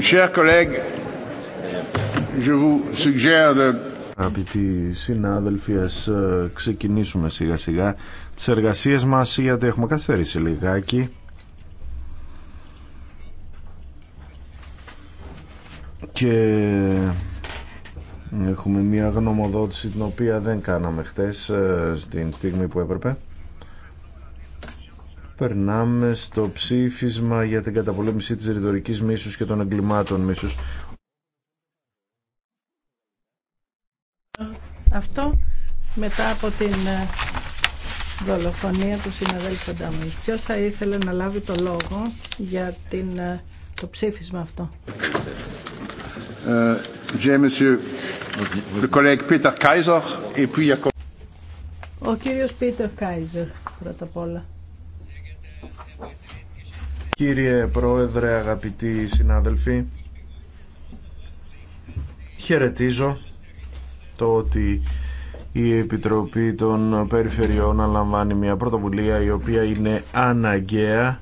Chers collègues, je vous suggère de... Αγαπητοί συνάδελφοι, ας ε, ξεκινήσουμε σιγά σιγά τις εργασίες μας γιατί έχουμε καθυστερήσει λιγάκι. Και έχουμε μια γνωμοδότηση την οποία δεν κάναμε χτες ε, στην στιγμή που έπρεπε. Περνάμε στο ψήφισμα για την καταπολέμηση της ρητορικής μίσους και των εγκλημάτων μίσους. Αυτό μετά από την ε, δολοφονία του συναδέλφου Νταμί. Ποιος θα ήθελε να λάβει το λόγο για την, ε, το ψήφισμα αυτό. Ε, Ο κύριος Πίτερ Κάιζερ πρώτα απ' όλα. Κύριε Πρόεδρε, αγαπητοί συνάδελφοι, χαιρετίζω το ότι η Επιτροπή των Περιφερειών αναλαμβάνει μια πρωτοβουλία η οποία είναι αναγκαία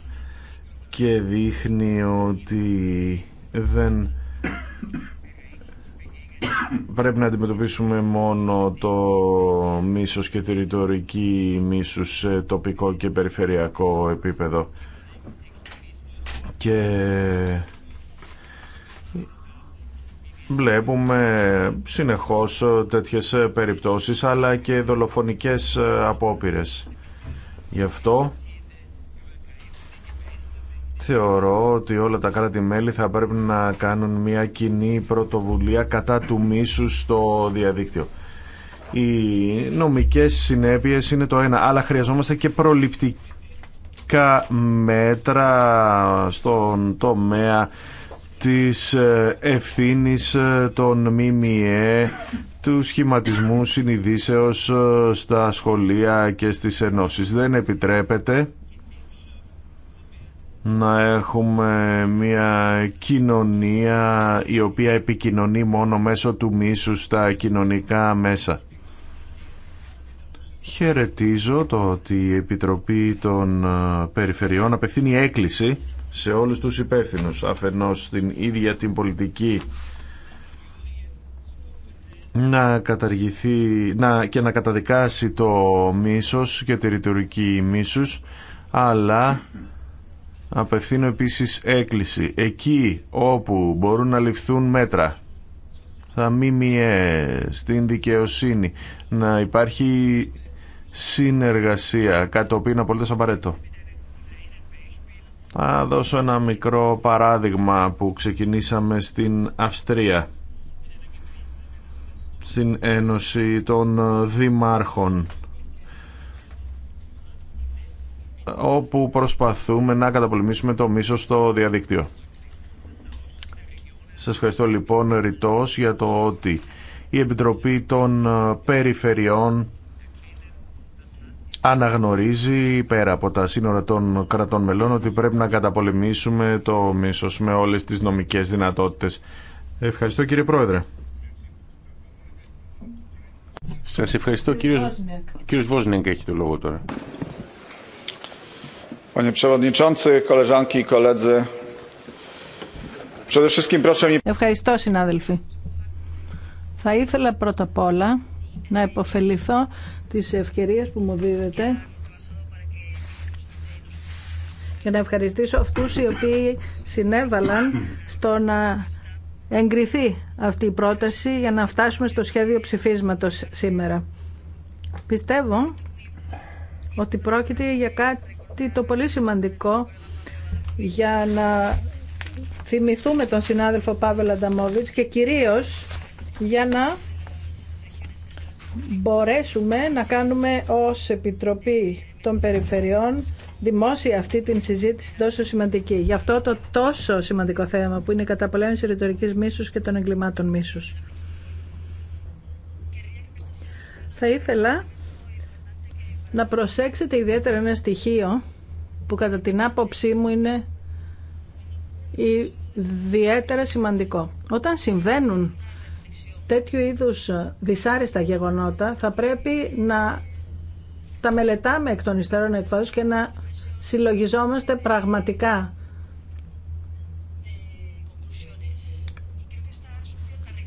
και δείχνει ότι δεν πρέπει να αντιμετωπίσουμε μόνο το μίσος και τη ρητορική μίσους σε τοπικό και περιφερειακό επίπεδο. Και βλέπουμε συνεχώς τέτοιες περιπτώσεις αλλά και δολοφονικές απόπειρες. Γι' αυτό Θεωρώ ότι όλα τα κράτη-μέλη θα πρέπει να κάνουν μια κοινή πρωτοβουλία κατά του μίσου στο διαδίκτυο. Οι νομικές συνέπειες είναι το ένα, αλλά χρειαζόμαστε και προληπτικά μέτρα στον τομέα της ε, ευθύνης ε, των ΜΜΕ, του σχηματισμού συνειδήσεως ε, στα σχολεία και στις ενώσεις. Δεν επιτρέπεται να έχουμε μια κοινωνία η οποία επικοινωνεί μόνο μέσω του μίσου στα κοινωνικά μέσα. Χαιρετίζω το ότι η Επιτροπή των ε, Περιφερειών απευθύνει έκκληση σε όλους τους υπεύθυνους αφενός την ίδια την πολιτική να καταργηθεί να, και να καταδικάσει το μίσος και τη ρητορική μίσους αλλά Απευθύνω επίσης έκκληση. Εκεί όπου μπορούν να ληφθούν μέτρα θα μίμιε στην δικαιοσύνη να υπάρχει συνεργασία, κάτι το οποίο είναι απολύτως απαραίτητο. Θα δώσω ένα μικρό παράδειγμα που ξεκινήσαμε στην Αυστρία στην Ένωση των Δημάρχων όπου προσπαθούμε να καταπολεμήσουμε το μίσος στο διαδίκτυο. Σας ευχαριστώ λοιπόν ρητός για το ότι η Επιτροπή των Περιφερειών αναγνωρίζει πέρα από τα σύνορα των κρατών μελών ότι πρέπει να καταπολεμήσουμε το μίσος με όλες τις νομικές δυνατότητες. Ευχαριστώ κύριε Πρόεδρε. Σας ευχαριστώ κύριος, κύριος Βόσνιγκ έχει το λόγο τώρα. Ευχαριστώ συνάδελφοι. Θα ήθελα πρώτα απ' όλα να επωφεληθώ της ευκαιρίες που μου δίδεται και να ευχαριστήσω αυτούς οι οποίοι συνέβαλαν στο να εγκριθεί αυτή η πρόταση για να φτάσουμε στο σχέδιο ψηφίσματος σήμερα. Πιστεύω ότι πρόκειται για κάτι ότι το πολύ σημαντικό για να θυμηθούμε τον συνάδελφο Πάβελ Ανταμόβιτς και κυρίως για να μπορέσουμε να κάνουμε ως Επιτροπή των Περιφερειών δημόσια αυτή την συζήτηση τόσο σημαντική. Γι' αυτό το τόσο σημαντικό θέμα που είναι η καταπολέμηση ρητορικής μίσους και των εγκλημάτων μίσους. Θα ήθελα να προσέξετε ιδιαίτερα ένα στοιχείο που κατά την άποψή μου είναι ιδιαίτερα σημαντικό. Όταν συμβαίνουν τέτοιου είδους δυσάρεστα γεγονότα θα πρέπει να τα μελετάμε εκ των υστέρων και να συλλογιζόμαστε πραγματικά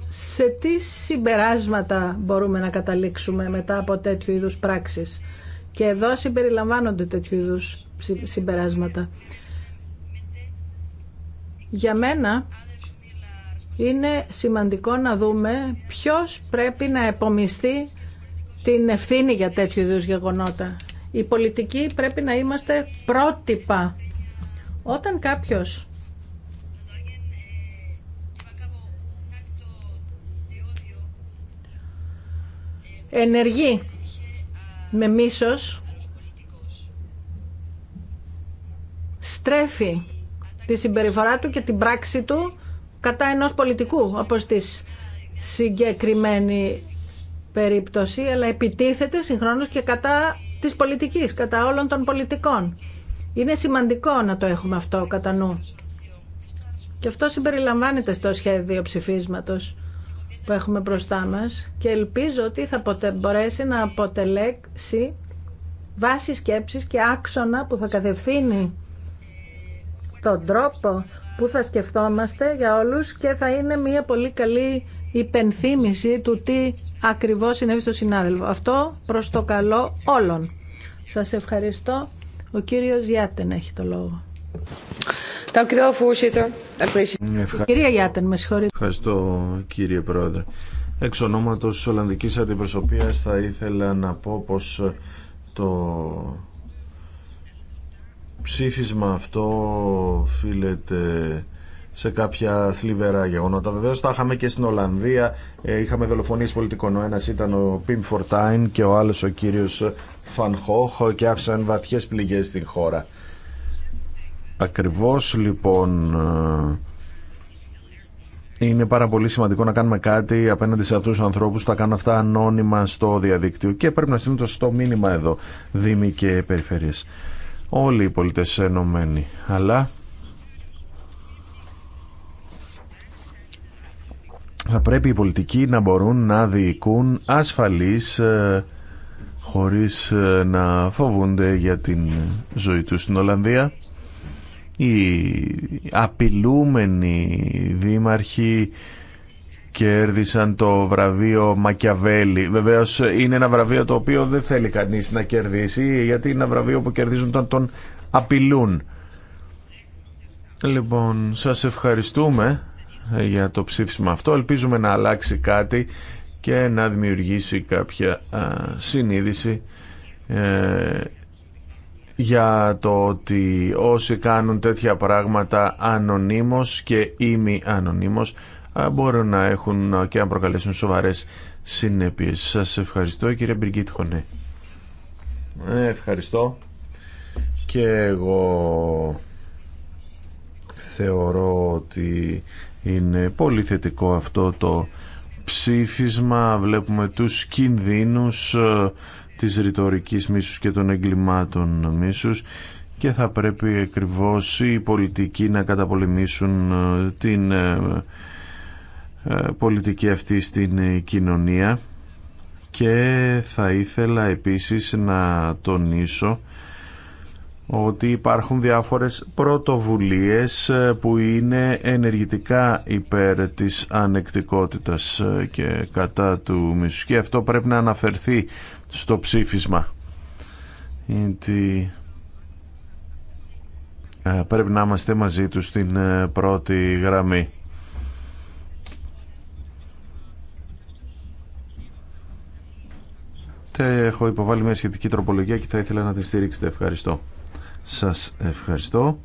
σε τι συμπεράσματα μπορούμε να καταλήξουμε μετά από τέτοιου είδους πράξεις. Και εδώ συμπεριλαμβάνονται τέτοιου είδους συμπεράσματα. Για μένα είναι σημαντικό να δούμε ποιος πρέπει να επομιστεί την ευθύνη για τέτοιου είδου γεγονότα. Οι πολιτικοί πρέπει να είμαστε πρότυπα. Όταν κάποιος ενεργεί με μίσος στρέφει τη συμπεριφορά του και την πράξη του κατά ενός πολιτικού, όπως τη συγκεκριμένη περίπτωση, αλλά επιτίθεται συγχρόνως και κατά της πολιτικής, κατά όλων των πολιτικών. Είναι σημαντικό να το έχουμε αυτό κατά νου. Και αυτό συμπεριλαμβάνεται στο σχέδιο ψηφίσματος που έχουμε μπροστά μας και ελπίζω ότι θα μπορέσει να αποτελέξει βάση σκέψης και άξονα που θα κατευθύνει τον τρόπο που θα σκεφτόμαστε για όλους και θα είναι μια πολύ καλή υπενθύμηση του τι ακριβώς συνέβη στο συνάδελφο. Αυτό προς το καλό όλων. Σας ευχαριστώ. Ο κύριος Γιάτεν έχει το λόγο. Κυρία Γιάτεν, με συγχωρείτε. Ευχαριστώ κύριε Πρόεδρε. Εξ ονόματος Ολλανδικής Αντιπροσωπείας θα ήθελα να πω πως το ψήφισμα αυτό οφείλεται σε κάποια θλιβερά γεγονότα. Βεβαίω τα είχαμε και στην Ολλανδία. Ε, είχαμε δολοφονίε πολιτικών. Ο ένα ήταν ο Πιμ Φορτάιν και ο άλλο ο κύριο Φανχόχ και άφησαν βαθιέ πληγέ στην χώρα. Ακριβώ λοιπόν. Ε, είναι πάρα πολύ σημαντικό να κάνουμε κάτι απέναντι σε αυτού του ανθρώπου που τα κάνουν αυτά ανώνυμα στο διαδίκτυο. Και πρέπει να στείλουν το σωστό μήνυμα εδώ, Δήμοι και Περιφέρειες όλοι οι πολίτες ενωμένοι. Αλλά θα πρέπει οι πολιτικοί να μπορούν να διοικούν ασφαλείς ε, χωρίς ε, να φοβούνται για την ζωή τους στην Ολλανδία. Οι απειλούμενοι δήμαρχοι κέρδισαν το βραβείο Μακιαβέλη. Βεβαίω είναι ένα βραβείο το οποίο δεν θέλει κανεί να κερδίσει, γιατί είναι ένα βραβείο που κερδίζουν όταν τον απειλούν. Λοιπόν, σας ευχαριστούμε ε, για το ψήφισμα αυτό. Ελπίζουμε να αλλάξει κάτι και να δημιουργήσει κάποια α, συνείδηση ε, για το ότι όσοι κάνουν τέτοια πράγματα ανωνύμως και ήμι ανωνύμως μπορούν να έχουν και να προκαλέσουν σοβαρές συνέπειες. Σας ευχαριστώ κύριε Μπριγκίτ Χονέ. Ε, ευχαριστώ και εγώ θεωρώ ότι είναι πολύ θετικό αυτό το ψήφισμα. Βλέπουμε τους κινδύνους της ρητορικής μίσους και των εγκλημάτων μίσους και θα πρέπει ακριβώς οι πολιτικοί να καταπολεμήσουν την ε, ε, πολιτική αυτή στην ε, κοινωνία και θα ήθελα επίσης να τονίσω ότι υπάρχουν διάφορες πρωτοβουλίες ε, που είναι ενεργητικά υπέρ της ανεκτικότητας και κατά του μισού και αυτό πρέπει να αναφερθεί στο ψήφισμα γιατί πρέπει να είμαστε μαζί τους στην πρώτη γραμμή. έχω υποβάλει μια σχετική τροπολογία και θα ήθελα να τη στηρίξετε. Ευχαριστώ. Σας ευχαριστώ.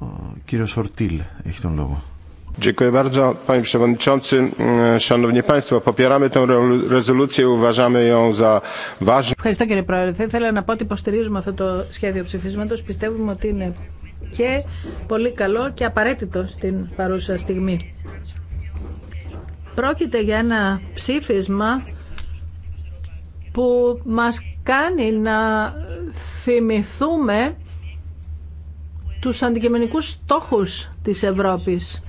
Ο κύριος Ορτήλ έχει τον λόγο. Dziękuję bardzo, panie przewodniczący. Ε, Szanowni państwo, popieramy tę rezolucję, uważamy ją za ważną. Ευχαριστώ κύριε Πρόεδρε. Θα ήθελα να πω ότι υποστηρίζουμε αυτό το σχέδιο ψηφίσματος. Πιστεύουμε ότι είναι και πολύ καλό και απαραίτητο στην παρούσα στιγμή. Πρόκειται για ένα ψήφισμα που μας κάνει να θυμηθούμε τους αντικειμενικούς στόχους της Ευρώπης.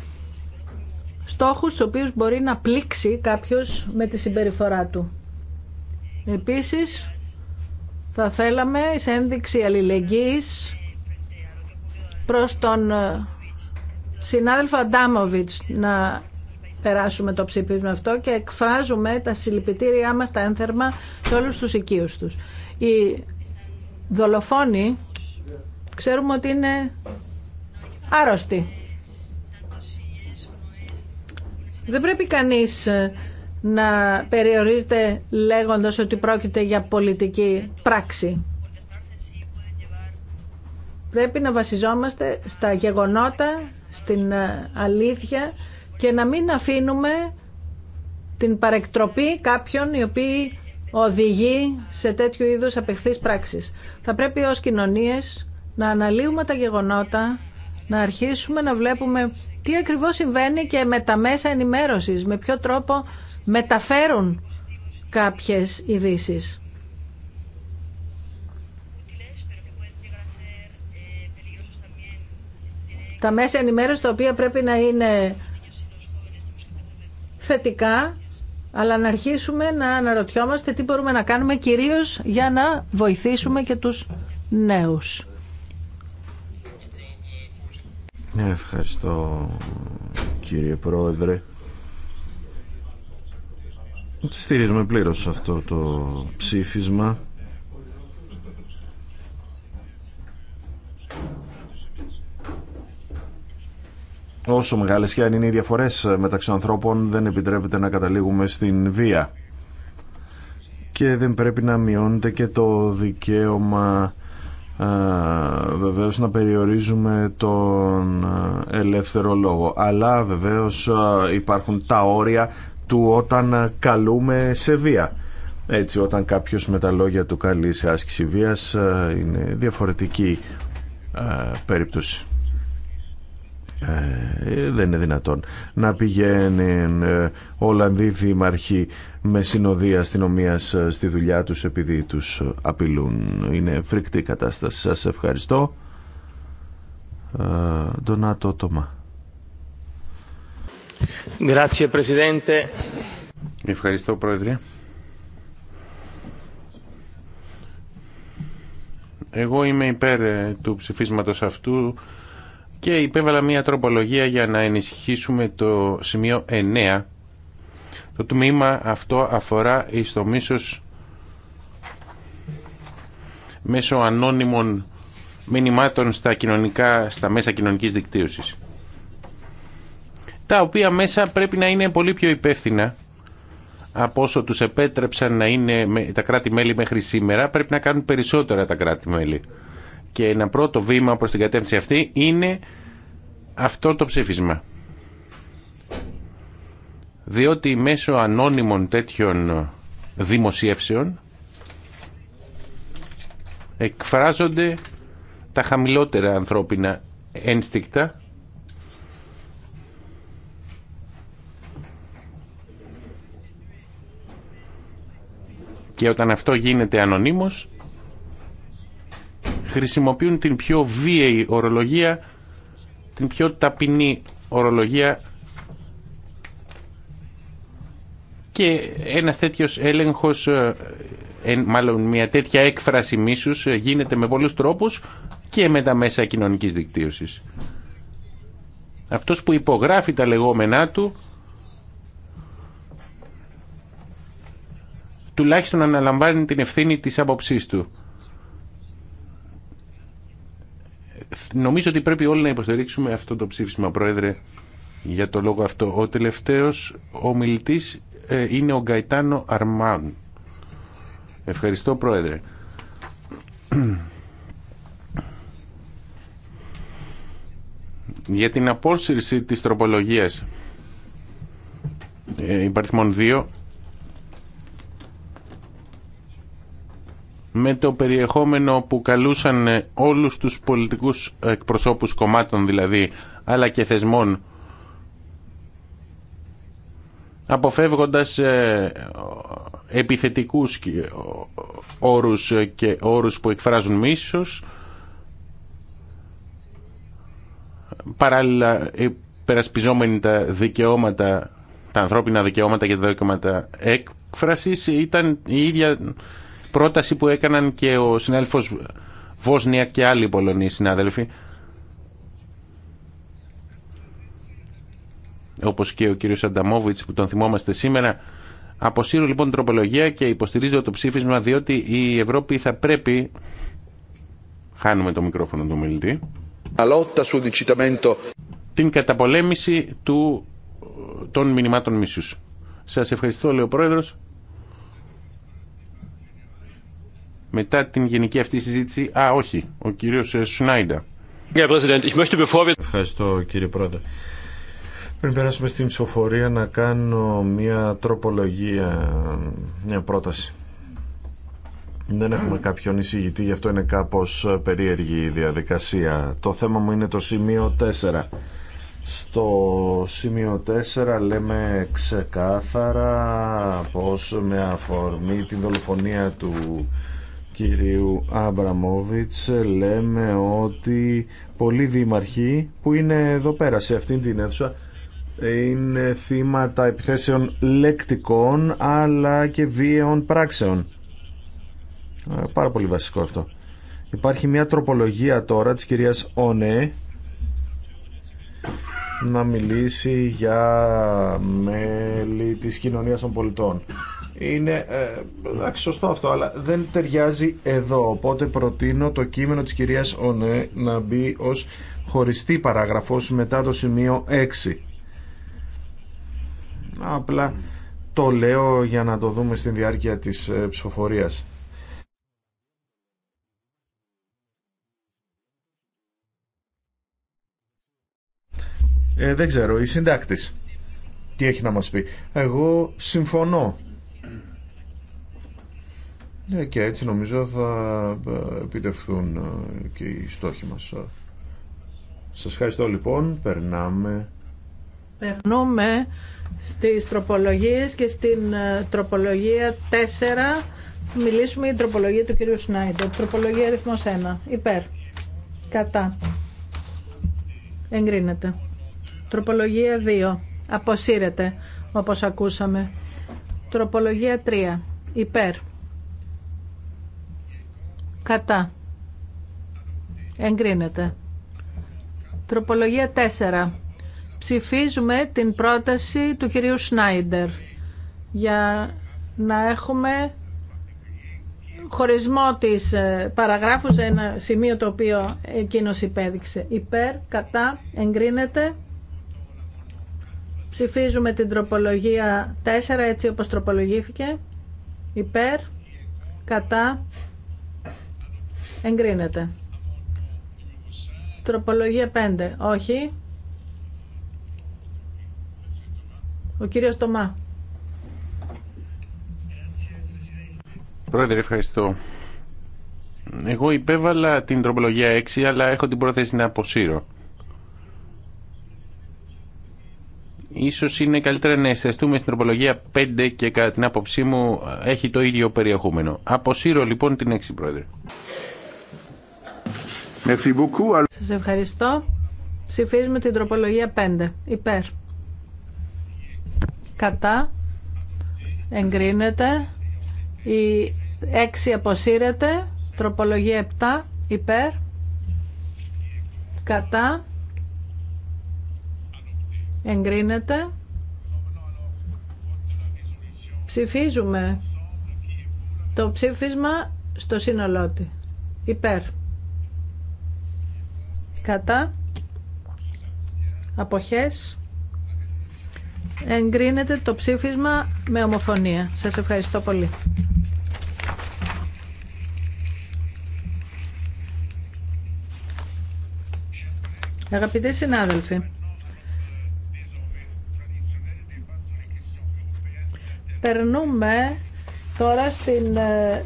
Στόχους στους οποίους μπορεί να πλήξει κάποιος με τη συμπεριφορά του. Επίσης, θα θέλαμε σε ένδειξη αλληλεγγύης προς τον συνάδελφο Αντάμοβιτς να περάσουμε το ψήφισμα αυτό και εκφράζουμε τα συλληπιτήριά μας τα ένθερμα σε όλους τους οικείους τους. Οι δολοφόνοι ξέρουμε ότι είναι άρρωστοι. Δεν πρέπει κανείς ε, να περιορίζεται λέγοντας ότι πρόκειται για πολιτική πράξη. Πρέπει να βασιζόμαστε στα γεγονότα, στην ε, αλήθεια και να μην αφήνουμε την παρεκτροπή κάποιων οι οποίοι οδηγεί σε τέτοιου είδους απεχθείς πράξεις. Θα πρέπει ως κοινωνίες να αναλύουμε τα γεγονότα, να αρχίσουμε να βλέπουμε τι ακριβώς συμβαίνει και με τα μέσα ενημέρωσης, με ποιο τρόπο μεταφέρουν κάποιες ειδήσει. Τα μέσα ενημέρωση τα οποία πρέπει να είναι θετικά, αλλά να αρχίσουμε να αναρωτιόμαστε τι μπορούμε να κάνουμε κυρίως για να βοηθήσουμε και τους νέους. Ευχαριστώ κύριε Πρόεδρε. Στηρίζουμε πλήρως αυτό το ψήφισμα Όσο μεγάλες και αν είναι οι διαφορές μεταξύ ανθρώπων δεν επιτρέπεται να καταλήγουμε στην βία. Και δεν πρέπει να μειώνεται και το δικαίωμα βεβαίως να περιορίζουμε τον ελεύθερο λόγο. Αλλά βεβαίως υπάρχουν τα όρια του όταν καλούμε σε βία. Έτσι, όταν κάποιος με τα λόγια του καλεί σε άσκηση βίας είναι διαφορετική περίπτωση. Ε, ε, δεν είναι δυνατόν να πηγαίνουν ε, Ολλανδοί δημαρχοί με συνοδεία αστυνομία στη δουλειά τους επειδή τους απειλούν. Είναι φρικτή κατάσταση. Σας ευχαριστώ. Ντονάτο Τόμα. Ευχαριστώ Πρόεδρε. Εγώ είμαι υπέρ του ψηφίσματος αυτού και υπέβαλα μια τροπολογία για να ενισχύσουμε το σημείο 9. Το τμήμα αυτό αφορά εις το μίσος μέσω ανώνυμων μηνυμάτων στα, κοινωνικά, στα μέσα κοινωνικής δικτύωσης. Τα οποία μέσα πρέπει να είναι πολύ πιο υπεύθυνα από όσο τους επέτρεψαν να είναι τα κράτη-μέλη μέχρι σήμερα, πρέπει να κάνουν περισσότερα τα κράτη-μέλη και ένα πρώτο βήμα προς την κατεύθυνση αυτή είναι αυτό το ψήφισμα. Διότι μέσω ανώνυμων τέτοιων δημοσίευσεων εκφράζονται τα χαμηλότερα ανθρώπινα ένστικτα και όταν αυτό γίνεται ανωνύμως χρησιμοποιούν την πιο βίαιη ορολογία, την πιο ταπεινή ορολογία και ένας τέτοιος έλεγχος, ε, μάλλον μια τέτοια έκφραση μίσους ε, γίνεται με πολλούς τρόπους και με τα μέσα κοινωνικής δικτύωσης. Αυτός που υπογράφει τα λεγόμενά του τουλάχιστον αναλαμβάνει την ευθύνη της άποψής του. νομίζω ότι πρέπει όλοι να υποστηρίξουμε αυτό το ψήφισμα, Πρόεδρε, για το λόγο αυτό. Ο τελευταίος ομιλητής ε, είναι ο Γκαϊτάνο Αρμάν. Ευχαριστώ, Πρόεδρε. για την απόσυρση της τροπολογίας ε, υπαριθμών 2 με το περιεχόμενο που καλούσαν όλους τους πολιτικούς εκπροσώπους κομμάτων δηλαδή, αλλά και θεσμών, αποφεύγοντας ε, επιθετικούς όρους και όρους που εκφράζουν μίσους, παράλληλα υπερασπιζόμενοι τα δικαιώματα, τα ανθρώπινα δικαιώματα και τα δικαιώματα έκφρασης, ήταν η ίδια πρόταση που έκαναν και ο συνάδελφος Βόσνια και άλλοι Πολωνίοι συνάδελφοι όπως και ο κύριος Ανταμόβιτς που τον θυμόμαστε σήμερα αποσύρω λοιπόν τροπολογία και υποστηρίζω το ψήφισμα διότι η Ευρώπη θα πρέπει χάνουμε το μικρόφωνο του μιλητή την καταπολέμηση του, των μηνυμάτων μίσους. Σας ευχαριστώ λέει ο Πρόεδρος μετά την γενική αυτή συζήτηση. Α, όχι, ο κύριο ε, Σουνάιντα. Ευχαριστώ κύριε Πρόεδρε. Πριν περάσουμε στην ψηφοφορία να κάνω μια τροπολογία, μια πρόταση. Δεν έχουμε κάποιον εισηγητή, γι' αυτό είναι κάπω περίεργη η διαδικασία. Το θέμα μου είναι το σημείο 4. Στο σημείο 4 λέμε ξεκάθαρα πως με αφορμή την δολοφονία του κυρίου Άμπραμόβιτς λέμε ότι πολλοί δήμαρχοι που είναι εδώ πέρα σε αυτήν την αίθουσα είναι θύματα επιθέσεων λεκτικών αλλά και βίαιων πράξεων. Ε, πάρα πολύ βασικό αυτό. Υπάρχει μια τροπολογία τώρα της κυρίας Όνε να μιλήσει για μέλη της κοινωνίας των πολιτών είναι ε, σωστό αυτό, αλλά δεν ταιριάζει εδώ. Οπότε προτείνω το κείμενο της κυρίας Ωνέ να μπει ως χωριστή παράγραφος μετά το σημείο 6. Απλά το λέω για να το δούμε στην διάρκεια της ε, ψηφοφορίας. Ε, δεν ξέρω, η συντάκτης τι έχει να μας πει. Εγώ συμφωνώ ναι, και έτσι νομίζω θα ε, επιτευχθούν ε, και οι στόχοι μας. Ε, σας ευχαριστώ λοιπόν. Περνάμε. Περνούμε στις τροπολογίες και στην τροπολογία 4 μιλήσουμε για την τροπολογία του κυρίου Σνάιντερ. Τροπολογία αριθμός 1. Υπέρ. Κατά. Εγκρίνεται. Τροπολογία 2. Αποσύρεται, όπως ακούσαμε. Τροπολογία 3. Υπέρ. Κατά. Εγκρίνεται. Τροπολογία 4. Ψηφίζουμε την πρόταση του κυρίου Σνάιντερ για να έχουμε χωρισμό της ε, παραγράφου σε ένα σημείο το οποίο εκείνος υπέδειξε. Υπέρ, κατά, εγκρίνεται. Ψηφίζουμε την τροπολογία 4 έτσι όπως τροπολογήθηκε. Υπέρ, κατά, Εγκρίνεται. Τροπολογία 5. Όχι. Ο κύριος Τομά. Πρόεδρε, ευχαριστώ. Εγώ υπέβαλα την τροπολογία 6, αλλά έχω την πρόθεση να αποσύρω. Ίσως είναι καλύτερα να εστιαστούμε στην τροπολογία 5 και κατά την άποψή μου έχει το ίδιο περιεχόμενο. Αποσύρω λοιπόν την 6, Πρόεδρε. Σας ευχαριστώ. Ψηφίζουμε την τροπολογία 5. Υπέρ. Κατά. Εγκρίνεται. Η 6 αποσύρεται. Τροπολογία 7. Υπέρ. Κατά. Εγκρίνεται. Ψηφίζουμε το ψήφισμα στο σύνολό του. Υπέρ κατά αποχές εγκρίνεται το ψήφισμα με ομοφωνία. Σας ευχαριστώ πολύ. Αγαπητοί συνάδελφοι, περνούμε τώρα στην ε,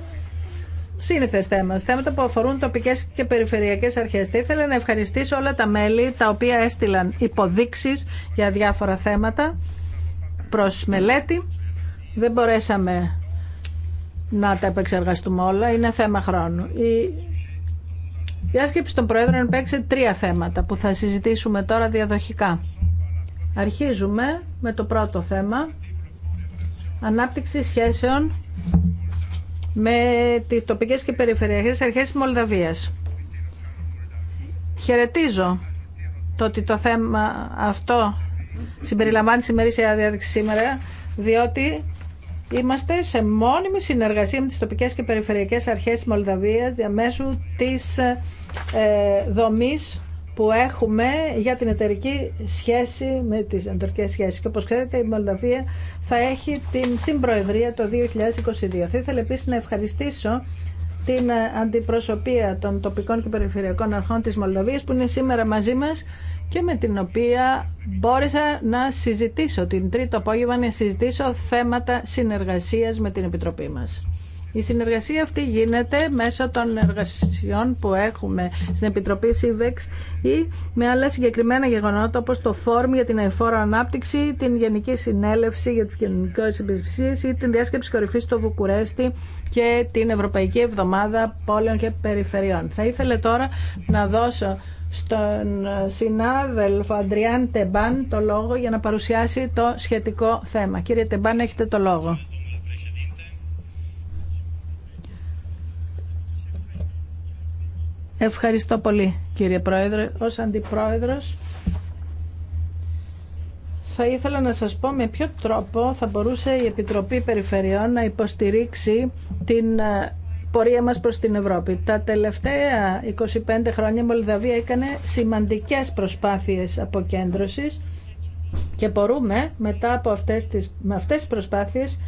σύνηθε θέμα, θέματα που αφορούν τοπικέ και περιφερειακέ αρχέ. Θα ήθελα να ευχαριστήσω όλα τα μέλη τα οποία έστειλαν υποδείξει για διάφορα θέματα προ μελέτη. Δεν μπορέσαμε να τα επεξεργαστούμε όλα, είναι θέμα χρόνου. Η διάσκεψη των Προέδρων παίξε τρία θέματα που θα συζητήσουμε τώρα διαδοχικά. Αρχίζουμε με το πρώτο θέμα, ανάπτυξη σχέσεων με τις τοπικές και περιφερειακές αρχές της Μολδαβίας. Χαιρετίζω το ότι το θέμα αυτό συμπεριλαμβάνει στη μερίσια διάδειξη σήμερα, διότι είμαστε σε μόνιμη συνεργασία με τις τοπικές και περιφερειακές αρχές της Μολδαβίας διαμέσου της ε, δομής που έχουμε για την εταιρική σχέση με τις εταιρικές σχέσεις. Και όπως ξέρετε η Μολδαβία θα έχει την συμπροεδρία το 2022. Θα ήθελα επίσης να ευχαριστήσω την αντιπροσωπεία των τοπικών και περιφερειακών αρχών της Μολδαβίας που είναι σήμερα μαζί μας και με την οποία μπόρεσα να συζητήσω την τρίτο απόγευμα να συζητήσω θέματα συνεργασίας με την Επιτροπή μας. Η συνεργασία αυτή γίνεται μέσω των εργασιών που έχουμε στην Επιτροπή ΣΥΒΕΞ ή με άλλα συγκεκριμένα γεγονότα όπως το Φόρμ για την Εφόρο Ανάπτυξη, την Γενική Συνέλευση για τις Κοινωνικές Υπηρεσίες ή την Διάσκεψη Κορυφής στο Βουκουρέστι και την Ευρωπαϊκή Εβδομάδα Πόλεων και Περιφερειών. Θα ήθελα τώρα να δώσω στον συνάδελφο Αντριάν Τεμπάν το λόγο για να παρουσιάσει το σχετικό θέμα. Κύριε Τεμπάν, έχετε το λόγο. Ευχαριστώ πολύ κύριε Πρόεδρε. Ως Αντιπρόεδρος θα ήθελα να σας πω με ποιο τρόπο θα μπορούσε η Επιτροπή Περιφερειών να υποστηρίξει την ε, πορεία μας προς την Ευρώπη. Τα τελευταία 25 χρόνια η Μολδαβία έκανε σημαντικές προσπάθειες αποκέντρωσης και μπορούμε μετά από αυτές τις, με αυτές τις προσπάθειες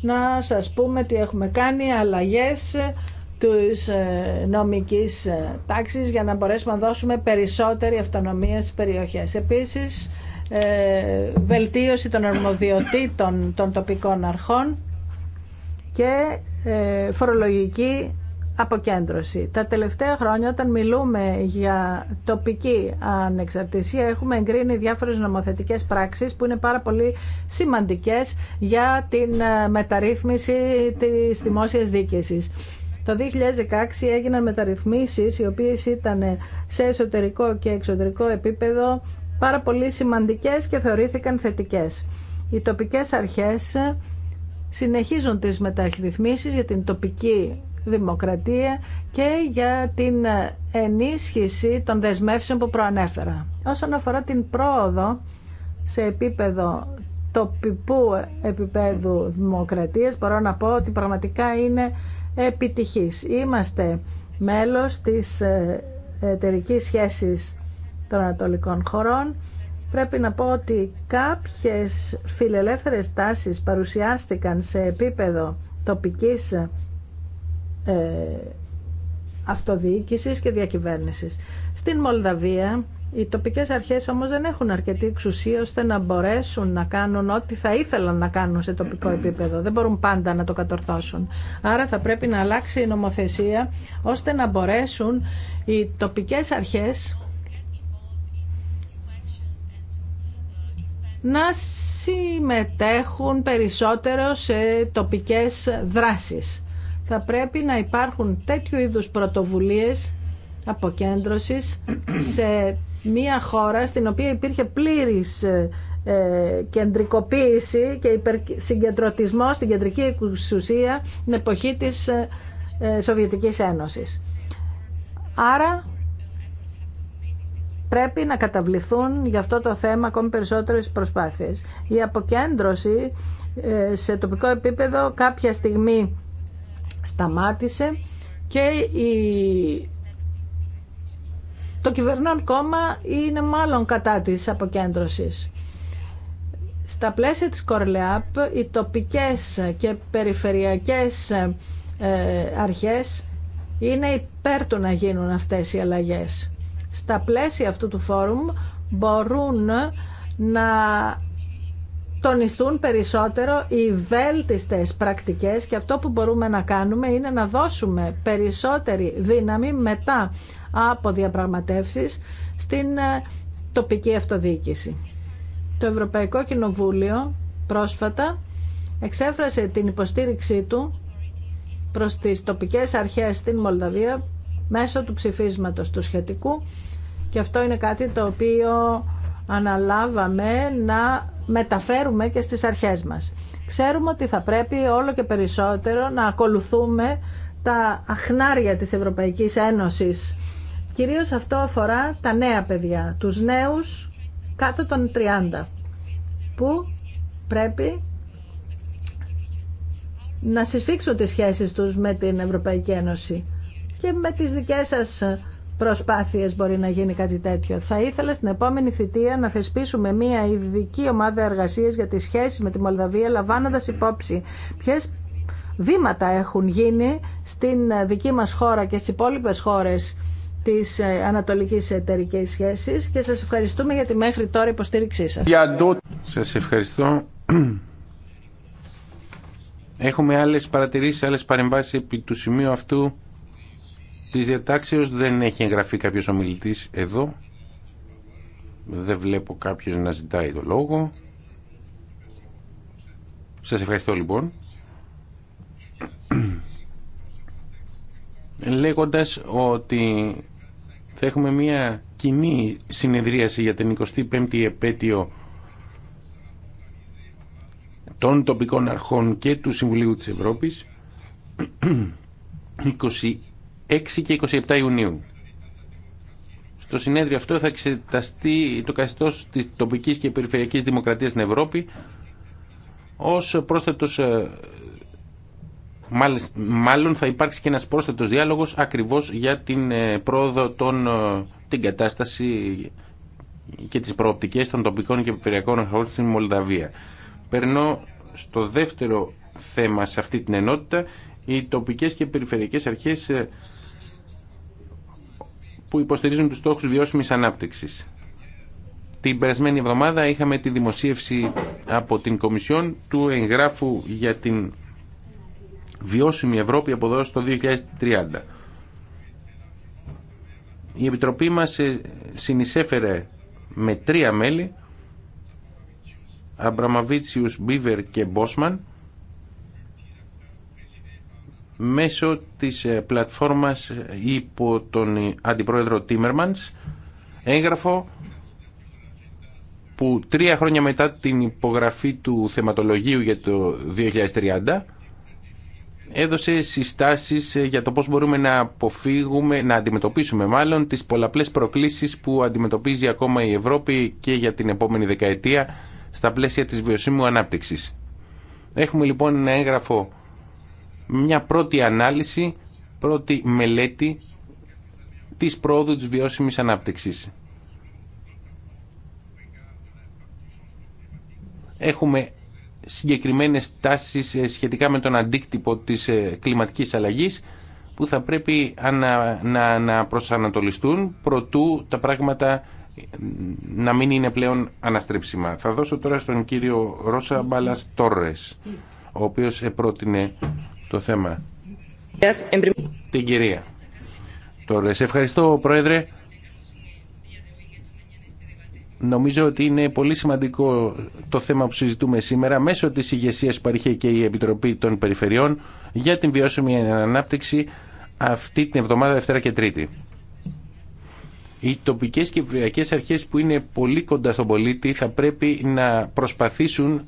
να σας πούμε τι έχουμε κάνει, αλλαγές, τους ε, νομικής ε, τάξης για να μπορέσουμε να δώσουμε περισσότερη αυτονομία στις περιοχές. Επίσης, ε, βελτίωση των αρμοδιοτήτων των τοπικών αρχών και φορολογική αποκέντρωση. Τα τελευταία χρόνια όταν μιλούμε για τοπική ανεξαρτησία έχουμε εγκρίνει διάφορες νομοθετικές πράξεις που είναι πάρα πολύ σημαντικές για την μεταρρύθμιση της δημόσιας δίκησης. Το 2016 έγιναν μεταρρυθμίσεις οι οποίες ήταν σε εσωτερικό και εξωτερικό επίπεδο πάρα πολύ σημαντικές και θεωρήθηκαν θετικές. Οι τοπικές αρχές συνεχίζουν τις μεταρρυθμίσεις για την τοπική δημοκρατία και για την ενίσχυση των δεσμεύσεων που προανέφερα. Όσον αφορά την πρόοδο σε επίπεδο τοπικού επίπεδου δημοκρατίας, μπορώ να πω ότι πραγματικά είναι επιτυχής. Είμαστε μέλος της ε, εταιρικής σχέσης των ανατολικών χωρών. Πρέπει να πω ότι κάποιες φιλελεύθερες τάσεις παρουσιάστηκαν σε επίπεδο τοπικής ε, αυτοδιοίκησης και διακυβέρνησης. Στην Μολδαβία οι τοπικές αρχές όμως δεν έχουν αρκετή εξουσία ώστε να μπορέσουν να κάνουν ό,τι θα ήθελαν να κάνουν σε τοπικό επίπεδο. Δεν μπορούν πάντα να το κατορθώσουν. Άρα θα πρέπει να αλλάξει η νομοθεσία ώστε να μπορέσουν οι τοπικές αρχές να συμμετέχουν περισσότερο σε τοπικές δράσεις. Θα πρέπει να υπάρχουν τέτοιου είδους πρωτοβουλίες αποκέντρωσης σε μια χώρα στην οποία υπήρχε πλήρης ε, ε, κεντρικοποίηση και υπερσυγκεντρωτισμό στην κεντρική εξουσία την εποχή της ε, Σοβιετικής Ένωσης. Άρα πρέπει να καταβληθούν για αυτό το θέμα ακόμη περισσότερες προσπάθειες. Η αποκέντρωση σε τοπικό επίπεδο κάποια στιγμή σταμάτησε και η το κυβερνών κόμμα είναι μάλλον κατά της αποκέντρωσης. Στα πλαίσια της Κορλεάπ, οι τοπικές και περιφερειακές ε, αρχές είναι υπέρ του να γίνουν αυτές οι αλλαγές. Στα πλαίσια αυτού του φόρουμ μπορούν να τονιστούν περισσότερο οι βέλτιστες πρακτικές και αυτό που μπορούμε να κάνουμε είναι να δώσουμε περισσότερη δύναμη μετά από διαπραγματεύσεις στην ε, τοπική αυτοδιοίκηση. Το Ευρωπαϊκό Κοινοβούλιο πρόσφατα εξέφρασε την υποστήριξή του προς τις τοπικές αρχές στην Μολδαβία μέσω του ψηφίσματος του σχετικού και αυτό είναι κάτι το οποίο αναλάβαμε να μεταφέρουμε και στις αρχές μας. Ξέρουμε ότι θα πρέπει όλο και περισσότερο να ακολουθούμε τα αχνάρια της Ευρωπαϊκής Ένωσης Κυρίως αυτό αφορά τα νέα παιδιά, τους νέους κάτω των 30, που πρέπει να συσφίξουν τις σχέσεις τους με την Ευρωπαϊκή Ένωση και με τις δικές σας προσπάθειες μπορεί να γίνει κάτι τέτοιο. Θα ήθελα στην επόμενη θητεία να θεσπίσουμε μια ειδική ομάδα εργασίας για τις σχέσεις με τη Μολδαβία λαμβάνοντας υπόψη ποιες βήματα έχουν γίνει στην δική μας χώρα και στις υπόλοιπε χώρες της ε, Ανατολικής εταιρική Σχέσης και σας ευχαριστούμε για τη μέχρι τώρα υποστήριξή σας. Σας ευχαριστώ. Έχουμε άλλες παρατηρήσεις, άλλες παρεμβάσεις επί του σημείου αυτού της διατάξεως. Δεν έχει εγγραφεί κάποιος ομιλητής εδώ. Δεν βλέπω κάποιος να ζητάει το λόγο. Σας ευχαριστώ λοιπόν. Λέγοντας ότι θα έχουμε μια κοινή συνεδρίαση για την 25η επέτειο των τοπικών αρχών και του Συμβουλίου της Ευρώπης 26 και 27 Ιουνίου. Στο συνέδριο αυτό θα εξεταστεί το καθεστώς της τοπικής και περιφερειακής δημοκρατίας στην Ευρώπη ως πρόσθετος ε, μάλλον θα υπάρξει και ένας πρόσθετος διάλογος ακριβώς για την ε, πρόοδο των, ε, την κατάσταση και τις προοπτικές των τοπικών και περιφερειακών χώρων στην Μολδαβία. Περνώ στο δεύτερο θέμα σε αυτή την ενότητα, οι τοπικές και περιφερειακές αρχές ε, που υποστηρίζουν τους στόχους βιώσιμης ανάπτυξης. Την περασμένη εβδομάδα είχαμε τη δημοσίευση από την Κομισιόν του εγγράφου για την βιώσιμη Ευρώπη από εδώ στο 2030. Η Επιτροπή μας συνεισέφερε με τρία μέλη, Αμπραμαβίτσιους, Μπίβερ και Μπόσμαν, μέσω της ε, πλατφόρμας υπό τον Αντιπρόεδρο Τίμερμανς, έγγραφο που τρία χρόνια μετά την υπογραφή του θεματολογίου για το 2030 έδωσε συστάσεις ε, για το πώς μπορούμε να αποφύγουμε, να αντιμετωπίσουμε μάλλον τις πολλαπλές προκλήσεις που αντιμετωπίζει ακόμα η Ευρώπη και για την επόμενη δεκαετία στα πλαίσια της βιωσίμου ανάπτυξης. Έχουμε λοιπόν ένα έγγραφο, μια πρώτη ανάλυση, πρώτη μελέτη της πρόοδου της βιώσιμης ανάπτυξης. Έχουμε συγκεκριμένες τάσεις ε, σχετικά με τον αντίκτυπο της ε, κλιματικής αλλαγής που θα πρέπει να, να, προσανατολιστούν προτού τα πράγματα ε, να μην είναι πλέον αναστρέψιμα. Θα δώσω τώρα στον κύριο Ρώσα Μπαλας Τόρρες, ο οποίος επρότεινε το θέμα. Την κυρία Τόρρες. Ευχαριστώ, Πρόεδρε. Νομίζω ότι είναι πολύ σημαντικό το θέμα που συζητούμε σήμερα μέσω της ηγεσία που παρήχε και η Επιτροπή των Περιφερειών για την βιώσιμη ανάπτυξη αυτή την εβδομάδα Δευτέρα και Τρίτη. Οι τοπικές και ευρωπαϊκές αρχές που είναι πολύ κοντά στον πολίτη θα πρέπει να προσπαθήσουν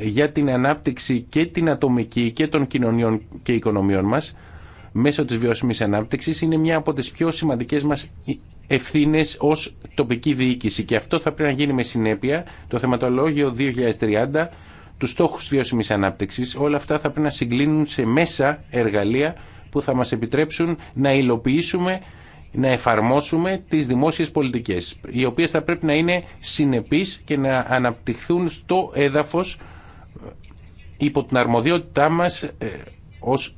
ε, για την ανάπτυξη και την ατομική και των κοινωνιών και οικονομιών μας μέσω της βιώσιμης ανάπτυξης είναι μια από τις πιο σημαντικές μας ευθύνες ως τοπική διοίκηση και αυτό θα πρέπει να γίνει με συνέπεια το θεματολόγιο 2030 του στόχους βιώσιμης ανάπτυξης, όλα αυτά θα πρέπει να συγκλίνουν σε μέσα εργαλεία που θα μας επιτρέψουν να υλοποιήσουμε, να εφαρμόσουμε τις δημόσιες πολιτικές, οι οποίες θα πρέπει να είναι συνεπείς και να αναπτυχθούν στο έδαφος ε, υπό την αρμοδιότητά μας ε, ως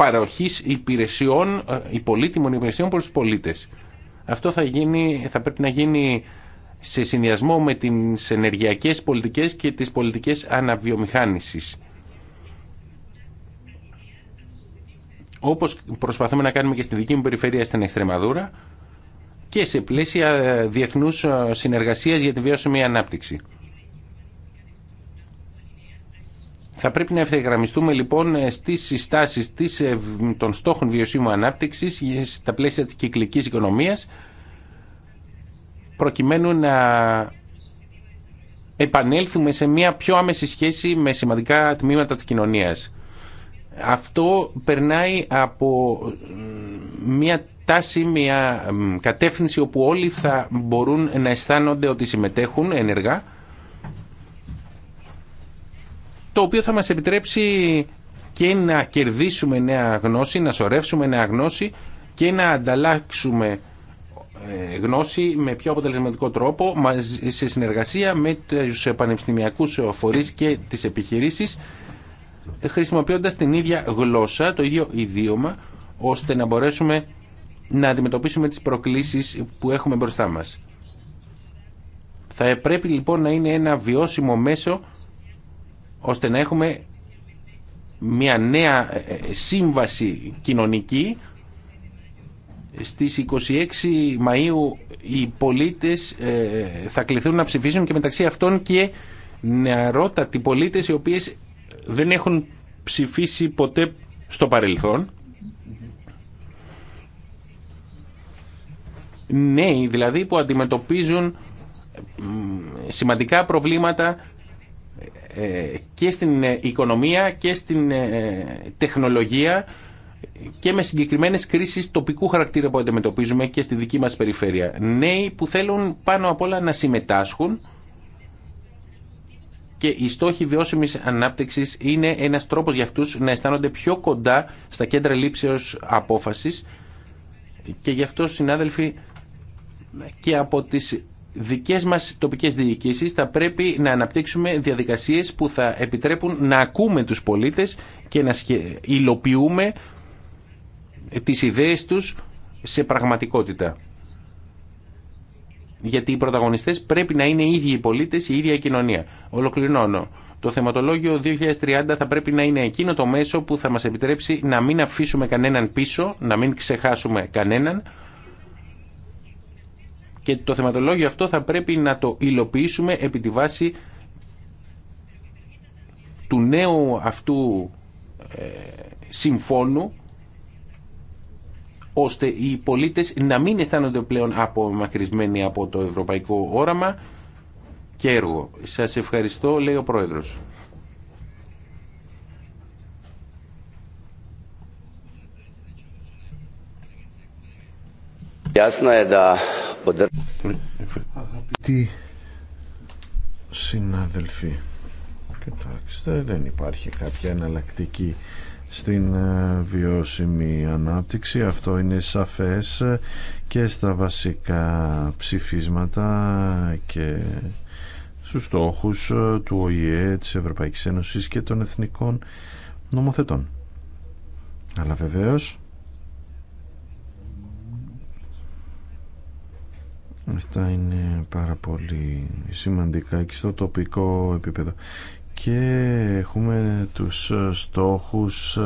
Παροχή υπηρεσιών, υπολίτιμων ε, υπηρεσιών προ του πολίτε. Αυτό θα, γίνει, θα πρέπει να γίνει σε συνδυασμό με τι ενεργειακέ πολιτικές και τις πολιτικές αναβιομηχάνησης. Όπως προσπαθούμε να κάνουμε και στη δική μου περιφέρεια στην Εξτρεμαδούρα και σε πλαίσια ε, διεθνού ε, συνεργασία για τη βιώσιμη ανάπτυξη. Θα πρέπει να ευθεγραμμιστούμε λοιπόν ε, στις συστάσεις ε, των στόχων βιωσίμου ανάπτυξη ε, στα πλαίσια της κυκλικής οικονομίας προκειμένου να επανέλθουμε σε μια πιο άμεση σχέση με σημαντικά τμήματα της κοινωνίας. Αυτό περνάει από μια τάση, μια κατεύθυνση όπου όλοι θα μπορούν να αισθάνονται ότι συμμετέχουν ενεργά το οποίο θα μας επιτρέψει και να κερδίσουμε νέα γνώση, να σωρεύσουμε νέα γνώση και να ανταλλάξουμε ε, γνώση με πιο αποτελεσματικό τρόπο σε συνεργασία με τους πανεπιστημιακούς φορείς και τις επιχειρήσεις χρησιμοποιώντας την ίδια γλώσσα, το ίδιο ιδίωμα ώστε να μπορέσουμε να αντιμετωπίσουμε τις προκλήσεις που έχουμε μπροστά μας. Θα πρέπει λοιπόν να είναι ένα βιώσιμο μέσο ώστε να έχουμε μια νέα ε, ε, σύμβαση κοινωνική στις 26 Μαΐου οι πολίτες ε, θα κληθούν να ψηφίσουν και μεταξύ αυτών και νεαρότατοι πολίτες οι οποίες δεν έχουν ψηφίσει ποτέ στο παρελθόν. Νέοι δηλαδή που αντιμετωπίζουν σημαντικά προβλήματα ε, και στην ε, οικονομία και στην ε, τεχνολογία και με συγκεκριμένες κρίσεις τοπικού χαρακτήρα που αντιμετωπίζουμε και στη δική μας περιφέρεια. Νέοι που θέλουν πάνω απ' όλα να συμμετάσχουν και οι στόχοι βιώσιμης ανάπτυξης είναι ένας τρόπος για αυτούς να αισθάνονται πιο κοντά στα κέντρα λήψεως απόφασης και γι' αυτό συνάδελφοι και από τις δικές μας τοπικές διοικήσεις θα πρέπει να αναπτύξουμε διαδικασίες που θα επιτρέπουν να ακούμε τους πολίτες και να υλοποιούμε τις ιδέες τους σε πραγματικότητα. Γιατί οι πρωταγωνιστές πρέπει να είναι οι ίδιοι οι πολίτες, η ίδια η κοινωνία. Ολοκληρώνω. Το θεματολόγιο 2030 θα πρέπει να είναι εκείνο το μέσο που θα μας επιτρέψει να μην αφήσουμε κανέναν πίσω, να μην ξεχάσουμε κανέναν, και το θεματολόγιο αυτό θα πρέπει να το υλοποιήσουμε επί τη βάση του νέου αυτού ε, συμφώνου ώστε οι πολίτες να μην αισθάνονται πλέον απομακρυσμένοι από το ευρωπαϊκό όραμα και έργο. Σας ευχαριστώ, λέει ο Πρόεδρος. Αγαπητοί συνάδελφοι, κοιτάξτε, δεν υπάρχει κάποια εναλλακτική στην ε, βιώσιμη ανάπτυξη. Αυτό είναι σαφές και στα βασικά ψηφίσματα και στους στόχους ε, του ΟΗΕ, της Ευρωπαϊκής Ένωσης και των εθνικών νομοθετών. Αλλά βεβαίως Αυτά είναι πάρα πολύ σημαντικά και στο τοπικό επίπεδο. Και έχουμε τους στόχους ε,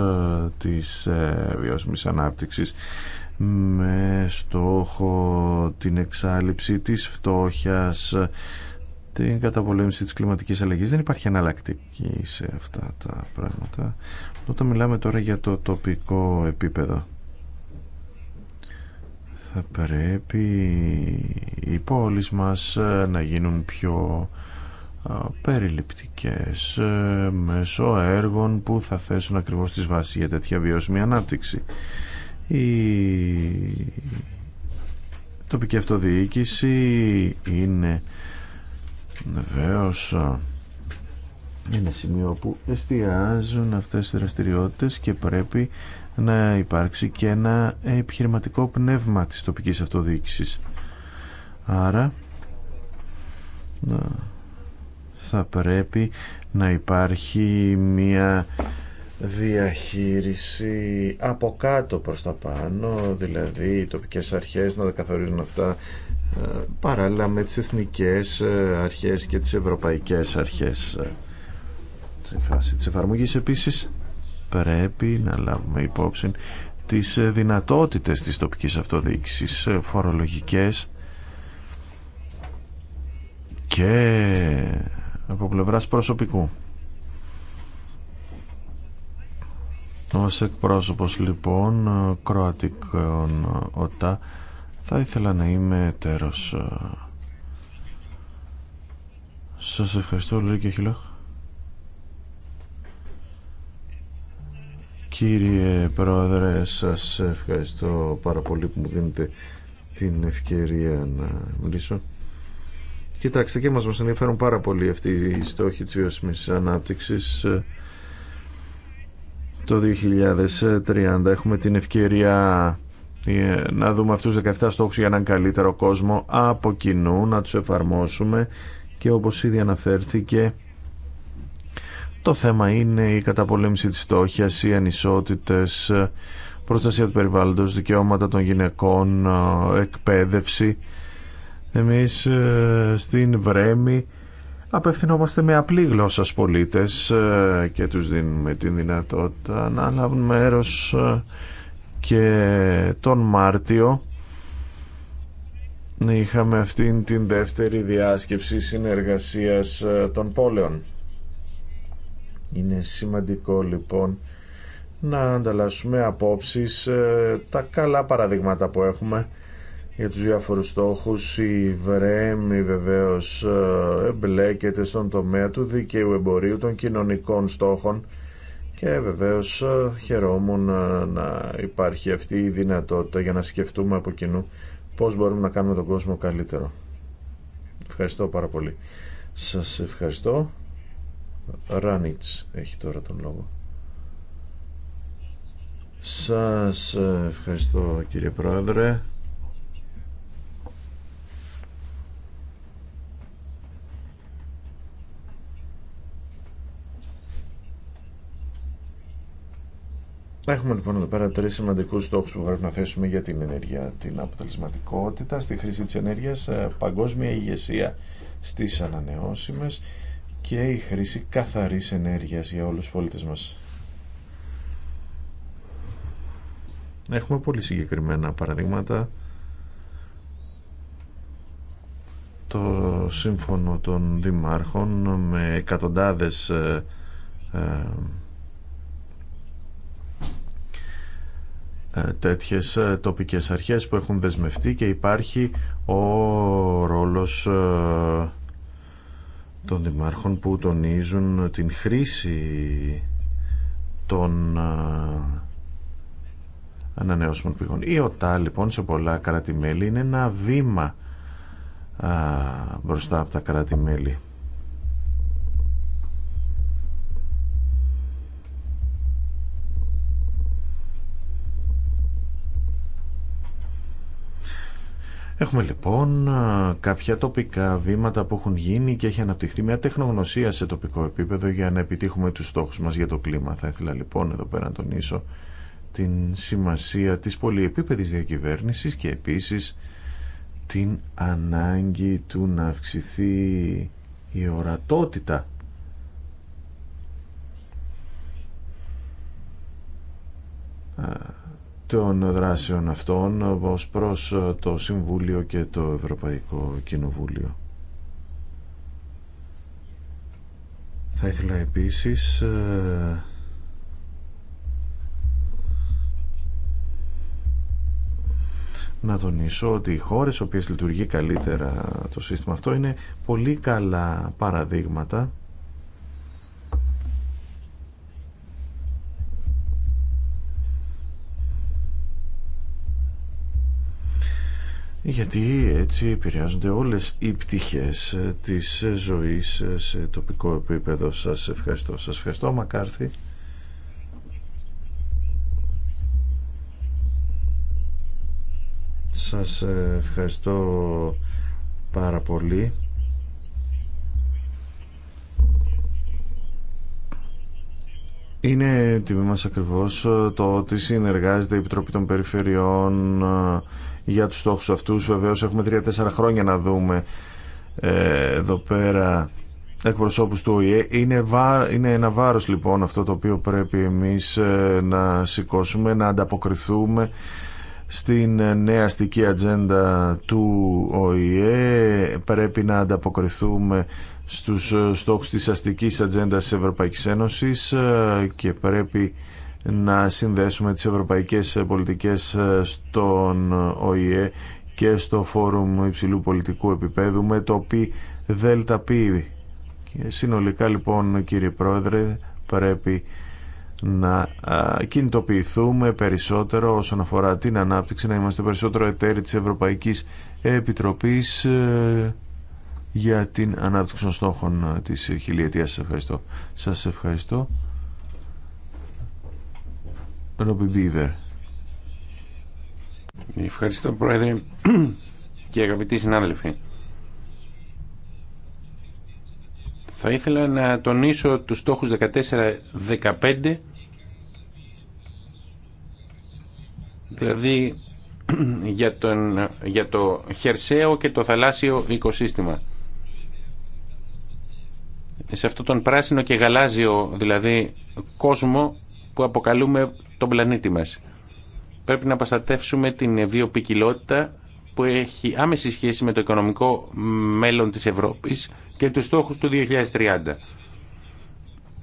της ε, βιώσιμης ανάπτυξης με στόχο την εξάλληψη της φτώχειας, την καταπολέμηση της κλιματικής αλλαγής. Δεν υπάρχει αναλλακτική σε αυτά τα πράγματα. Όταν μιλάμε τώρα για το τοπικό επίπεδο θα πρέπει οι πόλεις μας ε, να γίνουν πιο ε, περιληπτικές ε, μέσω έργων που θα θέσουν ακριβώς τις βάσεις για τέτοια βιώσιμη ανάπτυξη. Η τοπική αυτοδιοίκηση είναι βεβαίω ένα σημείο που εστιάζουν αυτές οι δραστηριότητες και πρέπει να υπάρξει και ένα επιχειρηματικό πνεύμα της τοπικής αυτοδιοίκησης. Άρα θα πρέπει να υπάρχει μια διαχείριση από κάτω προς τα πάνω, δηλαδή οι τοπικές αρχές να τα καθορίζουν αυτά ε, παράλληλα με τις εθνικές ε, αρχές και τις ευρωπαϊκές αρχές. τη ε, φάση της εφαρμογής επίσης πρέπει να λάβουμε υπόψη τις ε, δυνατότητες της τοπικής αυτοδιοίκησης ε, φορολογικές και από πλευράς προσωπικού. Ως εκπρόσωπος λοιπόν ε, κροατικών ΟΤΑ θα ήθελα να είμαι τέρος. Σας ευχαριστώ Λουρή και Χιλόχ. Κύριε Πρόεδρε, σας ευχαριστώ πάρα πολύ που μου δίνετε την ευκαιρία να μιλήσω. Κοιτάξτε και μας μας ενδιαφέρουν πάρα πολύ αυτοί οι στόχοι της βιώσιμης ανάπτυξης. Το 2030 έχουμε την ευκαιρία ε, να δούμε αυτούς 17 στόχους για έναν καλύτερο κόσμο από κοινού, να τους εφαρμόσουμε και όπως ήδη αναφέρθηκε το θέμα είναι η καταπολέμηση της στόχιας, οι ανισότητες, προστασία του περιβάλλοντος, δικαιώματα των γυναικών, εκπαίδευση. Εμείς ε, στην Βρέμη απευθυνόμαστε με απλή γλώσσα στους πολίτες ε, και τους δίνουμε τη δυνατότητα να λάβουν μέρος ε, και τον Μάρτιο είχαμε αυτήν την δεύτερη διάσκεψη συνεργασίας των πόλεων είναι σημαντικό λοιπόν να ανταλλάσσουμε απόψεις ε, τα καλά παραδείγματα που έχουμε για τους διάφορους στόχους. Η Βρέμη βεβαίως ε, εμπλέκεται στον τομέα του δικαίου εμπορίου των κοινωνικών στόχων και βεβαίως ε, χαιρόμουν να υπάρχει αυτή η δυνατότητα για να σκεφτούμε από κοινού πώς μπορούμε να κάνουμε τον κόσμο καλύτερο. Ευχαριστώ πάρα πολύ. Σας ευχαριστώ. Ράνιτς έχει τώρα τον λόγο. Σας ε, ευχαριστώ κύριε Πρόεδρε. Έχουμε λοιπόν εδώ πέρα τρει σημαντικού στόχου που πρέπει να θέσουμε για την ενέργεια. Την αποτελεσματικότητα στη χρήση της ενέργειας, ε, παγκόσμια ηγεσία στις ανανεώσιμες και η χρήση καθαρής ενέργειας για όλους τους πολίτες μας. Έχουμε πολύ συγκεκριμένα παραδείγματα. Το σύμφωνο των δημάρχων με εκατοντάδες ε, ε, ε τέτοιες ε, τοπικές αρχές που έχουν δεσμευτεί και υπάρχει ο ρόλος ε, των δημάρχων που τονίζουν την χρήση των ανανεώσιμων πηγών. Η ΟΤΑ λοιπόν σε πολλά κράτη-μέλη είναι ένα βήμα α, μπροστά από τα κράτη-μέλη Έχουμε λοιπόν κάποια τοπικά βήματα που έχουν γίνει και έχει αναπτυχθεί μια τεχνογνωσία σε τοπικό επίπεδο για να επιτύχουμε τους στόχους μας για το κλίμα. Θα ήθελα λοιπόν εδώ πέρα να τονίσω την σημασία της πολυεπίπεδης διακυβέρνησης και επίσης την ανάγκη του να αυξηθεί η ορατότητα των δράσεων αυτών ως προς το Συμβούλιο και το Ευρωπαϊκό Κοινοβούλιο. Θα ήθελα επίσης ε, να τονίσω ότι οι χώρες οι οποίες λειτουργεί καλύτερα το σύστημα αυτό είναι πολύ καλά παραδείγματα γιατί έτσι επηρεάζονται όλες οι πτυχές της ζωής σε τοπικό επίπεδο. Σας ευχαριστώ. Σας ευχαριστώ Μακάρθη. Σας ευχαριστώ πάρα πολύ. Είναι τιμή μας ακριβώς το ότι συνεργάζεται η Επιτροπή των Περιφερειών για τους στόχους αυτούς. Βεβαίως έχουμε τρία-τέσσερα χρόνια να δούμε ε, εδώ πέρα εκπροσώπους του ΟΗΕ. Είναι, είναι ένα βάρος λοιπόν αυτό το οποίο πρέπει εμείς ε, να σηκώσουμε, να ανταποκριθούμε στην ε, νέα αστική ατζέντα του ΟΗΕ. Πρέπει να ανταποκριθούμε στους στόχους της αστικής ατζέντα της Ευρωπαϊκής Ένωσης και πρέπει να συνδέσουμε τις ευρωπαϊκές πολιτικές ε, στον ΟΗΕ και στο Φόρουμ Υψηλού Πολιτικού Επιπέδου με το πι δέλτα πι. Συνολικά λοιπόν κύριε Πρόεδρε πρέπει να κινητοποιηθούμε περισσότερο όσον αφορά την ανάπτυξη, να είμαστε περισσότερο εταίροι της Ευρωπαϊκής Επιτροπής ε, για την ανάπτυξη των στόχων της χιλιετίας. Σας ευχαριστώ. Σας ευχαριστώ. Ευχαριστώ Πρόεδρε και αγαπητοί συνάδελφοι. Θα ήθελα να τονίσω τους στόχους 14-15 δηλαδή για, τον, για το χερσαίο και το θαλάσσιο οικοσύστημα. Σε αυτό τον πράσινο και γαλάζιο δηλαδή κόσμο που αποκαλούμε τον πλανήτη μας. Πρέπει να προστατεύσουμε την βιοπικιλότητα που έχει άμεση σχέση με το οικονομικό μέλλον της Ευρώπης και τους στόχους του 2030.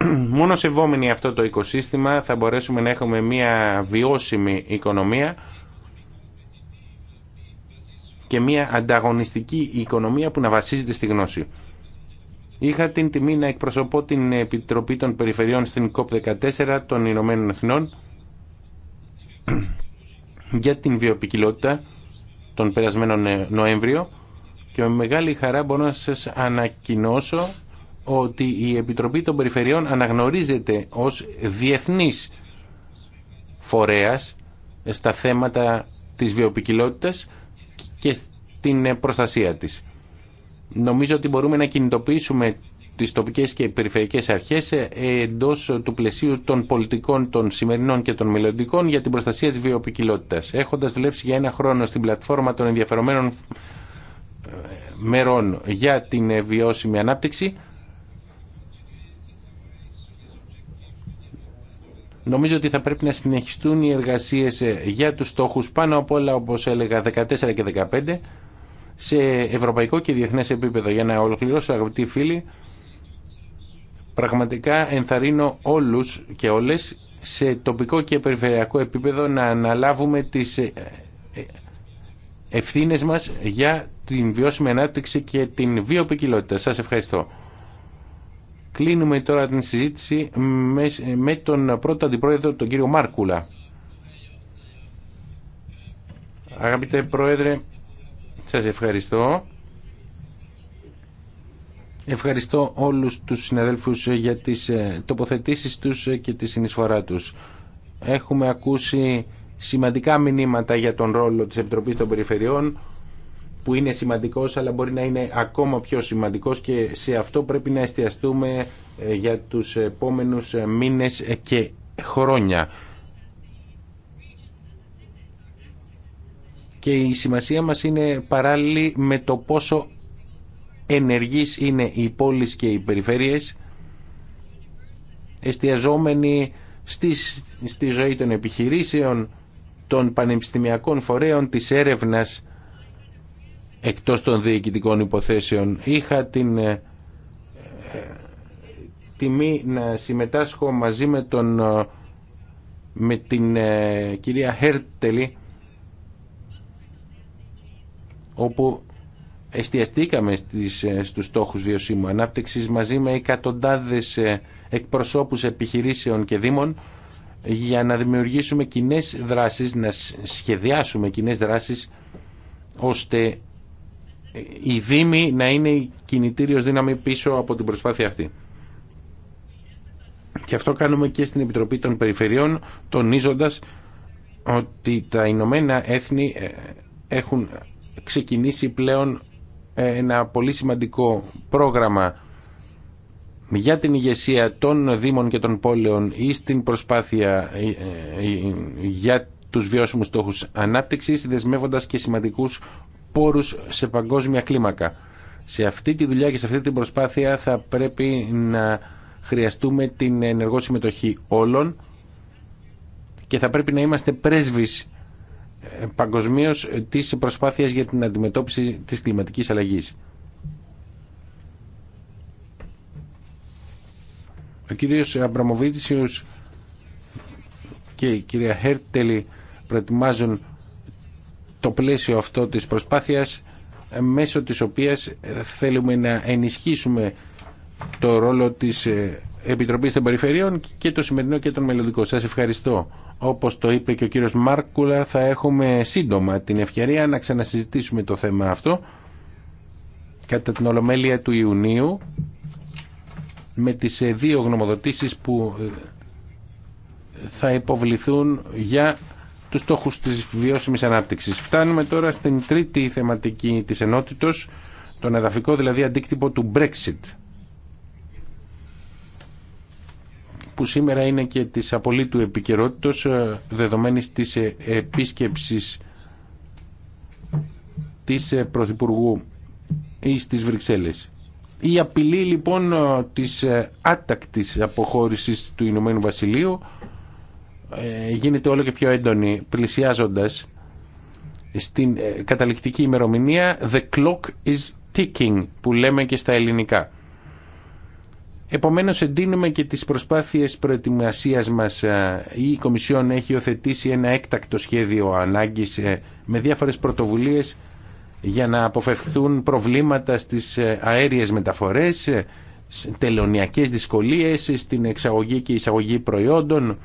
Μόνο σεβόμενοι αυτό το οικοσύστημα θα μπορέσουμε να έχουμε μια βιώσιμη οικονομία και μια ανταγωνιστική οικονομία που να βασίζεται στη γνώση. Είχα την τιμή να εκπροσωπώ την Επιτροπή των Περιφερειών στην COP14 των Ηνωμένων Εθνών για την βιοπικιλότητα τον περασμένο Νοέμβριο και με μεγάλη χαρά μπορώ να σας ανακοινώσω ότι η Επιτροπή των Περιφερειών αναγνωρίζεται ως διεθνής φορέας στα θέματα της βιοπικιλότητας και στην προστασία της. Νομίζω ότι μπορούμε να κινητοποιήσουμε τις τοπικές και περιφερειακές αρχές ε, εντός του πλαισίου των πολιτικών των σημερινών και των μελλοντικών για την προστασία της βιοποικιλότητας. Έχοντας δουλέψει για ένα χρόνο στην πλατφόρμα των ενδιαφερομένων ε, μερών για την ε, βιώσιμη ανάπτυξη, Νομίζω ότι θα πρέπει να συνεχιστούν οι εργασίες για τους στόχους πάνω από όλα όπως έλεγα 14 και 15 σε ευρωπαϊκό και διεθνές επίπεδο. Για να ολοκληρώσω αγαπητοί φίλοι, Πραγματικά ενθαρρύνω όλους και όλες σε τοπικό και περιφερειακό επίπεδο να αναλάβουμε τις ε, ε, ευθύνες μας για την βιώσιμη ανάπτυξη και την βιοποικιλότητα. Σας ευχαριστώ. Κλείνουμε τώρα την συζήτηση με, τον πρώτο αντιπρόεδρο, τον κύριο Μάρκουλα. Αγαπητέ Πρόεδρε, σας ευχαριστώ. Ευχαριστώ όλους τους συναδέλφους για τις ε, τοποθετήσεις τους ε, και τη συνεισφορά τους. Έχουμε ακούσει σημαντικά μηνύματα για τον ρόλο της Επιτροπής των Περιφερειών που είναι σημαντικός αλλά μπορεί να είναι ακόμα πιο σημαντικός και σε αυτό πρέπει να εστιαστούμε ε, για τους επόμενους μήνες και χρόνια. Και η σημασία μας είναι παράλληλη με το πόσο Ενεργεί είναι οι πόλεις και οι περιφέρειες εστιαζόμενοι στις, στη ζωή των επιχειρήσεων, των πανεπιστημιακών φορέων, της έρευνας εκτός των διοικητικών υποθέσεων. Είχα την ε, τιμή να συμμετάσχω μαζί με, τον, ε, με την ε, κυρία Χέρτελη όπου εστιαστήκαμε στις, ε, στους στόχους βιωσίμου ανάπτυξης μαζί με εκατοντάδες ε, εκπροσώπους επιχειρήσεων και δήμων για να δημιουργήσουμε κοινέ δράσεις, να σχεδιάσουμε κοινέ δράσεις ώστε η ε, Δήμη να είναι η κινητήριος δύναμη πίσω από την προσπάθεια αυτή. Και αυτό κάνουμε και στην Επιτροπή των Περιφερειών, τονίζοντας ότι τα Ηνωμένα Έθνη έχουν ξεκινήσει πλέον ένα πολύ σημαντικό πρόγραμμα για την ηγεσία των Δήμων και των Πόλεων ή στην προσπάθεια ε, ε, για τους βιώσιμους στόχους ανάπτυξης, δεσμεύοντας και σημαντικούς πόρους σε παγκόσμια κλίμακα. Σε αυτή τη δουλειά και σε αυτή την προσπάθεια θα πρέπει να χρειαστούμε την ενεργό συμμετοχή όλων και θα πρέπει να είμαστε πρέσβεις ε, παγκοσμίω ε, τη προσπάθεια για την αντιμετώπιση της κλιματικής αλλαγής. Ο κύριος Αμπραμοβίτης και η κυρία Χέρτελη προετοιμάζουν το πλαίσιο αυτό της προσπάθειας ε, μέσω της οποίας θέλουμε να ενισχύσουμε το ρόλο της Επιτροπή των Περιφερειών και το σημερινό και τον μελλοντικό. Σας ευχαριστώ. Όπως το είπε και ο κύριος Μάρκουλα θα έχουμε σύντομα την ευκαιρία να ξανασυζητήσουμε το θέμα αυτό κατά την Ολομέλεια του Ιουνίου με τις ε, δύο γνωμοδοτήσεις που ε, θα υποβληθούν για τους στόχους της βιώσιμης ανάπτυξης. Φτάνουμε τώρα στην τρίτη θεματική της ενότητος, τον εδαφικό δηλαδή αντίκτυπο του Brexit. που σήμερα είναι και της απολύτου επικαιρότητος ε, δεδομένης της ε, επίσκεψης της ε, Πρωθυπουργού ή στις Βρυξέλλες. Η απειλή λοιπόν της άτακτης αποχώρησης του Ηνωμένου Βασιλείου γίνεται όλο και πιο έντονη πλησιάζοντας στην καταληκτική ημερομηνία «The clock is ticking» που λέμε και στα ελληνικά. Επομένως εντείνουμε και τις προσπάθειες προετοιμασίας μας. Ε, η Κομισιόν έχει οθετήσει ένα έκτακτο σχέδιο ανάγκης ε, με διάφορες πρωτοβουλίες για να αποφευχθούν προβλήματα στις ε, αέριες μεταφορές, τελωνιακές δυσκολίες, στην εξαγωγή και εισαγωγή προϊόντων,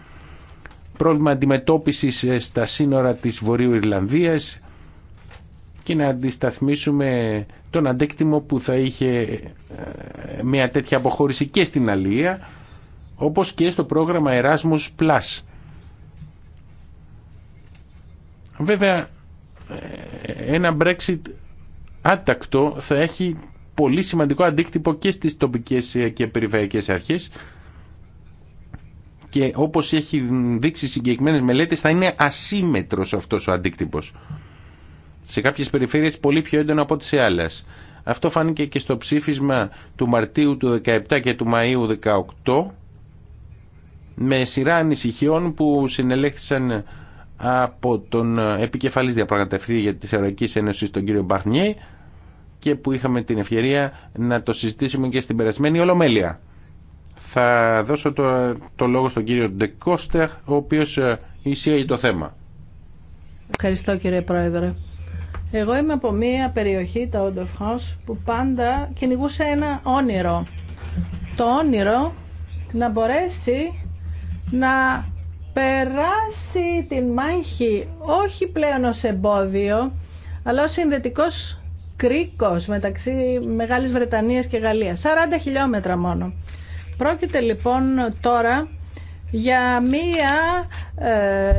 πρόβλημα αντιμετώπισης στα σύνορα της Βορείου Ιρλανδίας, και να αντισταθμίσουμε τον αντέκτημο που θα είχε ε, μια τέτοια αποχώρηση και στην Αλία όπως και στο πρόγραμμα Erasmus Plus. Βέβαια ε, ένα Brexit άτακτο θα έχει πολύ σημαντικό αντίκτυπο και στις τοπικές και περιφερειακές αρχές και όπως έχει δείξει συγκεκριμένες μελέτες θα είναι ασύμετρος αυτός ο αντίκτυπος σε κάποιες περιφέρειες πολύ πιο έντονα από τις άλλες. Αυτό φάνηκε και στο ψήφισμα του Μαρτίου του 17 και του Μαΐου 18 με σειρά ανησυχιών που συνελέχθησαν από τον επικεφαλής διαπραγματευτή για τις Ευρωπαϊκής Ένωση τον κύριο Μπαχνιέ και που είχαμε την ευκαιρία να το συζητήσουμε και στην περασμένη Ολομέλεια. Θα δώσω το, το λόγο στον κύριο Ντεκόστερ, ο οποίος εισήγαγε το θέμα. Ευχαριστώ κύριε Πρόεδρε. Εγώ είμαι από μια περιοχή, τα Old House, που πάντα κυνηγούσε ένα όνειρο. Το όνειρο να μπορέσει να περάσει την μάχη όχι πλέον ως εμπόδιο, αλλά ως συνδετικός κρίκος μεταξύ Μεγάλης Βρετανίας και Γαλλίας. 40 χιλιόμετρα μόνο. Πρόκειται λοιπόν τώρα για μία ε,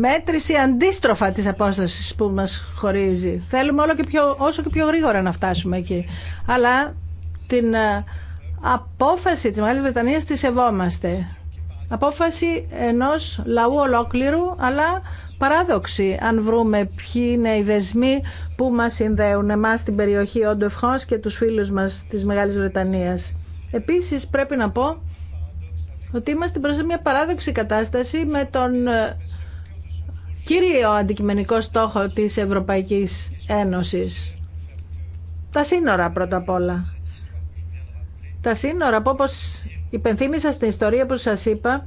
μέτρηση αντίστροφα της απόστασης που μας χωρίζει. Θέλουμε όλο και πιο, όσο και πιο γρήγορα να φτάσουμε εκεί. Αλλά την ε, απόφαση της Μεγάλης Βρετανίας τη σεβόμαστε. Απόφαση ενός λαού ολόκληρου, αλλά παράδοξη αν βρούμε ποιοι είναι οι δεσμοί που μας συνδέουν εμάς στην περιοχή Όντεφχός και τους φίλους μας της Μεγάλης Βρετανίας. Επίσης πρέπει να πω ότι είμαστε μπροστά μια παράδοξη κατάσταση με τον ε, κύριο αντικειμενικό στόχο της Ευρωπαϊκής Ένωσης. Τα σύνορα πρώτα απ' όλα. Τα σύνορα που όπως υπενθύμησα στην ιστορία που σας είπα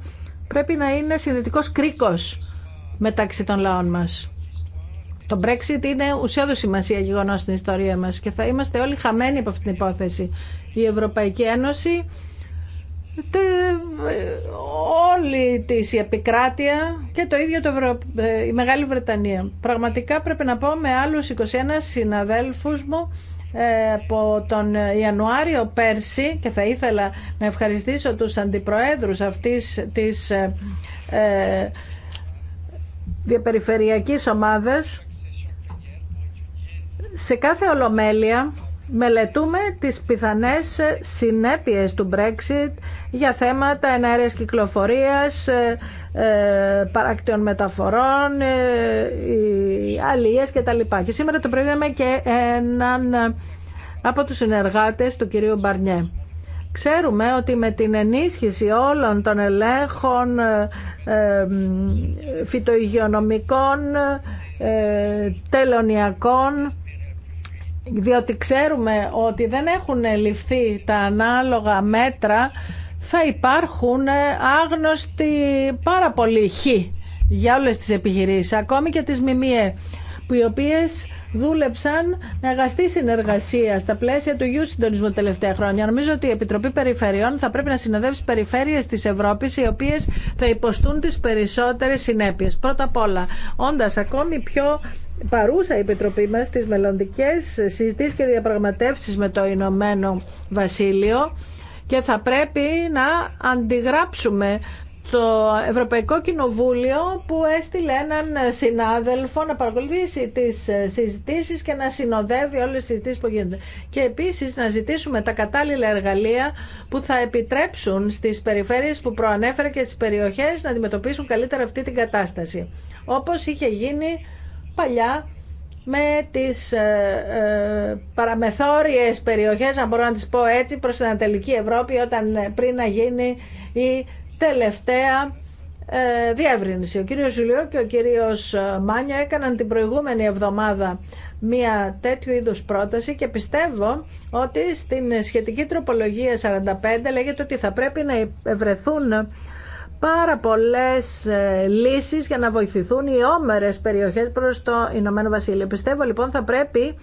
πρέπει να είναι συνδετικός κρίκος μεταξύ των λαών μας. Το Brexit είναι ουσιαδού σημασία γεγονό στην ιστορία μας και θα είμαστε όλοι χαμένοι από αυτήν την υπόθεση. Η Ευρωπαϊκή Ένωση όλη της η επικράτεια και το ίδιο το ε, η Μεγάλη Βρετανία. Πραγματικά πρέπει να πω με άλλους 21 συναδέλφους μου ε, από τον Ιανουάριο πέρσι και θα ήθελα να ευχαριστήσω τους αντιπροέδρους αυτής της ε, ε διαπεριφερειακής ομάδας σε κάθε ολομέλεια μελετούμε τις πιθανές συνέπειες του Brexit για θέματα ενέργειας κυκλοφορίας, ε, ε, παράκτηων μεταφορών, ε, αλλίες κτλ. Και σήμερα το πρωί και έναν από τους συνεργάτες του κυρίου Μπαρνιέ. Ξέρουμε ότι με την ενίσχυση όλων των ελέγχων φυτοϊγειονομικών, τελωνιακών διότι ξέρουμε ότι δεν έχουν ληφθεί τα ανάλογα μέτρα, θα υπάρχουν ε, άγνωστοι πάρα πολλοί χ για όλες τις επιχειρήσεις, ακόμη και τις μιμίες που οι οποίε δούλεψαν με αγαστή συνεργασία στα πλαίσια του γίου συντονισμού τελευταία χρόνια. Νομίζω ότι η Επιτροπή Περιφερειών θα πρέπει να συνοδεύσει περιφέρειες της Ευρώπης οι οποίες θα υποστούν τις περισσότερες συνέπειες. Πρώτα απ' όλα, όντας ακόμη πιο παρούσα η Επιτροπή μας στις μελλοντικέ συζητήσεις και διαπραγματεύσεις με το Ηνωμένο Βασίλειο και θα πρέπει να αντιγράψουμε το Ευρωπαϊκό Κοινοβούλιο που έστειλε έναν συνάδελφο να παρακολουθήσει τις ε, συζητήσεις και να συνοδεύει όλες τις συζητήσεις που γίνονται. Και επίσης να ζητήσουμε τα κατάλληλα εργαλεία που θα επιτρέψουν στις περιφέρειες που προανέφερα και στις περιοχές να αντιμετωπίσουν καλύτερα αυτή την κατάσταση. Όπως είχε γίνει παλιά με τις ε, ε παραμεθόριες περιοχές, αν μπορώ να τις πω έτσι, προς την Ανατολική Ευρώπη, όταν ε, πριν να γίνει η τελευταία ε, διεύρυνση. Ο κύριος Ζουλιό και ο κύριος ε, Μάνια έκαναν την προηγούμενη εβδομάδα μία τέτοιου είδους πρόταση και πιστεύω ότι στην σχετική τροπολογία 45 λέγεται ότι θα πρέπει να ευρεθούν πάρα πολλές ε, λύσεις για να βοηθηθούν οι όμερες περιοχές προς το Ηνωμένο Βασίλειο. Πιστεύω λοιπόν θα πρέπει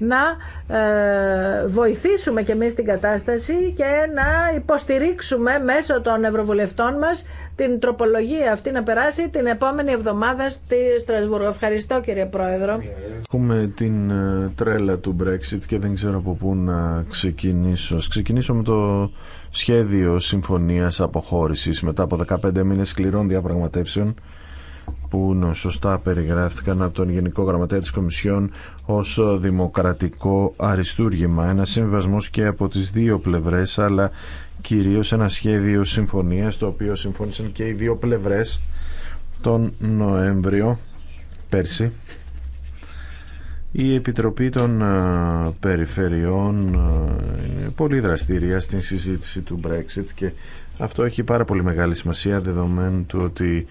να ε, βοηθήσουμε και εμείς την κατάσταση και να υποστηρίξουμε μέσω των Ευρωβουλευτών μας την τροπολογία αυτή να περάσει την επόμενη εβδομάδα στη Στρασβούργο. Ευχαριστώ κύριε Πρόεδρο. Έχουμε την ε, τρέλα του Brexit και δεν ξέρω από πού να ξεκινήσω. Ξεκινήσω με το σχέδιο συμφωνίας αποχώρησης μετά από 15 μήνες σκληρών διαπραγματεύσεων που σωστά περιγράφτηκαν από τον Γενικό Γραμματέα της Κομισιόν ως δημοκρατικό αριστούργημα. Ένα συμβασμός και από τις δύο πλευρές, αλλά κυρίως ένα σχέδιο συμφωνίας, το οποίο συμφώνησαν και οι δύο πλευρές τον Νοέμβριο πέρσι. Η Επιτροπή των ε, Περιφερειών ε, είναι πολύ δραστήρια στην συζήτηση του Brexit και αυτό έχει πάρα πολύ μεγάλη σημασία δεδομένου του ότι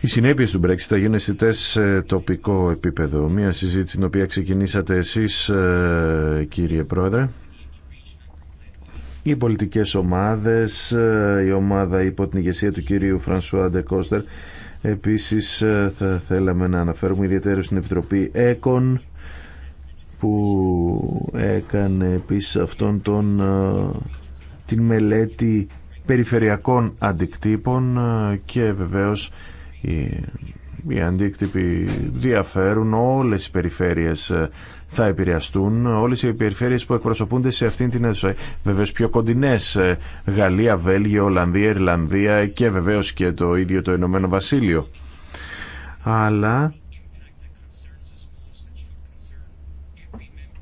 οι συνέπειε του Brexit θα γίνουν αισθητέ σε τοπικό επίπεδο. Μία συζήτηση την οποία ξεκινήσατε εσεί, ε, κύριε Πρόεδρε. Οι πολιτικές ομάδες, ε, η ομάδα υπό την ηγεσία του κύριου Φρανσουά Ντεκόστερ. Επίσης ε, θα θέλαμε να αναφέρουμε ιδιαίτερα στην Επιτροπή ΕΚΟΝ που έκανε επίσης αυτόν τον την μελέτη περιφερειακών αντικτύπων ε, και βεβαίως οι αντίκτυποι διαφέρουν, όλες οι περιφέρειες ε, θα επηρεαστούν, όλες οι περιφέρειες που εκπροσωπούνται σε αυτήν την αίθουσα. Βεβαίως πιο κοντινές, ε, Γαλλία, Βέλγιο, Ολλανδία, Ιρλανδία και βεβαίως και το ίδιο το Ηνωμένο Βασίλειο. Αλλά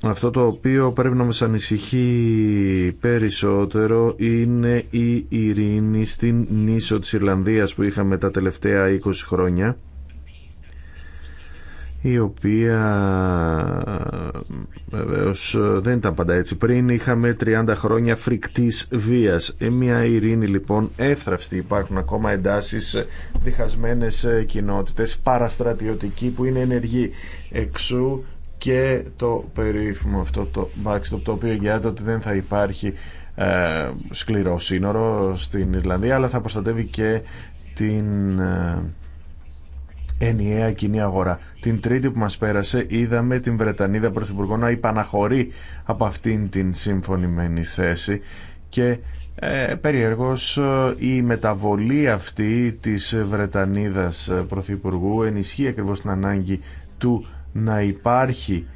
Αυτό το οποίο πρέπει να μας ανησυχεί περισσότερο είναι η ειρήνη στην νήσο της Ιρλανδίας που είχαμε τα τελευταία 20 χρόνια η οποία βεβαίω δεν ήταν πάντα έτσι. Πριν είχαμε 30 χρόνια φρικτής βίας. Ε, μια ειρήνη λοιπόν εύθραυστη. Υπάρχουν ακόμα εντάσεις, διχασμένες ε, κοινότητες, παραστρατιωτικοί που είναι ενεργοί. Εξού και το περίφημο αυτό το backstop το οποίο εγγυάται ότι δεν θα υπάρχει ε, σκληρό σύνορο στην Ιρλανδία αλλά θα προστατεύει και την ε, ενιαία κοινή αγορά. Την τρίτη που μας πέρασε είδαμε την Βρετανίδα Πρωθυπουργό να υπαναχωρεί από αυτήν την συμφωνημένη θέση και ε, ε η μεταβολή αυτή της Βρετανίδας Πρωθυπουργού ενισχύει ακριβώς την ανάγκη του να υπάρχει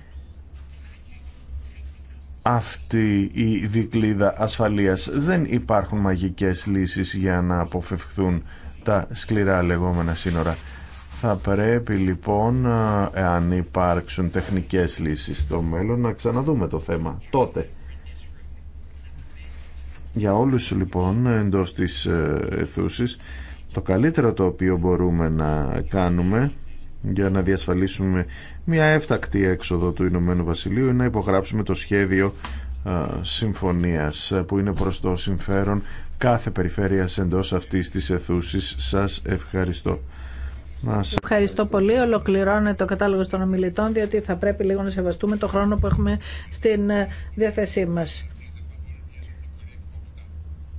αυτή η δικλίδα ασφαλείας. Δεν υπάρχουν μαγικές λύσεις για να αποφευχθούν τα σκληρά λεγόμενα σύνορα. Θα πρέπει λοιπόν, εάν υπάρξουν τεχνικές λύσεις στο μέλλον, να ξαναδούμε το θέμα τότε. Για όλους λοιπόν εντός της ε, αιθούσης, το καλύτερο το οποίο μπορούμε να κάνουμε για να διασφαλίσουμε μια έφτακτη έξοδο του Ηνωμένου Βασιλείου ή να υπογράψουμε το σχέδιο συμφωνίας που είναι προς το συμφέρον κάθε περιφέρειας εντός αυτής της αιθούσης. Σας ευχαριστώ. Ευχαριστώ πολύ. Ολοκληρώνεται το κατάλογο των ομιλητών διότι θα πρέπει λίγο να σεβαστούμε το χρόνο που έχουμε στην ε, διαθέσή μας.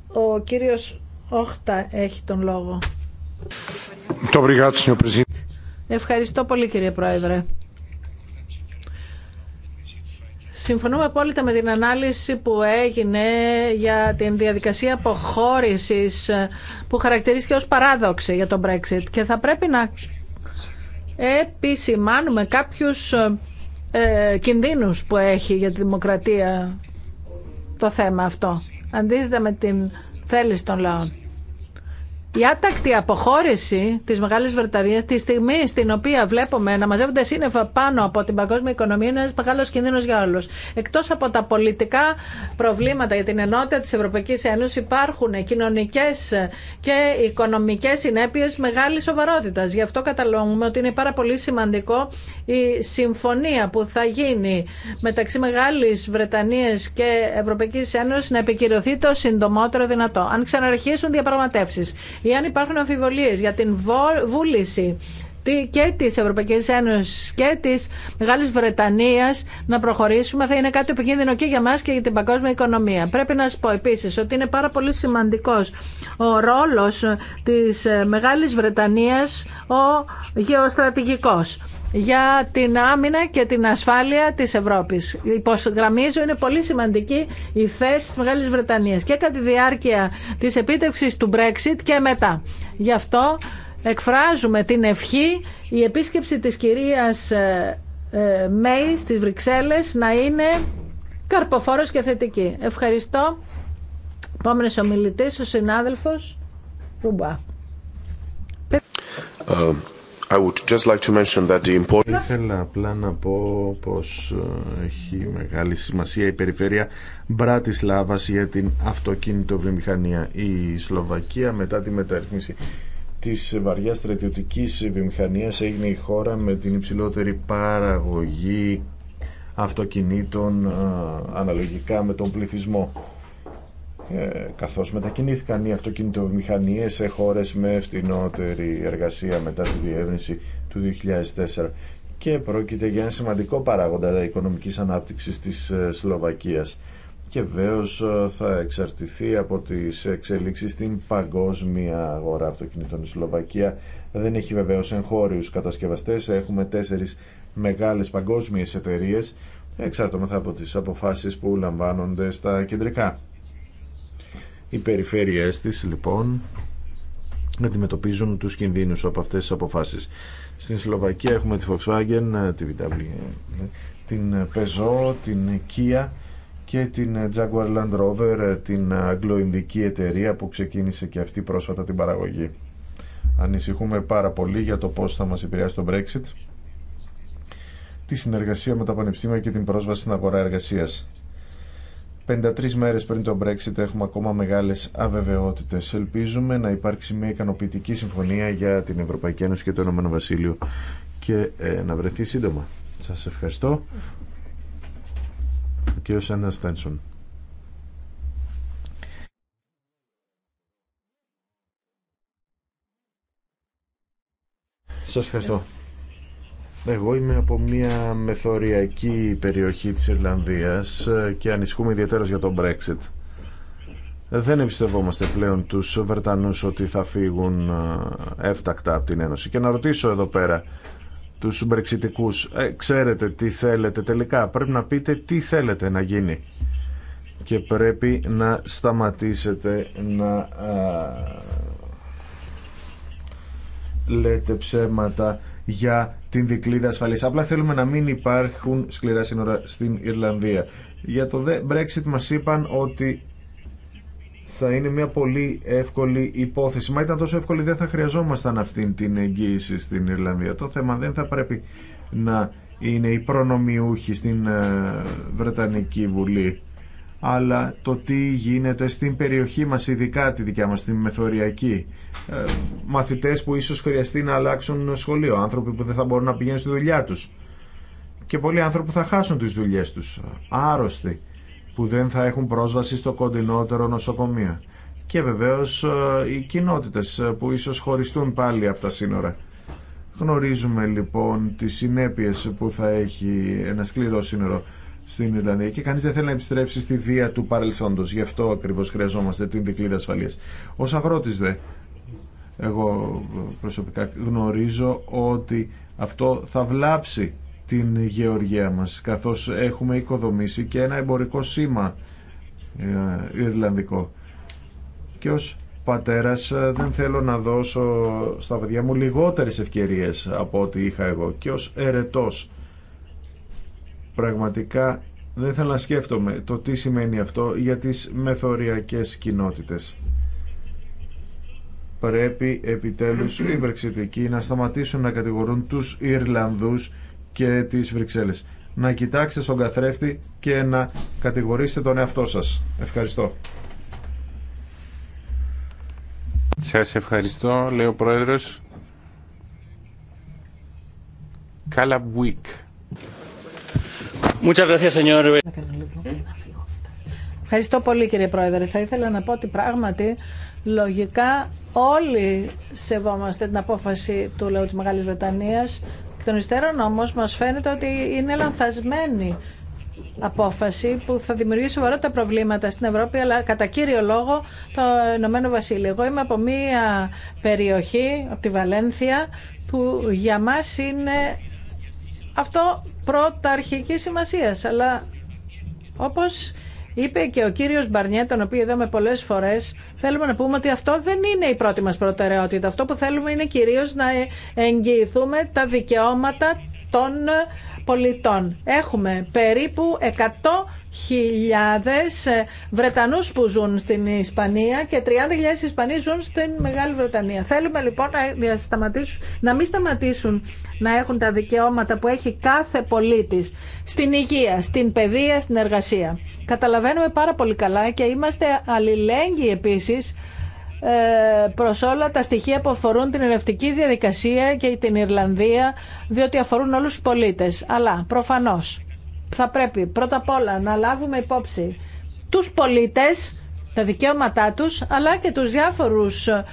Ο κύριος Όχτα έχει τον λόγο. Ευχαριστώ πολύ κύριε Πρόεδρε. Συμφωνούμε απόλυτα με την ανάλυση που έγινε για την διαδικασία αποχώρησης που χαρακτηρίστηκε ως παράδοξη για τον Brexit και θα πρέπει να επισημάνουμε κάποιους ε, κινδύνους που έχει για τη δημοκρατία το θέμα αυτό, αντίθετα με την θέληση των λαών. Η άτακτη αποχώρηση τη μεγάλη Βρετανία, τη στιγμή στην οποία βλέπουμε να μαζεύονται σύννεφα πάνω από την παγκόσμια οικονομία είναι ένα μεγάλο κίνδυνο για όλου. Εκτό από τα πολιτικά προβλήματα για την ενότητα τη Ευρωπαϊκή Ένωση υπάρχουν κοινωνικέ και οικονομικέ συνέπειε μεγάλη σοβαρότητα. Γι' αυτό καταλόγουμε ότι είναι πάρα πολύ σημαντικό η συμφωνία που θα γίνει μεταξύ μεγάλη Βρετανία και Ευρωπαϊκή Ένωση να επικυρωθεί το συντομότερο δυνατό. Αν ξαναρχίσουν διαπραγματεύσει αν υπάρχουν αμφιβολίες για την βούληση και τη Ευρωπαϊκή Ένωση και τη μεγάλη Βρετανίας να προχωρήσουμε θα είναι κάτι επικίνδυνο και για μας και για την παγκόσμια οικονομία. Πρέπει να σα πω επίση ότι είναι πάρα πολύ σημαντικός ο ρόλος της μεγάλη Βρετανίας ο γεωστρατηγικό για την άμυνα και την ασφάλεια της Ευρώπης. Υπογραμμίζω είναι πολύ σημαντική η θέση της Μεγάλης Βρετανίας και κατά τη διάρκεια της επίτευξης του Brexit και μετά. Γι' αυτό εκφράζουμε την ευχή η επίσκεψη της κυρίας ε, ε, Μέη στις Βρυξέλλες να είναι καρποφόρος και θετική. Ευχαριστώ. ο ομιλητή, ο συνάδελφος Ρουμπά. Ε, I would just like to mention that Ήθελα απλά να πω πως ε, έχει μεγάλη σημασία η περιφέρεια Μπράτισλάβας για την αυτοκίνητο βιομηχανία. Η Σλοβακία μετά τη μεταρρύθμιση της βαριάς στρατιωτικής βιομηχανίας έγινε η χώρα με την υψηλότερη παραγωγή αυτοκινήτων ε, αναλογικά με τον πληθυσμό. Ε, καθώς μετακινήθηκαν οι αυτοκινητοβιομηχανίες σε χώρες με φτηνότερη εργασία μετά τη διεύρυνση του 2004 και πρόκειται για ένα σημαντικό παράγοντα οικονομικής ανάπτυξης της ε, Σλοβακίας και βεβαίω ε, θα εξαρτηθεί από τις εξελίξεις στην παγκόσμια αγορά αυτοκινήτων. Η Σλοβακία δεν έχει βεβαίως εγχώριους κατασκευαστές, έχουμε τέσσερις μεγάλες παγκόσμιες εταιρείες εξαρτώμεθα από τις αποφάσεις που λαμβάνονται στα κεντρικά οι περιφέρειές της λοιπόν αντιμετωπίζουν τους κινδύνους από αυτές τις αποφάσεις. Στην Σλοβακία έχουμε τη Volkswagen, ε, ναι, την Peugeot, την Kia και την Jaguar Land Rover, την αγγλοϊνδική εταιρεία που ξεκίνησε και αυτή πρόσφατα την παραγωγή. Ανησυχούμε πάρα πολύ για το πώς θα μας επηρεάσει το Brexit, τη συνεργασία με τα πανεπιστήμια και την πρόσβαση στην αγορά εργασίας. 53 μέρε πριν το Brexit έχουμε ακόμα μεγάλες αβεβαιότητες. Ελπίζουμε να υπάρξει μια ικανοποιητική συμφωνία για την Ευρωπαϊκή Ένωση και το Ηνωμένο Βασίλειο και ε, να βρεθεί σύντομα. Σας ευχαριστώ. Ο κύριος Στένσον. Σας ευχαριστώ. Εγώ είμαι από μια μεθοριακή περιοχή της Ιρλανδίας ε, και ανησυχούμε ιδιαίτερα για τον Brexit. Δεν εμπιστευόμαστε πλέον τους Βρετανούς ότι θα φύγουν ε, έφτακτα από την Ένωση. Και να ρωτήσω εδώ πέρα τους Μπρεξιτικούς, ε, ξέρετε τι θέλετε τελικά, πρέπει να πείτε τι θέλετε να γίνει. Και πρέπει να σταματήσετε να α, λέτε ψέματα για την δικλίδα ασφαλής. Απλά θέλουμε να μην υπάρχουν σκληρά σύνορα στην Ιρλανδία. Για το Brexit μας είπαν ότι θα είναι μια πολύ εύκολη υπόθεση. Μα ήταν τόσο εύκολη δεν θα χρειαζόμασταν αυτήν την εγγύηση στην Ιρλανδία. Το θέμα δεν θα πρέπει να είναι οι προνομιούχοι στην ε, Βρετανική Βουλή αλλά το τι γίνεται στην περιοχή μας, ειδικά τη δικιά μας, την μεθοριακή. Ε, μαθητές που ίσως χρειαστεί να αλλάξουν σχολείο, άνθρωποι που δεν θα μπορούν να πηγαίνουν στη δουλειά τους. Και πολλοί άνθρωποι που θα χάσουν τις δουλειές τους, άρρωστοι, που δεν θα έχουν πρόσβαση στο κοντινότερο νοσοκομείο. Και βεβαίως ε, οι κοινότητες ε, που ίσως χωριστούν πάλι από τα σύνορα. Γνωρίζουμε λοιπόν τις συνέπειες που θα έχει ένα σκληρό σύνορο στην Ιρλανδία και κανεί δεν θέλει να επιστρέψει στη βία του παρελθόντο. Γι' αυτό ακριβώ χρειαζόμαστε την δικλίδα ασφαλεία. Ω αγρότη δε, εγώ προσωπικά γνωρίζω ότι αυτό θα βλάψει την γεωργία μας καθώς έχουμε οικοδομήσει και ένα εμπορικό σήμα ε, Ιρλανδικό και ως πατέρας ε, δεν θέλω να δώσω στα παιδιά μου λιγότερες ευκαιρίες από ό,τι είχα εγώ και ως ερετός Πραγματικά δεν θέλω να σκέφτομαι το τι σημαίνει αυτό για τις μεθοριακές κοινότητες. Πρέπει επιτέλους οι Βρεξιτικοί να σταματήσουν να κατηγορούν τους Ιρλανδούς και τις Βρυξέλλες. Να κοιτάξετε στον καθρέφτη και να κατηγορήσετε τον εαυτό σας. Ευχαριστώ. Σας ευχαριστώ, λέει ο Πρόεδρος. Καλαμπουίκ. Ευχαριστώ πολύ κύριε Πρόεδρε. Θα ήθελα να πω ότι πράγματι λογικά όλοι σεβόμαστε την απόφαση του λαού της Μεγάλης Βρετανίας. Εκ των υστέρων όμως μας φαίνεται ότι είναι λανθασμένη απόφαση που θα δημιουργήσει σοβαρότητα προβλήματα στην Ευρώπη, αλλά κατά κύριο λόγο το Ηνωμένο Βασίλειο. Εγώ είμαι από μία περιοχή, από τη Βαλένθια, που για μας είναι αυτό πρωταρχική σημασία, Αλλά όπως είπε και ο κύριος Μπαρνιέ, τον οποίο είδαμε πολλές φορές, θέλουμε να πούμε ότι αυτό δεν είναι η πρώτη μας προτεραιότητα. Αυτό που θέλουμε είναι κυρίω να εγγυηθούμε τα δικαιώματα των πολιτών. Έχουμε περίπου 100 χιλιάδες ε, Βρετανούς που ζουν στην Ισπανία και 30.000 Ισπανοί ζουν στην Μεγάλη Βρετανία. Θέλουμε λοιπόν να, να μην σταματήσουν να έχουν τα δικαιώματα που έχει κάθε πολίτης στην υγεία, στην παιδεία, στην εργασία. Καταλαβαίνουμε πάρα πολύ καλά και είμαστε αλληλέγγυοι επίσης ε, προς όλα τα στοιχεία που αφορούν την ερευτική διαδικασία και την Ιρλανδία, διότι αφορούν όλους τους πολίτες. Αλλά προφανώς θα πρέπει πρώτα απ' όλα να λάβουμε υπόψη τους πολίτες, τα δικαιώματά τους, αλλά και τους διάφορους ε,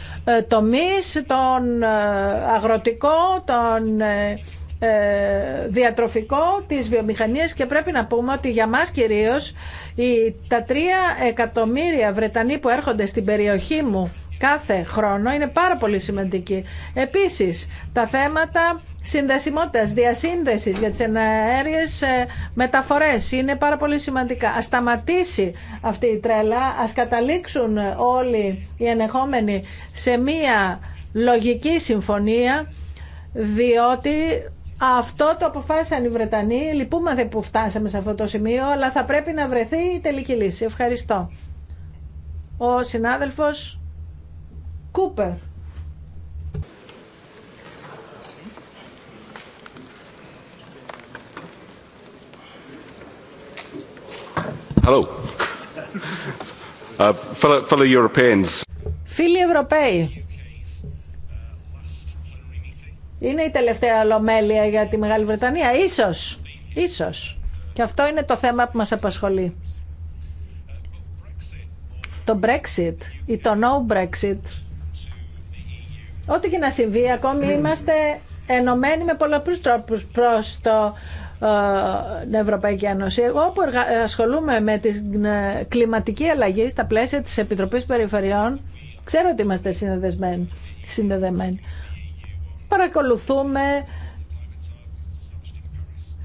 τομείς, τον ε, αγροτικό, τον ε, διατροφικό, τις βιομηχανίες και πρέπει να πούμε ότι για μας κυρίως τα τρία εκατομμύρια Βρετανοί που έρχονται στην περιοχή μου κάθε χρόνο είναι πάρα πολύ σημαντική. Επίσης, τα θέματα Συνδεσιμότητα διασύνδεση για τι εναέριε ε, μεταφορές είναι πάρα πολύ σημαντικά. Α σταματήσει αυτή η τρέλα, α καταλήξουν όλοι οι ενεχόμενοι σε μία λογική συμφωνία διότι αυτό το αποφάσισαν οι Βρετανοί. Λυπούμαστε που φτάσαμε σε αυτό το σημείο, αλλά θα πρέπει να βρεθεί η τελική λύση. Ευχαριστώ. Ο συνάδελφος Κούπερ. Hello. Uh, Φίλοι Ευρωπαίοι, είναι η τελευταία ολομέλεια για τη Μεγάλη Βρετανία, ίσως, ίσως. Και αυτό είναι το θέμα που μας απασχολεί. Το Brexit ή το no Brexit, ό,τι και να συμβεί, ακόμη είμαστε ενωμένοι με πολλαπλούς τρόπους προς το ε, Ευρωπαϊκή Ένωση. Εγώ που ασχολούμαι με την ε, κλιματική αλλαγή στα πλαίσια της Επιτροπής Περιφερειών, ξέρω ότι είμαστε συνδεδεμένοι. Παρακολουθούμε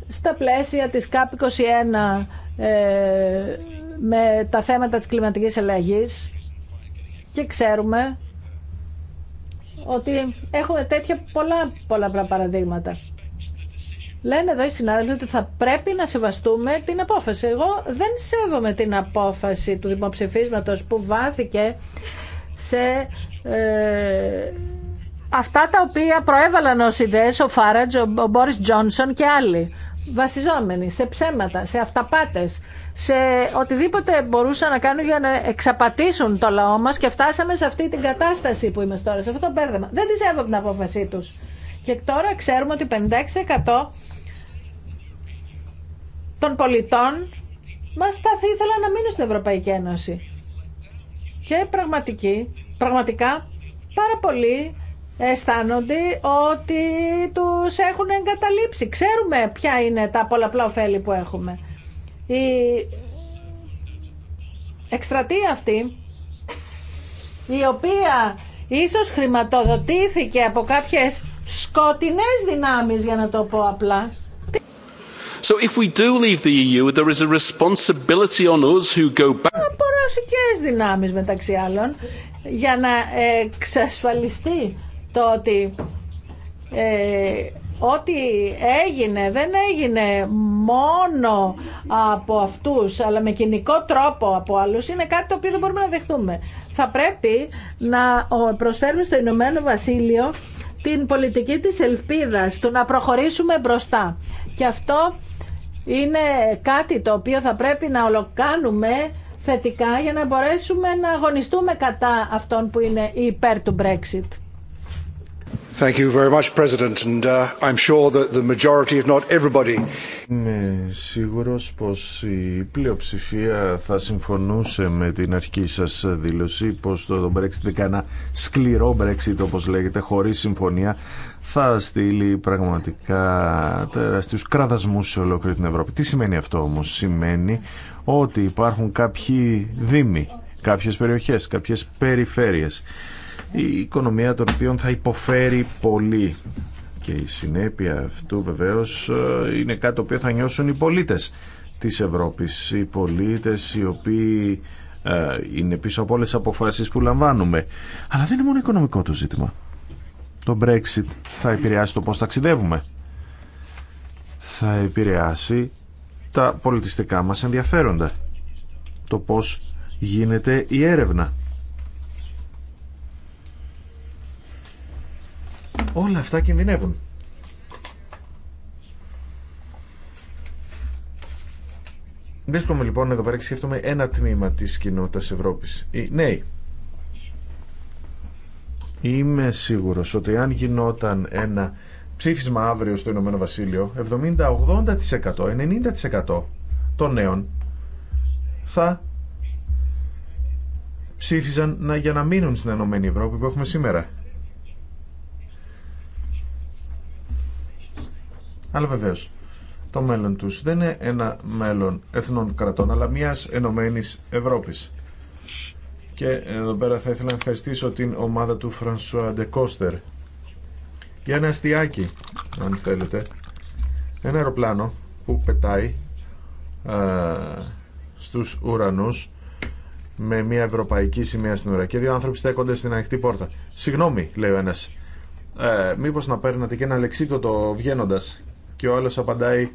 στα πλαίσια της ΚΑΠ21 ε, με τα θέματα της κλιματικής αλλαγής και ξέρουμε ότι έχουμε τέτοια πολλά, πολλά παραδείγματα. Λένε εδώ οι συνάδελφοι ότι θα πρέπει να σεβαστούμε την απόφαση. Εγώ δεν σέβομαι την απόφαση του δημοψηφίσματος που βάθηκε σε ε, αυτά τα οποία προέβαλαν ως ιδέες ο Φάρατζ, ο, ο Μπόρις Τζόνσον και άλλοι. Βασιζόμενοι σε ψέματα, σε αυταπάτες, σε οτιδήποτε μπορούσαν να κάνουν για να εξαπατήσουν το λαό μας και φτάσαμε σε αυτή την κατάσταση που είμαστε τώρα, σε αυτό το μπέρδεμα. Δεν τη σέβομαι την απόφασή τους. Και τώρα ξέρουμε ότι 56% των πολιτών μας θα ήθελα να μείνουν στην Ευρωπαϊκή Ένωση. Και πραγματική, πραγματικά πάρα πολλοί αισθάνονται ότι τους έχουν εγκαταλείψει. Ξέρουμε ποια είναι τα πολλαπλά ωφέλη που έχουμε. Η εκστρατεία αυτή, η οποία ίσως χρηματοδοτήθηκε από κάποιες σκοτεινές δυνάμεις, για να το πω απλά, So if we do leave the EU, there is a responsibility on us who go back. Από δυνάμεις μεταξύ άλλων για να εξασφαλιστεί το ότι ε, ό,τι έγινε δεν έγινε μόνο από αυτούς αλλά με κοινικό τρόπο από άλλους είναι κάτι το οποίο δεν μπορούμε να δεχτούμε. Θα πρέπει να προσφέρουμε στο Ηνωμένο Βασίλειο την πολιτική της ελπίδας, του να προχωρήσουμε μπροστά. Και αυτό είναι κάτι το οποίο θα πρέπει να ολοκάνουμε θετικά για να μπορέσουμε να αγωνιστούμε κατά αυτών που είναι υπέρ του Brexit. President, and uh, I'm sure that the majority, if not everybody. Είμαι σίγουρος πως η πλειοψηφία θα συμφωνούσε με την αρχική σας δήλωση πως το Brexit και ένα σκληρό Brexit όπως λέγεται χωρίς συμφωνία θα στείλει πραγματικά τεράστιους κραδασμούς σε ολόκληρη την Ευρώπη. Τι σημαίνει αυτό όμως. Σημαίνει ότι υπάρχουν κάποιοι δήμοι, κάποιες περιοχές, κάποιες περιφέρειες η οικονομία των οποίων θα υποφέρει πολύ. Και η συνέπεια αυτού βεβαίως ε, είναι κάτι το οποίο θα νιώσουν οι πολίτες της Ευρώπης. Οι πολίτες οι οποίοι ε, είναι πίσω από όλες τις αποφάσεις που λαμβάνουμε. Αλλά δεν είναι μόνο οικονομικό το ζήτημα. Το Brexit θα επηρεάσει το πώς ταξιδεύουμε. Θα επηρεάσει τα πολιτιστικά μας ενδιαφέροντα. Το πώς γίνεται η έρευνα. Όλα αυτά κινδυνεύουν. Βρίσκομαι λοιπόν εδώ πέρα και σκέφτομαι ένα τμήμα της κοινότητας Ευρώπης. Οι ναι. νέοι. Είμαι σίγουρος ότι αν γινόταν ένα ψήφισμα αύριο στο Ηνωμένο Βασίλειο, 70-80%, 90% των νέων θα ψήφιζαν να, για να μείνουν στην Ενωμένη ΕΕ Ευρώπη που έχουμε σήμερα. Αλλά βεβαίως το μέλλον τους δεν είναι ένα μέλλον εθνών κρατών, αλλά μια ενωμένη Ευρώπης. Και εδώ πέρα θα ήθελα να ευχαριστήσω την ομάδα του Φρανσουά Ντεκόστερ. Για ένα αστιάκι, αν θέλετε. Ένα αεροπλάνο που πετάει α, στους ουρανούς με μια ευρωπαϊκή σημαία στην ουρά και δύο άνθρωποι στέκονται στην ανοιχτή πόρτα. Συγγνώμη, λέει ο ένας. Ε, μήπως να παίρνατε και ένα λεξίτο το βγαίνοντας και ο άλλο απαντάει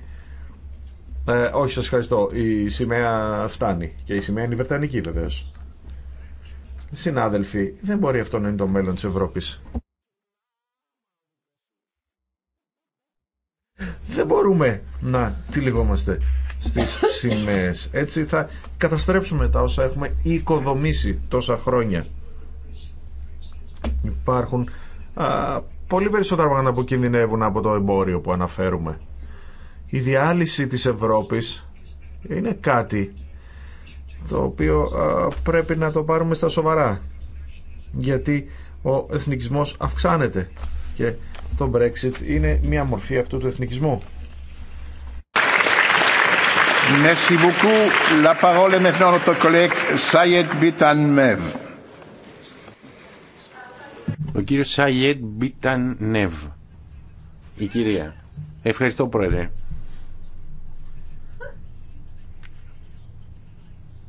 ε, όχι σας ευχαριστώ, η σημαία φτάνει και η σημαία είναι η Βρετανική βεβαίως. Συνάδελφοι, δεν μπορεί αυτό να είναι το μέλλον τη Ευρώπης. Δεν μπορούμε να τυλιγόμαστε στις σημαίες. Έτσι θα καταστρέψουμε τα όσα έχουμε οικοδομήσει τόσα χρόνια. Υπάρχουν α, πολύ περισσότερα πράγματα που κινδυνεύουν από το εμπόριο που αναφέρουμε. Η διάλυση της Ευρώπης είναι κάτι το οποίο πρέπει να το πάρουμε στα σοβαρά γιατί ο εθνικισμός αυξάνεται και το Brexit είναι μια μορφή αυτού του εθνικισμού. Merci beaucoup. La parole est maintenant notre collègue Sayed ο κύριος Σαγιέτ Μπίταν Νεύ. Η κυρία. Ευχαριστώ πρόεδρε.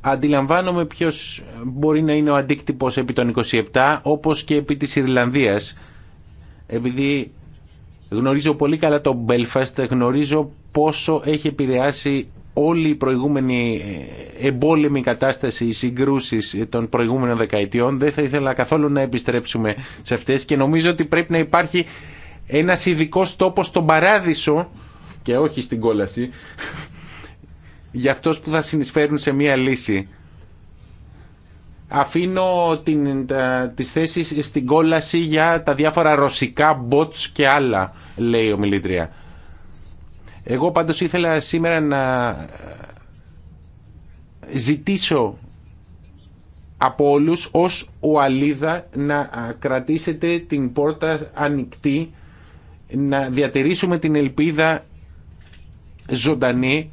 Αντιλαμβάνομαι ποιος μπορεί να είναι ο αντίκτυπος επί των 27 όπως και επί της Ιρλανδίας. Επειδή γνωρίζω πολύ καλά τον Μπελφάστ, γνωρίζω πόσο έχει επηρεάσει όλη η προηγούμενη ε, εμπόλεμη κατάσταση, οι συγκρούσεις ε, των προηγούμενων δεκαετιών. Δεν θα ήθελα καθόλου να επιστρέψουμε σε αυτές και νομίζω ότι πρέπει να υπάρχει ένα ειδικό τόπος στον παράδεισο και όχι στην κόλαση για αυτός που θα συνεισφέρουν σε μία λύση. Αφήνω την, τα, τις θέσεις στην κόλαση για τα διάφορα ρωσικά bots και άλλα, λέει ο Μιλήτρια. Εγώ πάντως ήθελα σήμερα να ζητήσω από όλους ως ο Αλίδα να κρατήσετε την πόρτα ανοιχτή, να διατηρήσουμε την ελπίδα ζωντανή.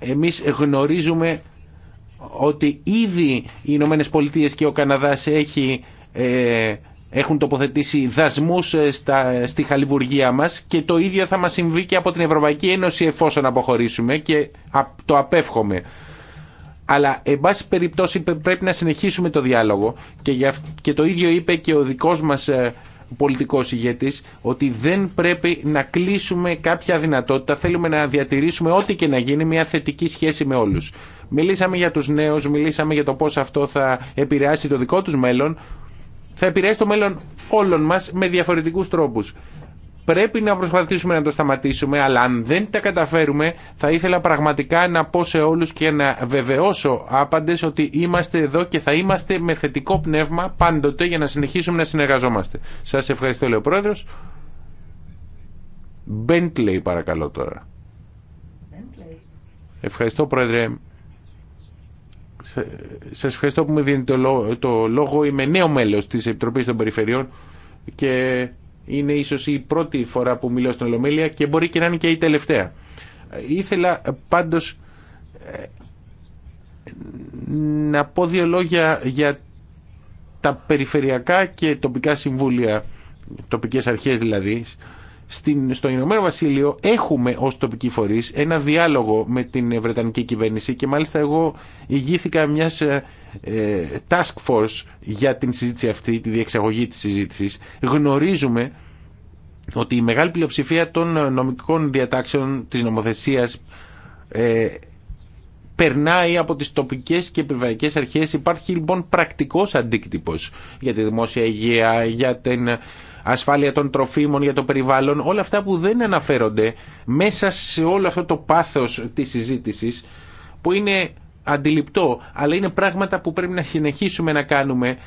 Εμείς γνωρίζουμε ότι ήδη οι Ηνωμένε Πολιτείες και ο Καναδάς έχει ε, έχουν τοποθετήσει δασμού ε, στη χαλιβουργία μα και το ίδιο θα μα συμβεί και από την Ευρωπαϊκή Ένωση εφόσον αποχωρήσουμε και το απέφχομαι. Αλλά, εν πάση περιπτώσει, πρέπει να συνεχίσουμε το διάλογο και, για, και το ίδιο είπε και ο δικός μας ε, πολιτικό ηγέτη ότι δεν πρέπει να κλείσουμε κάποια δυνατότητα, θέλουμε να διατηρήσουμε ό,τι και να γίνει μια θετική σχέση με όλου. Μιλήσαμε για τους νέους, μιλήσαμε για το πώς αυτό θα επηρεάσει το δικό τους μέλλον, θα επηρεάσει το μέλλον όλων μας με διαφορετικούς τρόπους. Πρέπει να προσπαθήσουμε να το σταματήσουμε, αλλά αν δεν τα καταφέρουμε, θα ήθελα πραγματικά να πω σε όλους και να βεβαιώσω άπαντες ότι είμαστε εδώ και θα είμαστε με θετικό πνεύμα πάντοτε για να συνεχίσουμε να συνεργαζόμαστε. Σας ευχαριστώ, λέει ο Πρόεδρος. Bentley, παρακαλώ τώρα. Bentley. Ευχαριστώ, Πρόεδρε. Σας ευχαριστώ που μου δίνετε το λόγο. Είμαι νέο μέλος της Επιτροπής των Περιφερειών και είναι ίσως η πρώτη φορά που μιλώ στην Ολομέλεια και μπορεί και να είναι και η τελευταία. Ήθελα πάντως ε, να πω δύο λόγια για τα περιφερειακά και τοπικά συμβούλια, τοπικές αρχές δηλαδή, στην, στο Ηνωμένο Βασίλειο έχουμε ως τοπική φορείς ένα διάλογο με την Βρετανική κυβέρνηση και μάλιστα εγώ ηγήθηκα μιας ε, ε, task force για την συζήτηση αυτή, τη διεξαγωγή της συζήτησης. Γνωρίζουμε ότι η μεγάλη πλειοψηφία των νομικών διατάξεων της νομοθεσίας ε, περνάει από τις τοπικές και περιβαλλικές αρχές. Υπάρχει λοιπόν πρακτικός αντίκτυπος για τη δημόσια υγεία, για την ασφάλεια των τροφίμων για το περιβάλλον, όλα αυτά που δεν αναφέρονται μέσα σε όλο αυτό το πάθος της συζήτησης που είναι αντιληπτό, αλλά είναι πράγματα που πρέπει να συνεχίσουμε να κάνουμε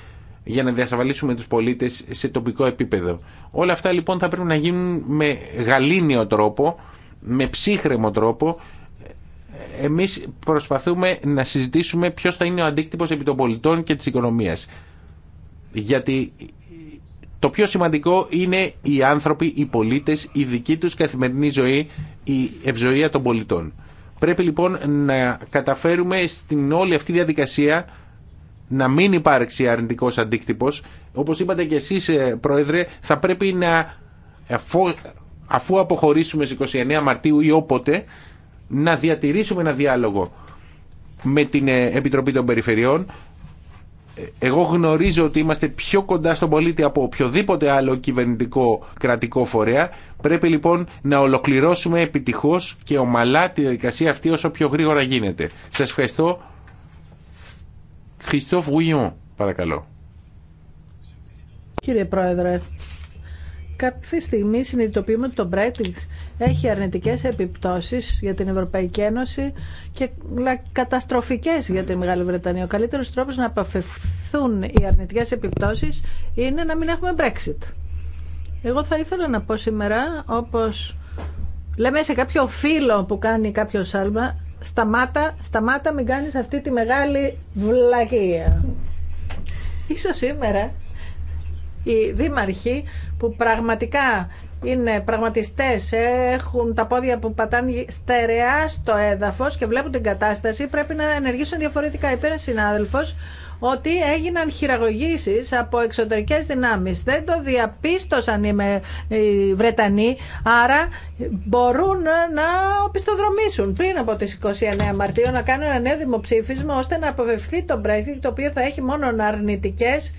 για να διασαβαλίσουμε τους πολίτες σε τοπικό επίπεδο. Όλα αυτά λοιπόν θα πρέπει να γίνουν με γαλήνιο τρόπο, με ψύχρεμο τρόπο. Εμείς προσπαθούμε να συζητήσουμε ποιος θα είναι ο αντίκτυπος επί των πολιτών και της οικονομίας. Γιατί το πιο σημαντικό είναι οι άνθρωποι, οι πολίτε, η δική του καθημερινή ζωή, η ευζοία των πολιτών. Πρέπει λοιπόν να καταφέρουμε στην όλη αυτή διαδικασία να μην υπάρξει αρνητικό αντίκτυπος. Όπως είπατε και εσείς ε, Πρόεδρε, θα πρέπει να αφού αποχωρήσουμε στις 29 Μαρτίου ή όποτε να διατηρήσουμε ένα διάλογο με την ε, Επιτροπή των Περιφερειών εγώ γνωρίζω ότι είμαστε πιο κοντά στον πολίτη από οποιοδήποτε άλλο κυβερνητικό κρατικό φορέα. Πρέπει λοιπόν να ολοκληρώσουμε επιτυχώς και ομαλά τη διαδικασία αυτή όσο πιο γρήγορα γίνεται. Σας ευχαριστώ. Χριστόφ Γουιόν, παρακαλώ. Κύριε Πρόεδρε, Κάποια στιγμή συνειδητοποιούμε ότι το Brexit έχει αρνητικές επιπτώσεις για την Ευρωπαϊκή Ένωση και καταστροφικές για τη Μεγάλη Βρετανία. Ο καλύτερος τρόπος να απαφευθούν οι αρνητικές επιπτώσεις είναι να μην έχουμε Brexit. Εγώ θα ήθελα να πω σήμερα, όπως λέμε σε κάποιο φίλο που κάνει κάποιο σάλμα, σταμάτα, σταμάτα μην κάνεις αυτή τη μεγάλη βλαγία. Ίσως σήμερα οι δήμαρχοι που πραγματικά είναι πραγματιστές, έχουν τα πόδια που πατάνε στερεά στο έδαφος και βλέπουν την κατάσταση, πρέπει να ενεργήσουν διαφορετικά. ένα συνάδελφος ότι έγιναν χειραγωγήσεις από εξωτερικές δυνάμεις. Δεν το διαπίστωσαν οι Βρετανοί, άρα μπορούν να οπισθοδρομήσουν πριν από τις 29 Μαρτίου να κάνουν ένα νέο δημοψήφισμα ώστε να αποφευθεί το Brexit, το οποίο θα έχει μόνο αρνητικές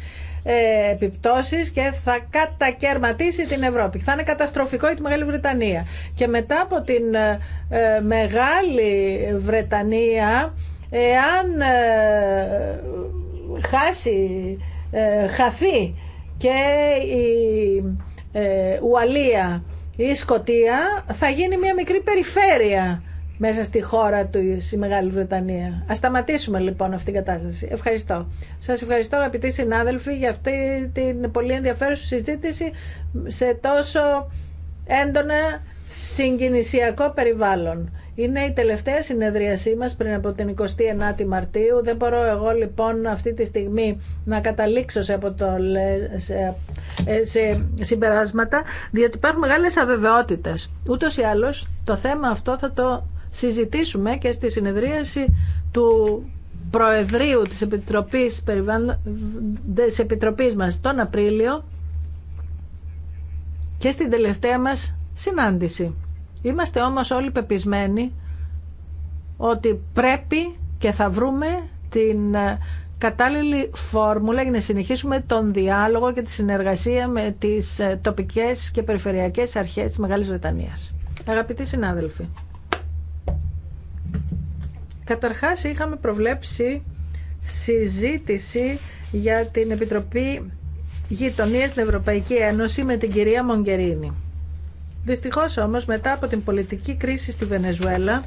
ε, επιπτώσεις και θα κατακαιρματίσει την Ευρώπη. Θα είναι καταστροφικό για τη Μεγάλη Βρετανία. Και μετά από την ε, ε, Μεγάλη Βρετανία, εάν χάσει, χαθεί και η Ουαλία ή η Σκοτία, θα γίνει μια μικρή περιφέρεια μέσα στη χώρα του η Μεγάλη Βρετανία. Ας σταματήσουμε λοιπόν αυτή την κατάσταση. Ευχαριστώ. Σας ευχαριστώ αγαπητοί συνάδελφοι για αυτή την πολύ ενδιαφέρουσα συζήτηση σε τόσο έντονα συγκινησιακό περιβάλλον. Είναι η τελευταία συνεδρίασή μας πριν από την 29η Μαρτίου. Δεν μπορώ εγώ λοιπόν αυτή τη στιγμή να καταλήξω σε, το, σε, ε, σε συμπεράσματα, διότι υπάρχουν μεγάλες αβεβαιότητες. Ούτως ή άλλως το θέμα αυτό θα το συζητήσουμε και στη συνεδρίαση του Προεδρείου της Επιτροπής, της Επιτροπής μας τον Απρίλιο και στην τελευταία μας συνάντηση. Είμαστε όμως όλοι πεπισμένοι ότι πρέπει και θα βρούμε την ε, κατάλληλη φόρμουλα για να συνεχίσουμε τον διάλογο και τη συνεργασία με τις ε, τοπικές και περιφερειακές αρχές της Μεγάλης Βρετανίας. Αγαπητοί συνάδελφοι, Καταρχάς είχαμε προβλέψει συζήτηση για την Επιτροπή Γειτονία στην Ευρωπαϊκή Ένωση με την κυρία Μογκερίνη. Δυστυχώς όμως μετά από την πολιτική κρίση στη Βενεζουέλα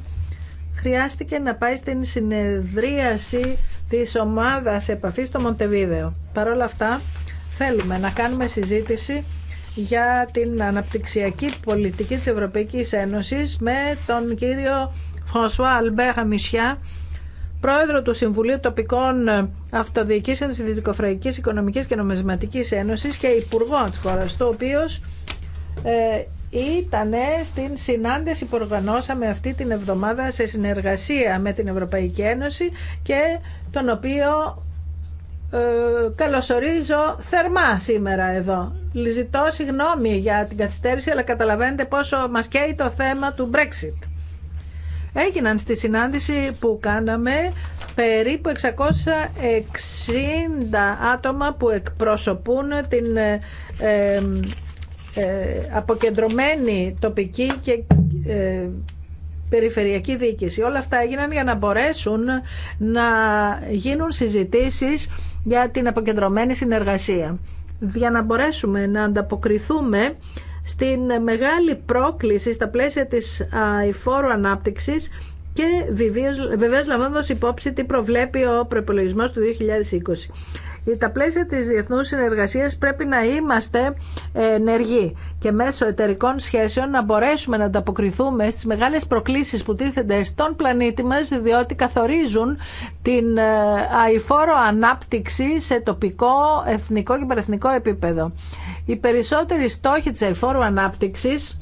χρειάστηκε να πάει στην συνεδρίαση της ομάδας επαφής στο Μοντεβίδεο. Παρ' όλα αυτά θέλουμε να κάνουμε συζήτηση για την αναπτυξιακή πολιτική της Ευρωπαϊκής Ένωσης με τον κύριο Φρανσουά Αλμπέχα Μισιά, πρόεδρο του Συμβουλίου Τοπικών Αυτοδιοικήσεων τη Δυτικοφραϊκής Οικονομικής και Νομισματική Ένωση και υπουργό τη χώρα, το οποίο ε, ήταν στην συνάντηση που οργανώσαμε αυτή την εβδομάδα σε συνεργασία με την Ευρωπαϊκή Ένωση και τον οποίο ε, καλωσορίζω θερμά σήμερα εδώ. Ζητώ συγγνώμη για την καθυστέρηση, αλλά καταλαβαίνετε πόσο μας καίει το θέμα του Brexit έγιναν στη συνάντηση που κάναμε περίπου 660 άτομα που εκπροσωπούν την ε, ε, ε αποκεντρωμένη τοπική και ε, περιφερειακή διοίκηση. Όλα αυτά έγιναν για να μπορέσουν να γίνουν συζητήσεις για την αποκεντρωμένη συνεργασία. Για να μπορέσουμε να ανταποκριθούμε στην μεγάλη πρόκληση στα πλαίσια της αηφόρου ανάπτυξης και βεβαίω λαμβάνοντα υπόψη τι προβλέπει ο προπολογισμό του 2020. Τα πλαίσια της διεθνούς συνεργασίας πρέπει να είμαστε ενεργοί και μέσω εταιρικών σχέσεων να μπορέσουμε να ανταποκριθούμε στις μεγάλες προκλήσεις που τίθενται στον πλανήτη μας διότι καθορίζουν την ε, αηφόρο ανάπτυξη σε τοπικό, εθνικό και παρεθνικό επίπεδο. Οι περισσότεροι στόχοι της εφόρου ανάπτυξης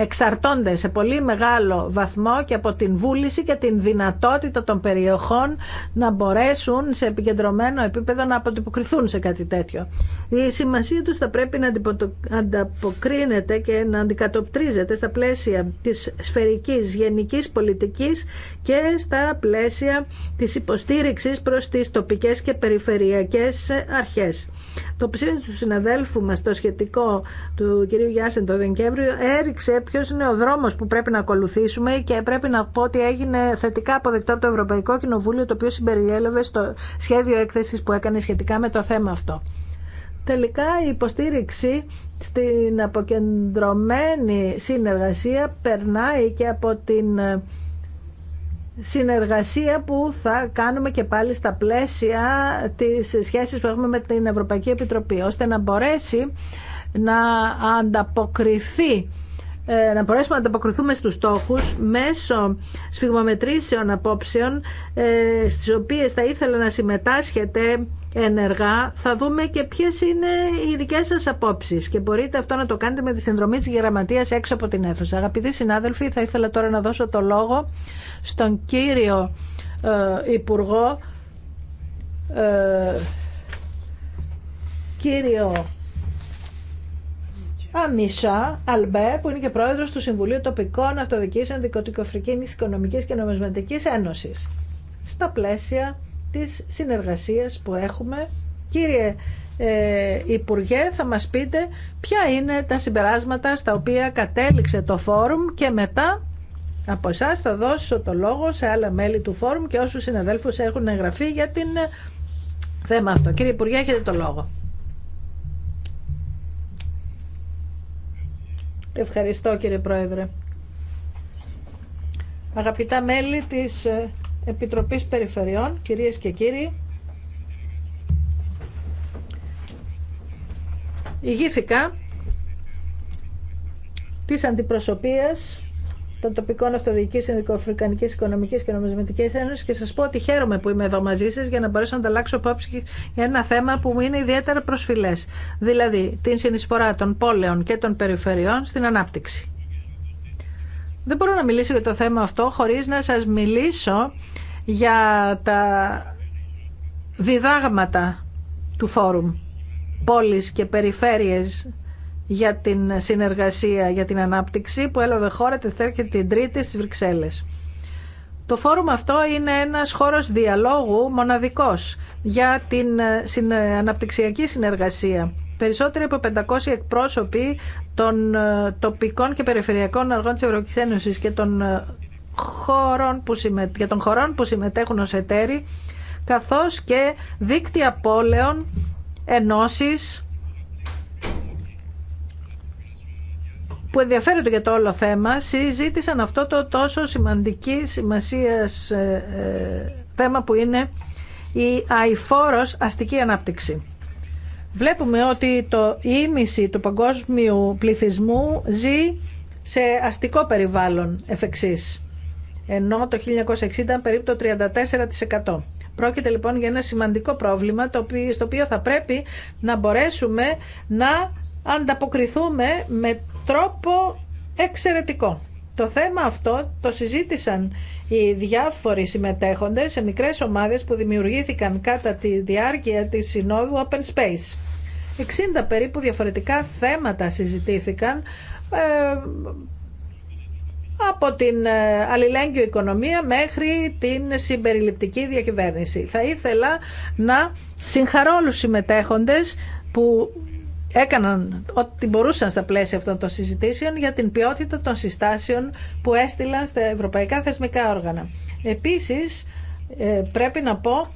εξαρτώνται σε πολύ μεγάλο βαθμό και από την βούληση και την δυνατότητα των περιοχών να μπορέσουν σε επικεντρωμένο επίπεδο να αποτυπωκριθούν σε κάτι τέτοιο. Η σημασία τους θα πρέπει να ανταποκρίνεται και να αντικατοπτρίζεται στα πλαίσια της σφαιρικής γενικής πολιτικής και στα πλαίσια της υποστήριξης προς τις τοπικές και περιφερειακές αρχές. Το ψήφισμα του συναδέλφου μας το σχετικό του κ. Γιάσεν το Δεκέμβριο έριξε Ποιο είναι ο δρόμος που πρέπει να ακολουθήσουμε και πρέπει να πω ότι έγινε θετικά αποδεκτό από το Ευρωπαϊκό Κοινοβούλιο το οποίο συμπεριέλευε στο σχέδιο έκθεση που έκανε σχετικά με το θέμα αυτό. Τελικά η υποστήριξη στην αποκεντρωμένη συνεργασία περνάει και από την ε, συνεργασία που θα κάνουμε και πάλι στα πλαίσια της σχέσης που έχουμε με την Ευρωπαϊκή Επιτροπή, ώστε να μπορέσει να ανταποκριθεί ε, να μπορέσουμε να ανταποκριθούμε στους στόχους μέσω σφιγμομετρήσεων απόψεων ε, στις οποίες θα ήθελα να συμμετάσχετε ενεργά θα δούμε και ποιες είναι οι δικές σας απόψεις και μπορείτε αυτό να το κάνετε με τη συνδρομή της γραμματείας έξω από την αίθουσα. Αγαπητοί συνάδελφοι θα ήθελα τώρα να δώσω το λόγο στον κύριο ε, Υπουργό κύριο Αμισά Αλμπέρ, που είναι και πρόεδρο του Συμβουλίου Τοπικών Αυτοδικήσεων Δικοτικοφρικής Οικονομική και Νομισματική Ένωση. Στα πλαίσια τη συνεργασία που έχουμε, κύριε ε, Υπουργέ, θα μα πείτε ποια είναι τα συμπεράσματα στα οποία κατέληξε το φόρουμ και μετά από εσά θα δώσω το λόγο σε άλλα μέλη του φόρουμ και όσους συναδέλφους έχουν εγγραφεί για την ε, θέμα αυτό. Κύριε Υπουργέ, έχετε το λόγο. Ευχαριστώ κύριε Πρόεδρε. Αγαπητά μέλη της ε, Επιτροπής Περιφερειών, κυρίες και κύριοι, ηγήθηκα της αντιπροσωπείας των τοπικών αυτοδιοίκησεων Ινδικοαφρικανική Οικονομική και Νομισματική Ένωση και σα πω ότι χαίρομαι που είμαι εδώ μαζί σα για να μπορέσω να ανταλλάξω απόψη για ένα θέμα που μου είναι ιδιαίτερα προσφυλέ. Δηλαδή την συνεισφορά των πόλεων και των περιφερειών στην ανάπτυξη. Δεν μπορώ να μιλήσω για το θέμα αυτό χωρίς να σας μιλήσω για τα διδάγματα του φόρουμ πόλεις και περιφέρειες για την συνεργασία για την ανάπτυξη που έλαβε χώρα τη Θέρκη την Τρίτη στις Βρυξέλλες. Το φόρουμ αυτό είναι ένας χώρος διαλόγου μοναδικός για την ε, ε, αναπτυξιακή συνεργασία. Περισσότεροι από 500 εκπρόσωποι των ε, τοπικών και περιφερειακών αργών της Ευρωπαϊκής και των χωρών που, των χωρών που συμμετέχουν ως εταίροι καθώς και δίκτυα πόλεων, ενώσεις, που ενδιαφέρονται για το όλο θέμα συζήτησαν αυτό το τόσο σημαντική σημασία ε, ε, θέμα που είναι η αηφόρος αστική ανάπτυξη. Βλέπουμε ότι το ίμιση του παγκόσμιου πληθυσμού ζει σε αστικό περιβάλλον εφεξής ενώ το 1960 περίπου το 34%. Πρόκειται λοιπόν για ένα σημαντικό πρόβλημα στο οποίο θα πρέπει να μπορέσουμε να ανταποκριθούμε με τρόπο εξαιρετικό. Το θέμα αυτό το συζήτησαν οι διάφοροι συμμετέχοντες σε μικρές ομάδες που δημιουργήθηκαν κατά τη διάρκεια της Συνόδου Open Space. 60 περίπου διαφορετικά θέματα συζητήθηκαν ε, από την ε, αλληλέγγυο οικονομία μέχρι την συμπεριληπτική διακυβέρνηση. Θα ήθελα να συγχαρώ όλους συμμετέχοντες που έκαναν ό,τι μπορούσαν στα πλαίσια αυτών των συζητήσεων για την ποιότητα των συστάσεων που έστειλαν στα ευρωπαϊκά θεσμικά όργανα. Επίσης, ε, πρέπει να πω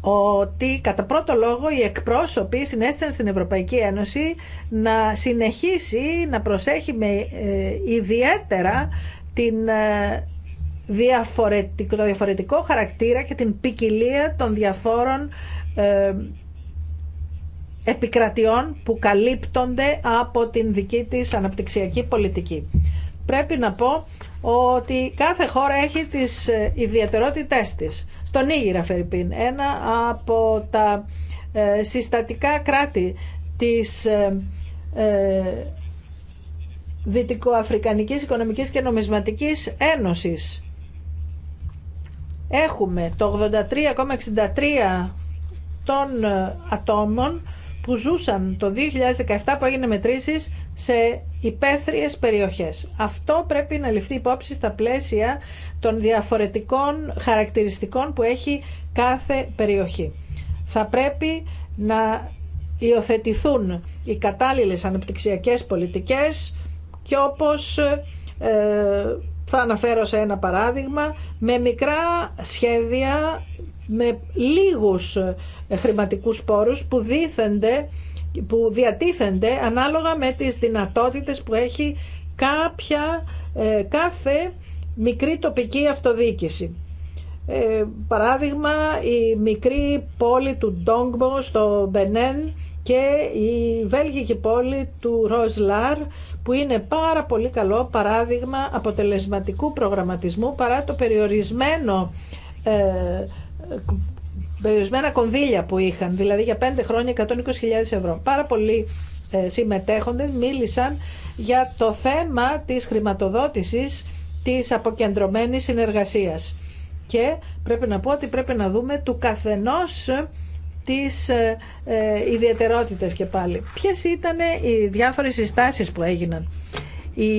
ότι κατά πρώτο λόγο οι εκπρόσωποι συνέστηναν στην Ευρωπαϊκή Ένωση να συνεχίσει να προσέχει με ε, ιδιαίτερα την ε, διαφορετικό, το διαφορετικό χαρακτήρα και την ποικιλία των διαφόρων επικρατειών που καλύπτονται από την δική της αναπτυξιακή πολιτική. Πρέπει να πω ότι κάθε χώρα έχει τις ε, ιδιαιτερότητές της. Στον Ήγηρα, Φερρυπίν, ένα από τα ε, συστατικά κράτη της ε, Δυτικοαφρικανικής Οικονομικής και Νομισματικής Ένωσης. Έχουμε το 83,63 των ατόμων που ζούσαν το 2017 που έγινε μετρήσεις σε υπαίθριε περιοχές. Αυτό πρέπει να ληφθεί υπόψη στα πλαίσια των διαφορετικών χαρακτηριστικών που έχει κάθε περιοχή. Θα πρέπει να υιοθετηθούν οι κατάλληλες ανεπτυξιακές πολιτικές και όπως ε, θα αναφέρω σε ένα παράδειγμα με μικρά σχέδια με λίγους ε, χρηματικούς πόρους που δίθενται, που διατίθενται ανάλογα με τις δυνατότητες που έχει κάποια, ε, κάθε μικρή τοπική αυτοδιοίκηση. Ε, παράδειγμα η μικρή πόλη του Ντόγκμπο στο Μπενέν και η βέλγικη πόλη του Ροζλάρ που είναι πάρα πολύ καλό παράδειγμα αποτελεσματικού προγραμματισμού παρά το περιορισμένο ε, περιορισμένα κονδύλια που είχαν, δηλαδή για πέντε χρόνια 120.000 ευρώ. Πάρα πολλοί ε, συμμετέχοντες μίλησαν για το θέμα της χρηματοδότησης της αποκεντρωμένης συνεργασίας. Και πρέπει να πω ότι πρέπει να δούμε του καθενός τις ε, ε, ιδιαιτερότητες και πάλι. Ποιες ήταν οι διάφορες συστάσεις που έγιναν. Η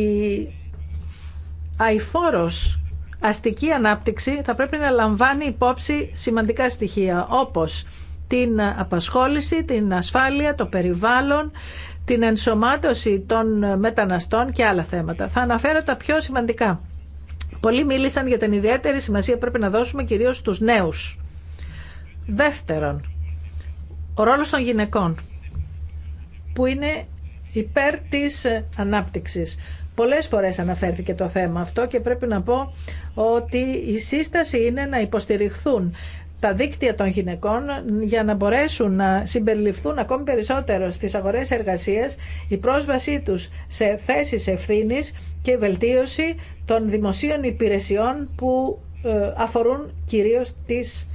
αηφόρος αστική ανάπτυξη θα πρέπει να λαμβάνει υπόψη σημαντικά στοιχεία όπως την απασχόληση, την ασφάλεια, το περιβάλλον, την ενσωμάτωση των μεταναστών και άλλα θέματα. Θα αναφέρω τα πιο σημαντικά. Πολλοί μίλησαν για την ιδιαίτερη σημασία πρέπει να δώσουμε κυρίως στους νέους. Δεύτερον, ο ρόλος των γυναικών που είναι υπέρ της ανάπτυξης. Πολλές φορές αναφέρθηκε το θέμα αυτό και πρέπει να πω ότι η σύσταση είναι να υποστηριχθούν τα δίκτυα των γυναικών για να μπορέσουν να συμπεριληφθούν ακόμη περισσότερο στις αγορές εργασίας η πρόσβασή τους σε θέσεις ευθύνης και βελτίωση των δημοσίων υπηρεσιών που ε, αφορούν κυρίως τις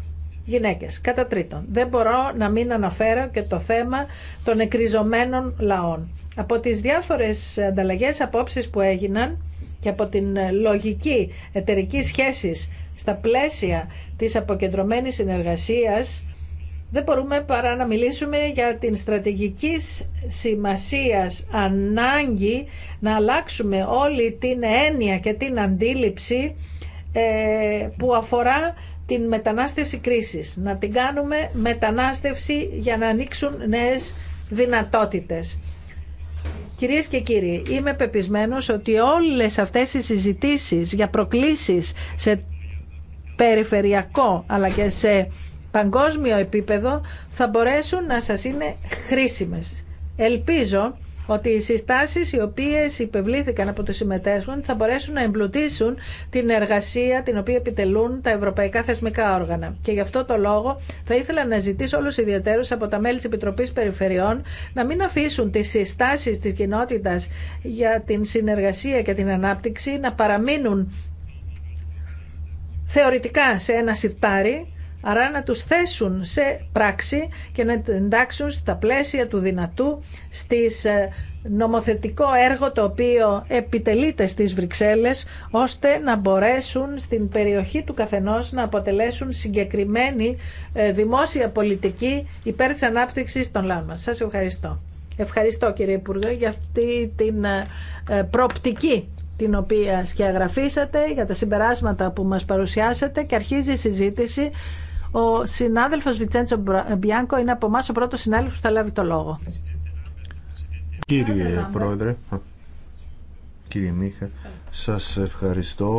γυναίκες. Κατά τρίτον, δεν μπορώ να μην αναφέρω και το θέμα των εκριζωμένων λαών. Από τις διάφορες ανταλλαγές απόψεις που έγιναν και από την λογική εταιρική σχέση στα πλαίσια της αποκεντρωμένης συνεργασίας δεν μπορούμε παρά να μιλήσουμε για την στρατηγική σημασίας ανάγκη να αλλάξουμε όλη την έννοια και την αντίληψη ε, που αφορά την μετανάστευση κρίσης, να την κάνουμε μετανάστευση για να ανοίξουν νέες δυνατότητες. Κυρίες και κύριοι, είμαι πεπισμένος ότι όλες αυτές οι συζητήσεις για προκλήσεις σε περιφερειακό αλλά και σε παγκόσμιο επίπεδο θα μπορέσουν να σας είναι χρήσιμες. Ελπίζω ότι οι συστάσεις οι οποίες υπευλήθηκαν από τους συμμετέχουν θα μπορέσουν να εμπλουτίσουν την εργασία την οποία επιτελούν τα ευρωπαϊκά θεσμικά όργανα. Και γι' αυτό το λόγο θα ήθελα να ζητήσω όλους ιδιαίτερου από τα μέλη τη Επιτροπής Περιφερειών να μην αφήσουν τις συστάσεις της κοινότητα για την συνεργασία και την ανάπτυξη να παραμείνουν θεωρητικά σε ένα σιρτάρι Άρα να τους θέσουν σε πράξη και να εντάξουν στα πλαίσια του δυνατού στις ε, νομοθετικό έργο το οποίο επιτελείται στις Βρυξέλλες ώστε να μπορέσουν στην περιοχή του καθενός να αποτελέσουν συγκεκριμένη ε, δημόσια πολιτική υπέρ της ανάπτυξης των λαών μας. Σας ευχαριστώ. Ευχαριστώ κύριε Υπουργέ για αυτή την ε, προοπτική την οποία σκιαγραφίσατε, για τα συμπεράσματα που μας παρουσιάσατε και αρχίζει η συζήτηση ο συνάδελφος Βιτσέντσο Μπιάνκο είναι από εμάς ο πρώτος συνάδελφος που θα λάβει το λόγο. Κύριε Πρόεδρε, κύριε Μίχα, σας ευχαριστώ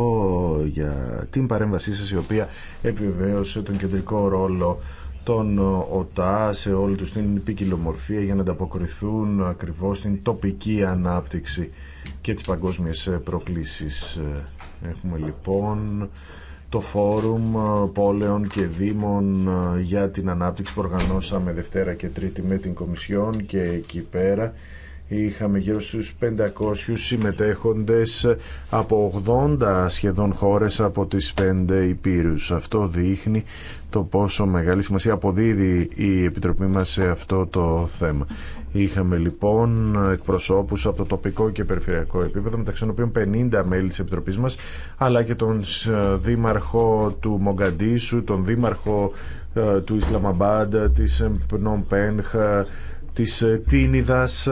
για την παρέμβασή σας η οποία επιβεβαίωσε τον κεντρικό ρόλο τον ΟΤΑ σε όλη του την ποικιλομορφία για να ανταποκριθούν ακριβώς την τοπική ανάπτυξη και τις παγκόσμιες προκλήσεις. Έχουμε λοιπόν το Φόρουμ ε, Πόλεων και Δήμων ε, για την Ανάπτυξη που οργανώσαμε Δευτέρα και Τρίτη με την Κομισιόν και εκεί πέρα είχαμε γύρω στους 500 συμμετέχοντες από 80 σχεδόν χώρες από τις 5 υπήρους. Αυτό δείχνει το πόσο μεγάλη σημασία αποδίδει η Επιτροπή μας σε αυτό το θέμα. Είχαμε λοιπόν εκπροσώπου από το τοπικό και περιφερειακό επίπεδο, μεταξύ των οποίων 50 μέλη τη Επιτροπή μα, αλλά και τον δήμαρχο του Μογκαντήσου, τον δήμαρχο ε, του Ισλαμαμπάντα, της Εμπνομπένχα, ε, τη ε, Τίνιδας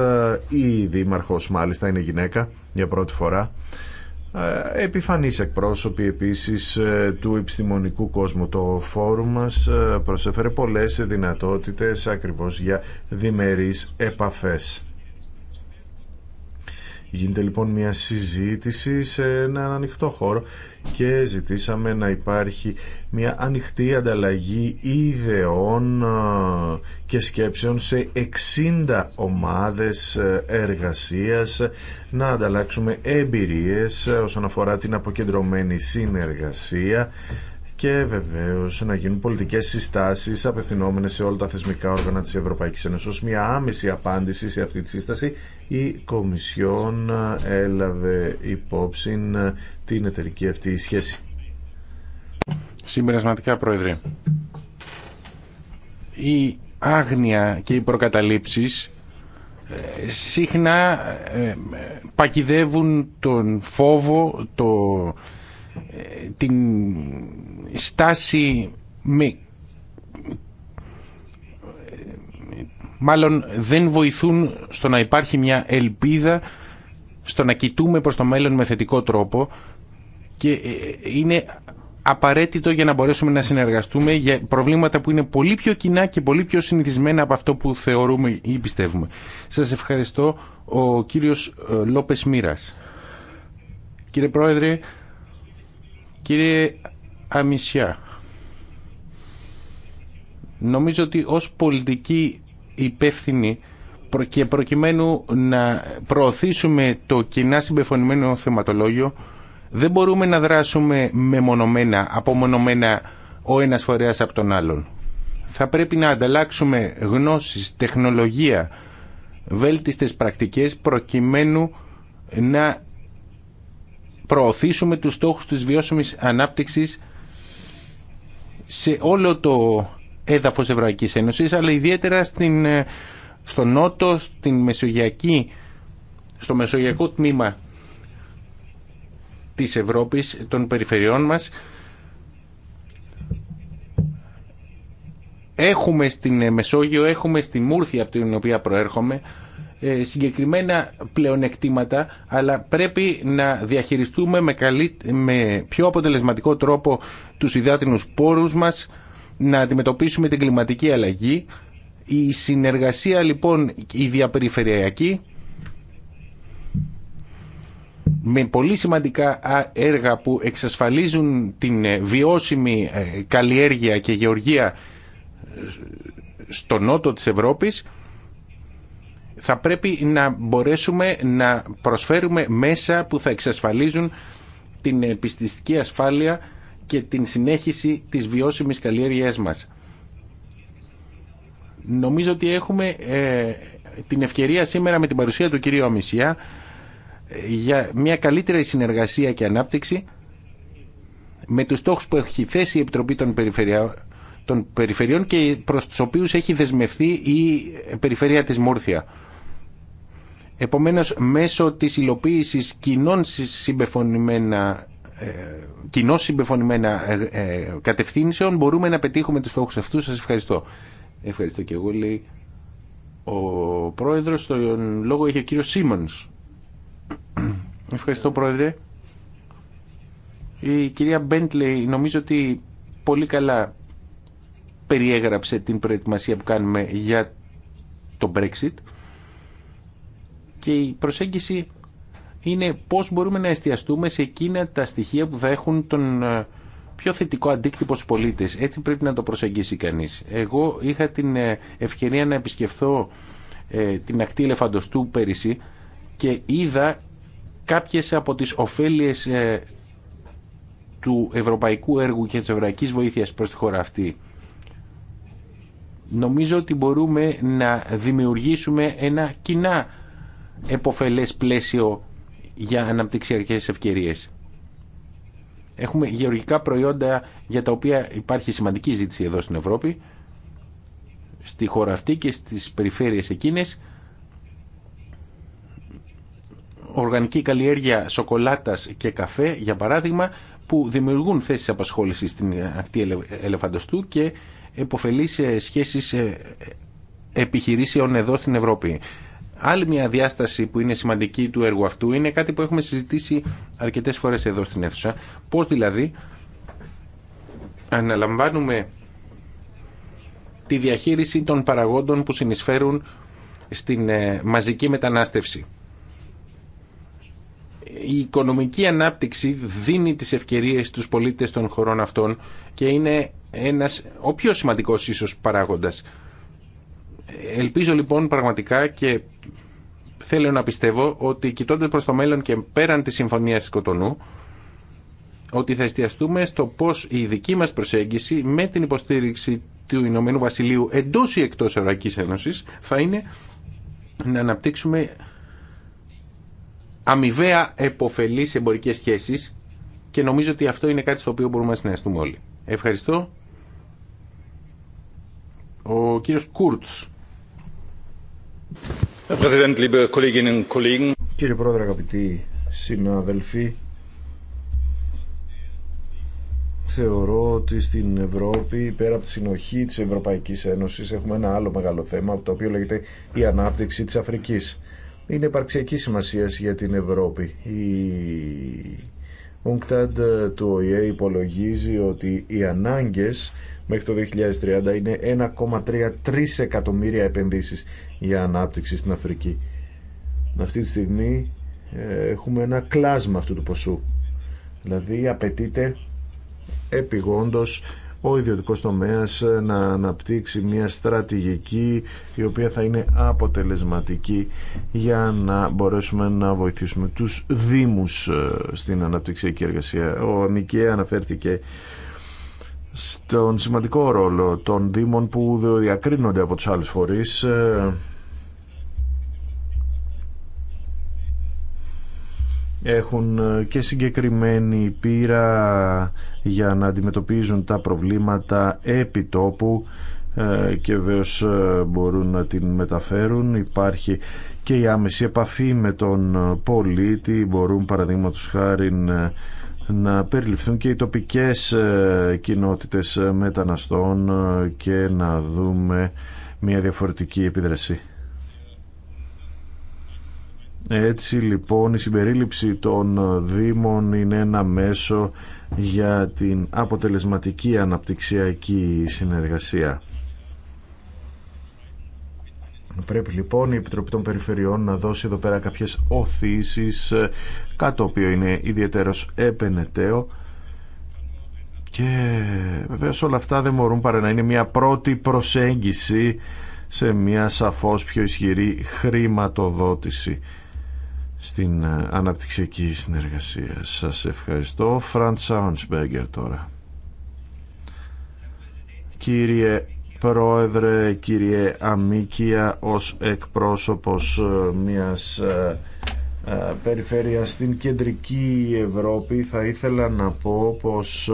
ή δήμαρχος μάλιστα είναι γυναίκα για πρώτη φορά ε, επιφανείς εκπρόσωποι επίσης ε, του επιστημονικού κόσμου το φόρουμ μας ε, προσέφερε πολλές δυνατότητες ακριβώς για διμερείς επαφές. Γίνεται λοιπόν μια συζήτηση σε έναν ανοιχτό χώρο και ζητήσαμε να υπάρχει μια ανοιχτή ανταλλαγή ιδεών ε, και σκέψεων σε 60 ομάδες ε, εργασίας να ανταλλάξουμε εμπειρίες ε, όσον αφορά την αποκεντρωμένη συνεργασία και βεβαίω να γίνουν πολιτικές συστάσεις απευθυνόμενε σε όλα τα θεσμικά όργανα της Ευρωπαϊκή Ένωση ω μια άμεση απάντηση σε αυτή τη σύσταση η Κομισιόν έλαβε υπόψη την εταιρική αυτή σχέση. Συμπερασματικά, Πρόεδρε, η άγνοια και οι προκαταλήψει ε, συχνά ε, πακιδεύουν τον φόβο, το, ε, την στάση με... μάλλον δεν βοηθούν στο να υπάρχει μια ελπίδα στο να κοιτούμε προς το μέλλον με θετικό τρόπο και ε, είναι απαραίτητο για να μπορέσουμε να συνεργαστούμε για προβλήματα που είναι πολύ πιο κοινά και πολύ πιο συνηθισμένα από αυτό που θεωρούμε ή πιστεύουμε. Σας ευχαριστώ ο κύριος ε, Λόπες Μοίρας. Κύριε Πρόεδρε, κύριε αμυσιά. Νομίζω ότι ως πολιτική υπεύθυνη και προκειμένου να προωθήσουμε το κοινά συμπεφωνημένο θεματολόγιο δεν μπορούμε να δράσουμε μεμονωμένα, απομονωμένα ο ένας φορέας από τον άλλον. Θα πρέπει να ανταλλάξουμε γνώσεις, τεχνολογία, βέλτιστες πρακτικές προκειμένου να προωθήσουμε τους στόχους της βιώσιμης ανάπτυξης σε όλο το έδαφος Ευρωπαϊκής Ένωσης, αλλά ιδιαίτερα στην, ε, στο νότο, στην Μεσογειακή, στο μεσογειακό τμήμα της Ευρώπης, των περιφερειών μας, έχουμε στην ε, Μεσόγειο, έχουμε στη Μούρθια από την οποία προέρχομαι, ε, συγκεκριμένα πλεονεκτήματα, αλλά πρέπει να διαχειριστούμε με, με πιο αποτελεσματικό τρόπο τους υδάτινους πόρους μας, να αντιμετωπίσουμε την κλιματική αλλαγή. Η συνεργασία λοιπόν η διαπεριφερειακή με πολύ σημαντικά έργα που εξασφαλίζουν την ε, βιώσιμη ε, καλλιέργεια και γεωργία στο νότο της Ευρώπης θα πρέπει να μπορέσουμε να προσφέρουμε μέσα που θα εξασφαλίζουν την επιστηστική ασφάλεια και την συνέχιση της βιώσιμης καλλιέργειας μας. Νομίζω ότι έχουμε ε, την ευκαιρία σήμερα με την παρουσία του κυρίου Αμισιά ε, για μια καλύτερη συνεργασία και ανάπτυξη με τους στόχους που έχει θέσει η Επιτροπή των Περιφερειών, των περιφερειών και προς τους οποίους έχει δεσμευθεί η περιφερεια της Μούρθια. Επομένως, μέσω της υλοποίησης κοινών συμπεφωνημένα ε, συμπεφωνημένα ε, ε, κατευθύνσεων μπορούμε να πετύχουμε τους στόχους αυτούς. Σας ευχαριστώ. Ευχαριστώ και εγώ, λέει ο πρόεδρος. Τον λόγο έχει ο κύριος Σίμονς. Ευχαριστώ, πρόεδρε. Η κυρία Μπέντλεϊ νομίζω ότι πολύ καλά περιέγραψε την προετοιμασία που κάνουμε για το Brexit και η προσέγγιση είναι πώς μπορούμε να εστιαστούμε σε εκείνα τα στοιχεία που θα έχουν τον ε, πιο θετικό αντίκτυπο στους πολίτες. Έτσι πρέπει να το προσεγγίσει κανείς. Εγώ είχα την ε, ευκαιρία να επισκεφθώ ε, την ακτή ελεφαντοστού πέρυσι και είδα κάποιες από τις ωφέλειες του ευρωπαϊκού έργου και της ευρωπαϊκής βοήθειας προς τη χώρα αυτή. Νομίζω ότι μπορούμε να δημιουργήσουμε ένα κοινά εποφελές πλαίσιο για αναπτυξιακές ευκαιρίες. Έχουμε γεωργικά προϊόντα για τα οποία υπάρχει σημαντική ζήτηση εδώ στην Ευρώπη, στη χώρα αυτή και στις περιφέρειες εκείνες. Οργανική καλλιέργεια σοκολάτας και καφέ, για παράδειγμα, που δημιουργούν θέσεις απασχόλησης στην ακτή ελεφαντοστού και εποφελεί ε, σχέσεις ε, επιχειρήσεων εδώ στην Ευρώπη. Άλλη μια διάσταση που είναι σημαντική του έργου αυτού είναι κάτι που έχουμε συζητήσει αρκετές φορές εδώ στην αίθουσα. Πώς δηλαδή αναλαμβάνουμε τη διαχείριση των παραγόντων που συνεισφέρουν στην ε, μαζική μετανάστευση. Η οικονομική ανάπτυξη δίνει τις ευκαιρίες στους πολίτες των χωρών αυτών και είναι ένας ο πιο σημαντικός ίσως παράγοντας. Ελπίζω λοιπόν πραγματικά και θέλω να πιστεύω ότι κοιτώντα προς το μέλλον και πέραν συμφωνία τη Κοτονού, ότι θα εστιαστούμε στο πώς η δική μας προσέγγιση με την υποστήριξη του Ηνωμένου Βασιλείου εντός ή εκτός Ευρωπαϊκή Ένωση θα είναι να αναπτύξουμε αμοιβαία εποφελείς εμπορικές σχέσεις και νομίζω ότι αυτό είναι κάτι στο οποίο μπορούμε να συνεργαστούμε όλοι. Ευχαριστώ. Ο κύριος Κούρτς. Κύριε Πρόεδρε, αγαπητοί συναδελφοί, θεωρώ ότι στην Ευρώπη, πέρα από τη συνοχή της Ευρωπαϊκής Ένωσης, έχουμε ένα άλλο μεγάλο θέμα, το οποίο λέγεται η ανάπτυξη της Αφρικής. Είναι υπαρξιακή σημασία για την Ευρώπη. Η UNCTAD του ΟΗΕ υπολογίζει ότι οι ανάγκες μέχρι το 2030 είναι 1,33 εκατομμύρια επενδύσεις για ανάπτυξη στην Αφρική. Αυτή τη στιγμή ε, έχουμε ένα κλάσμα αυτού του ποσού. Δηλαδή απαιτείται επιγόντως ο ιδιωτικός τομέας ε, να αναπτύξει μια στρατηγική η οποία θα είναι αποτελεσματική για να μπορέσουμε να βοηθήσουμε τους Δήμους ε, στην αναπτυξιακή εργασία. Ο Νικέα αναφέρθηκε στον σημαντικό ρόλο των Δήμων που διακρίνονται από τους άλλους φορείς ε, έχουν ε, και συγκεκριμένη πείρα για να αντιμετωπίζουν τα προβλήματα επί τόπου ε, και βεβαίω μπορούν να την μεταφέρουν υπάρχει και η άμεση επαφή με τον πολίτη μπορούν παραδείγματος χάρη να περιληφθούν και οι τοπικές ε, κοινότητες μεταναστών ε, και να δούμε μια διαφορετική επίδραση. Έτσι λοιπόν η συμπερίληψη των Δήμων είναι ένα μέσο για την αποτελεσματική αναπτυξιακή συνεργασία. Πρέπει λοιπόν η Επιτροπή των Περιφερειών να δώσει εδώ πέρα κάποιες οθήσεις, ε, κάτι το οποίο είναι ιδιαίτερος επενεταίο. Και βεβαίω όλα αυτά δεν μπορούν παρά να είναι μια πρώτη προσέγγιση σε μια σαφώς πιο ισχυρή χρηματοδότηση στην ε, αναπτυξιακή συνεργασία. Σας ευχαριστώ. Φραντ Σάουνσμπέργκερ τώρα. Κύριε Πρόεδρε, κύριε Αμίκια, ως εκπρόσωπος ε, μιας ε, ε, περιφέρειας στην κεντρική Ευρώπη θα ήθελα να πω πως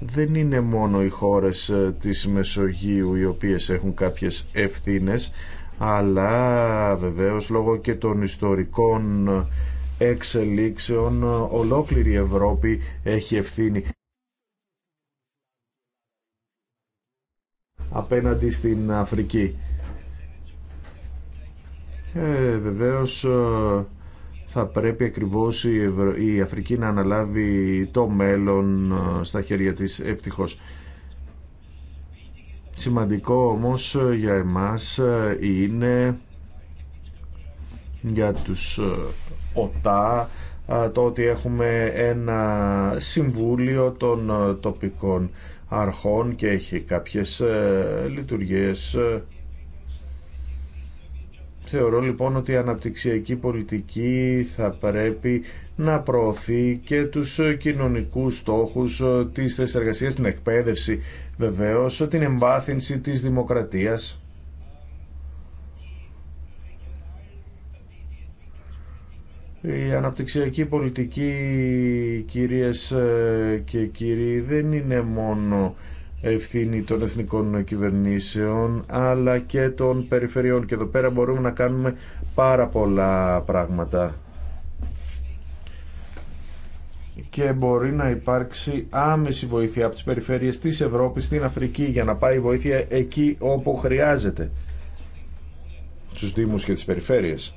δεν είναι μόνο οι χώρες της Μεσογείου οι οποίες έχουν κάποιες ευθύνες αλλά βεβαίως λόγω και των ιστορικών εξελίξεων ολόκληρη η Ευρώπη έχει ευθύνη απέναντι στην Αφρική. Ε, βεβαίως ε, θα πρέπει ακριβώς η, η Αφρική να αναλάβει το μέλλον ε, στα χέρια της ευτυχώς. Σημαντικό όμως ε, για εμάς είναι για τους ΟΤΑ το ότι έχουμε ένα συμβούλιο των τοπικών αρχών και έχει κάποιες ε, λειτουργίες. Θεωρώ λοιπόν ότι η αναπτυξιακή πολιτική θα πρέπει να προωθεί και τους κοινωνικούς στόχους ε, της θέσης εργασίας, την εκπαίδευση βεβαίως, την εμβάθυνση της δημοκρατίας Η αναπτυξιακή πολιτική, κυρίες ε, και κύριοι, δεν είναι μόνο ευθύνη των εθνικών κυβερνήσεων αλλά και των περιφερειών και εδώ πέρα μπορούμε να κάνουμε πάρα πολλά πράγματα και μπορεί να υπάρξει άμεση βοήθεια από τις περιφέρειες της Ευρώπης στην Αφρική για να πάει η βοήθεια εκεί όπου χρειάζεται στους Δήμους και τις περιφέρειες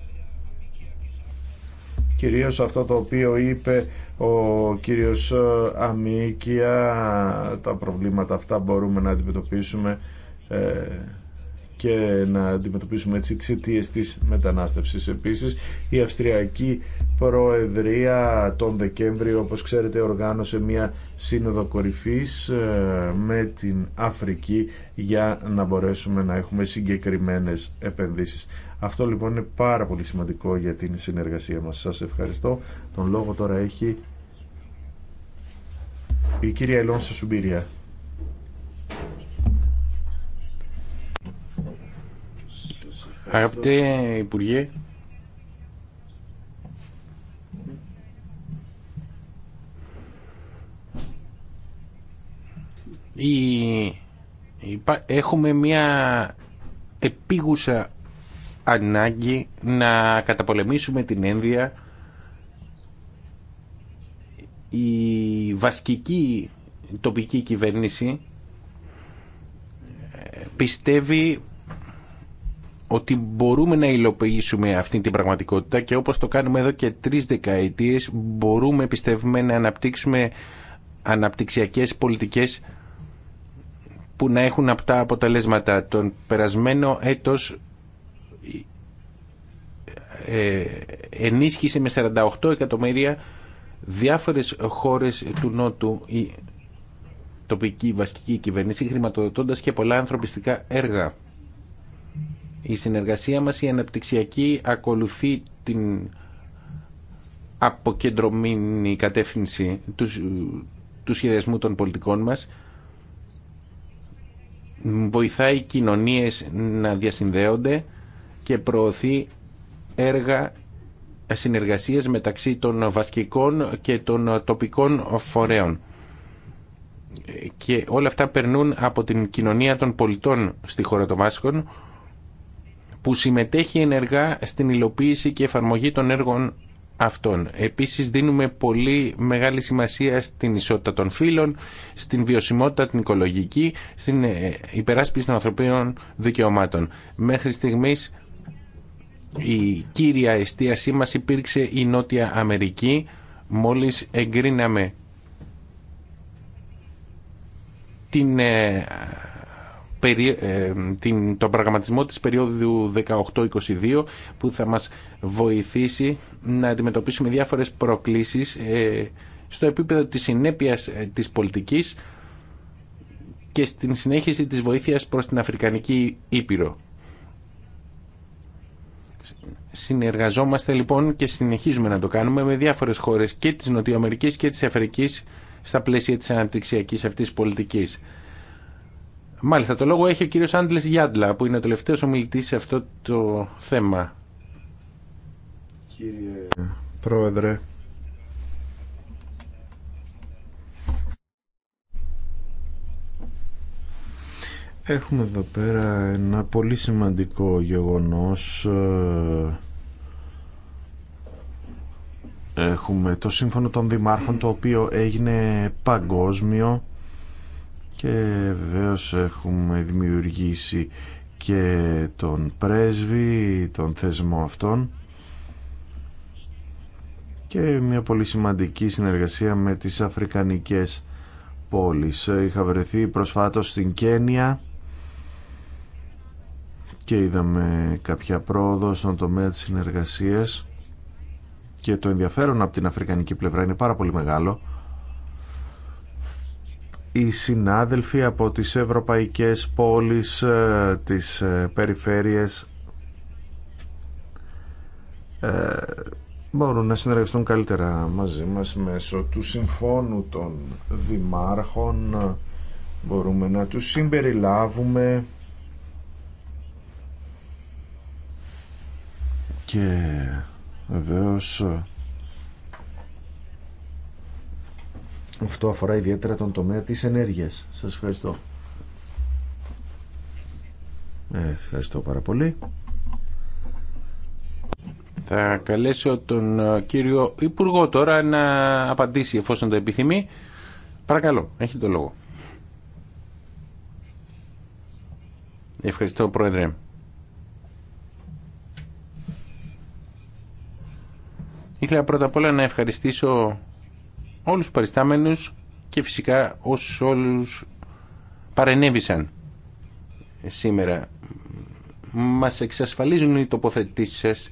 κυρίως αυτό το οποίο είπε ο κύριος ε, Αμίκια, τα προβλήματα αυτά μπορούμε να αντιμετωπίσουμε ε, και να αντιμετωπίσουμε έτσι τις αιτίες της μετανάστευσης. Επίσης, η Αυστριακή Προεδρία τον Δεκέμβριο, όπως ξέρετε, οργάνωσε μια σύνοδο κορυφής ε, με την Αφρική για να μπορέσουμε να έχουμε συγκεκριμένες επενδύσεις. Αυτό λοιπόν είναι πάρα πολύ σημαντικό για την συνεργασία μας. Σας ευχαριστώ. Τον λόγο τώρα έχει η κυρία Ελόνσα Σουμπήρια. Αγαπητέ Υπουργέ, έχουμε μια επίγουσα ανάγκη να καταπολεμήσουμε την ένδια η βασκική τοπική κυβέρνηση ε, πιστεύει ότι μπορούμε να υλοποιήσουμε αυτή την πραγματικότητα και όπως το κάνουμε εδώ και τρεις δεκαετίες μπορούμε πιστεύουμε να αναπτύξουμε αναπτυξιακές πολιτικές που να έχουν αυτά αποτελέσματα. Τον περασμένο έτος ε, ενίσχυσε με 48 εκατομμύρια διάφορες χώρες του Νότου η τοπική βασική κυβέρνηση χρηματοδοτώντας και πολλά ανθρωπιστικά έργα. Η συνεργασία μας η αναπτυξιακή ακολουθεί την αποκεντρωμένη κατεύθυνση του, του σχεδιασμού των πολιτικών μας. Βοηθάει κοινωνίες να διασυνδέονται και προωθεί έργα συνεργασίες μεταξύ των βασικών και των τοπικών φορέων. Και όλα αυτά περνούν από την κοινωνία των πολιτών στη χώρα των Βάσκων, που συμμετέχει ενεργά στην υλοποίηση και εφαρμογή των έργων αυτών. Επίσης δίνουμε πολύ μεγάλη σημασία στην ισότητα των φύλων, στην βιωσιμότητα την οικολογική, στην ε, υπεράσπιση των ανθρωπίνων δικαιωμάτων. Μέχρι στιγμής η κύρια εστίασή μας υπήρξε η Νότια Αμερική. Μόλις εγκρίναμε την ε, ε, τον πραγματισμό της περίοδου 18-22 που θα μας βοηθήσει να αντιμετωπίσουμε διάφορες προκλήσεις ε, στο επίπεδο της συνέπειας ε, της πολιτικής και στην συνέχιση της βοήθειας προς την Αφρικανική Ήπειρο. Συνεργαζόμαστε λοιπόν και συνεχίζουμε να το κάνουμε με διάφορες χώρες και της Νοτιοαμερικής και της Αφρικής στα πλαίσια της αναπτυξιακής αυτής πολιτικής. Μάλιστα, το λόγο έχει ο κύριος Άντλες Γιάντλα, που είναι ο τελευταίος ομιλητής σε αυτό το θέμα. Κύριε Πρόεδρε, Έχουμε εδώ πέρα ένα πολύ σημαντικό γεγονός. Έχουμε το σύμφωνο των δημάρχων το οποίο έγινε παγκόσμιο και βεβαίω έχουμε δημιουργήσει και τον πρέσβη, τον θεσμό αυτόν και μια πολύ σημαντική συνεργασία με τις αφρικανικές πόλεις. Είχα βρεθεί προσφάτως στην Κένια και είδαμε κάποια πρόοδο στον τομέα της συνεργασίας και το ενδιαφέρον από την αφρικανική πλευρά είναι πάρα πολύ μεγάλο οι συνάδελφοι από τις ευρωπαϊκές πόλεις, ε, τις ε, περιφέρειες ε, μπορούν να συνεργαστούν καλύτερα μαζί μας μέσω του συμφώνου των δημάρχων μπορούμε να τους συμπεριλάβουμε και βεβαίως Αυτό αφορά ιδιαίτερα τον τομέα της ενέργειας. Σας ευχαριστώ. Ε, ευχαριστώ πάρα πολύ. Θα καλέσω τον ε, κύριο Υπουργό τώρα να απαντήσει εφόσον το επιθυμεί. Παρακαλώ, έχει το λόγο. Ευχαριστώ, Πρόεδρε. Ήθελα πρώτα απ' όλα να ευχαριστήσω όλους τους παριστάμενους και φυσικά όσους όλους παρενέβησαν σήμερα. Μας εξασφαλίζουν οι τοποθετήσεις σας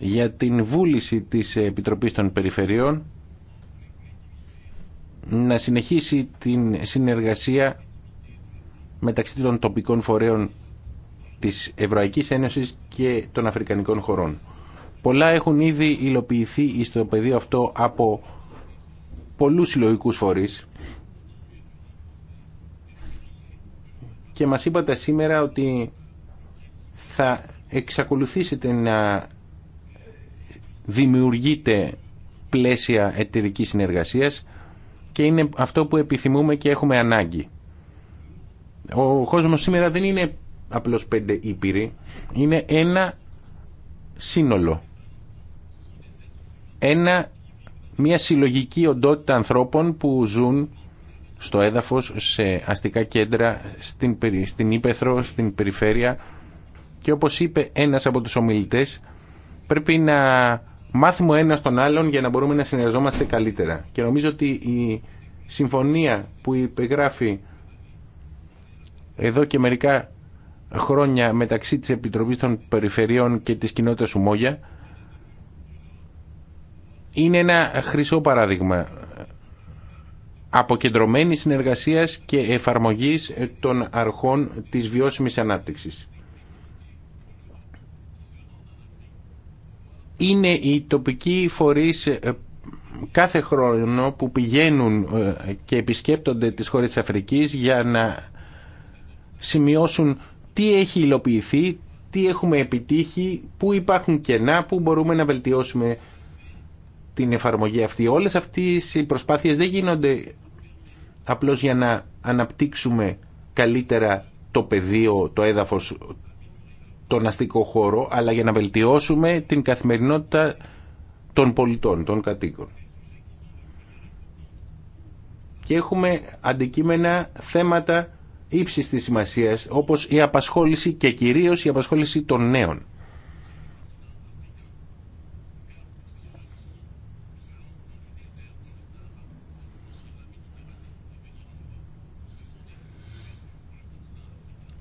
για την βούληση της Επιτροπής των Περιφερειών να συνεχίσει την συνεργασία μεταξύ των τοπικών φορέων της Ευρωπαϊκής Ένωσης και των Αφρικανικών χωρών. Πολλά έχουν ήδη υλοποιηθεί στο πεδίο αυτό από πολλούς συλλογικού φορείς και μας είπατε σήμερα ότι θα εξακολουθήσετε να δημιουργείτε πλαίσια εταιρική συνεργασίας και είναι αυτό που επιθυμούμε και έχουμε ανάγκη. Ο κόσμος σήμερα δεν είναι απλώς πέντε ήπειροι, είναι ένα σύνολο ένα, μια συλλογική οντότητα ανθρώπων που ζουν στο έδαφος, σε αστικά κέντρα, στην, στην Ήπεθρο, στην περιφέρεια και όπως είπε ένας από τους ομιλητές πρέπει να μάθουμε ένα τον άλλον για να μπορούμε να συνεργαζόμαστε καλύτερα και νομίζω ότι η συμφωνία που υπεγράφει εδώ και μερικά χρόνια μεταξύ της Επιτροπής των Περιφερειών και της κοινότητας Ουμόγια είναι ένα χρυσό παράδειγμα αποκεντρωμένης συνεργασίας και εφαρμογής των αρχών της βιώσιμης ανάπτυξης. Είναι οι τοπικοί φορείς ε, κάθε χρόνο που πηγαίνουν ε, και επισκέπτονται τις χώρες της Αφρικής για να σημειώσουν τι έχει υλοποιηθεί, τι έχουμε επιτύχει, πού υπάρχουν κενά, πού μπορούμε να βελτιώσουμε την εφαρμογή αυτή. Όλες αυτές οι προσπάθειες δεν γίνονται απλώς για να αναπτύξουμε καλύτερα το πεδίο, το έδαφος, τον αστικό χώρο, αλλά για να βελτιώσουμε την καθημερινότητα των πολιτών, των κατοίκων. Και έχουμε αντικείμενα θέματα ύψης της σημασίας, όπως η απασχόληση και κυρίως η απασχόληση των νέων.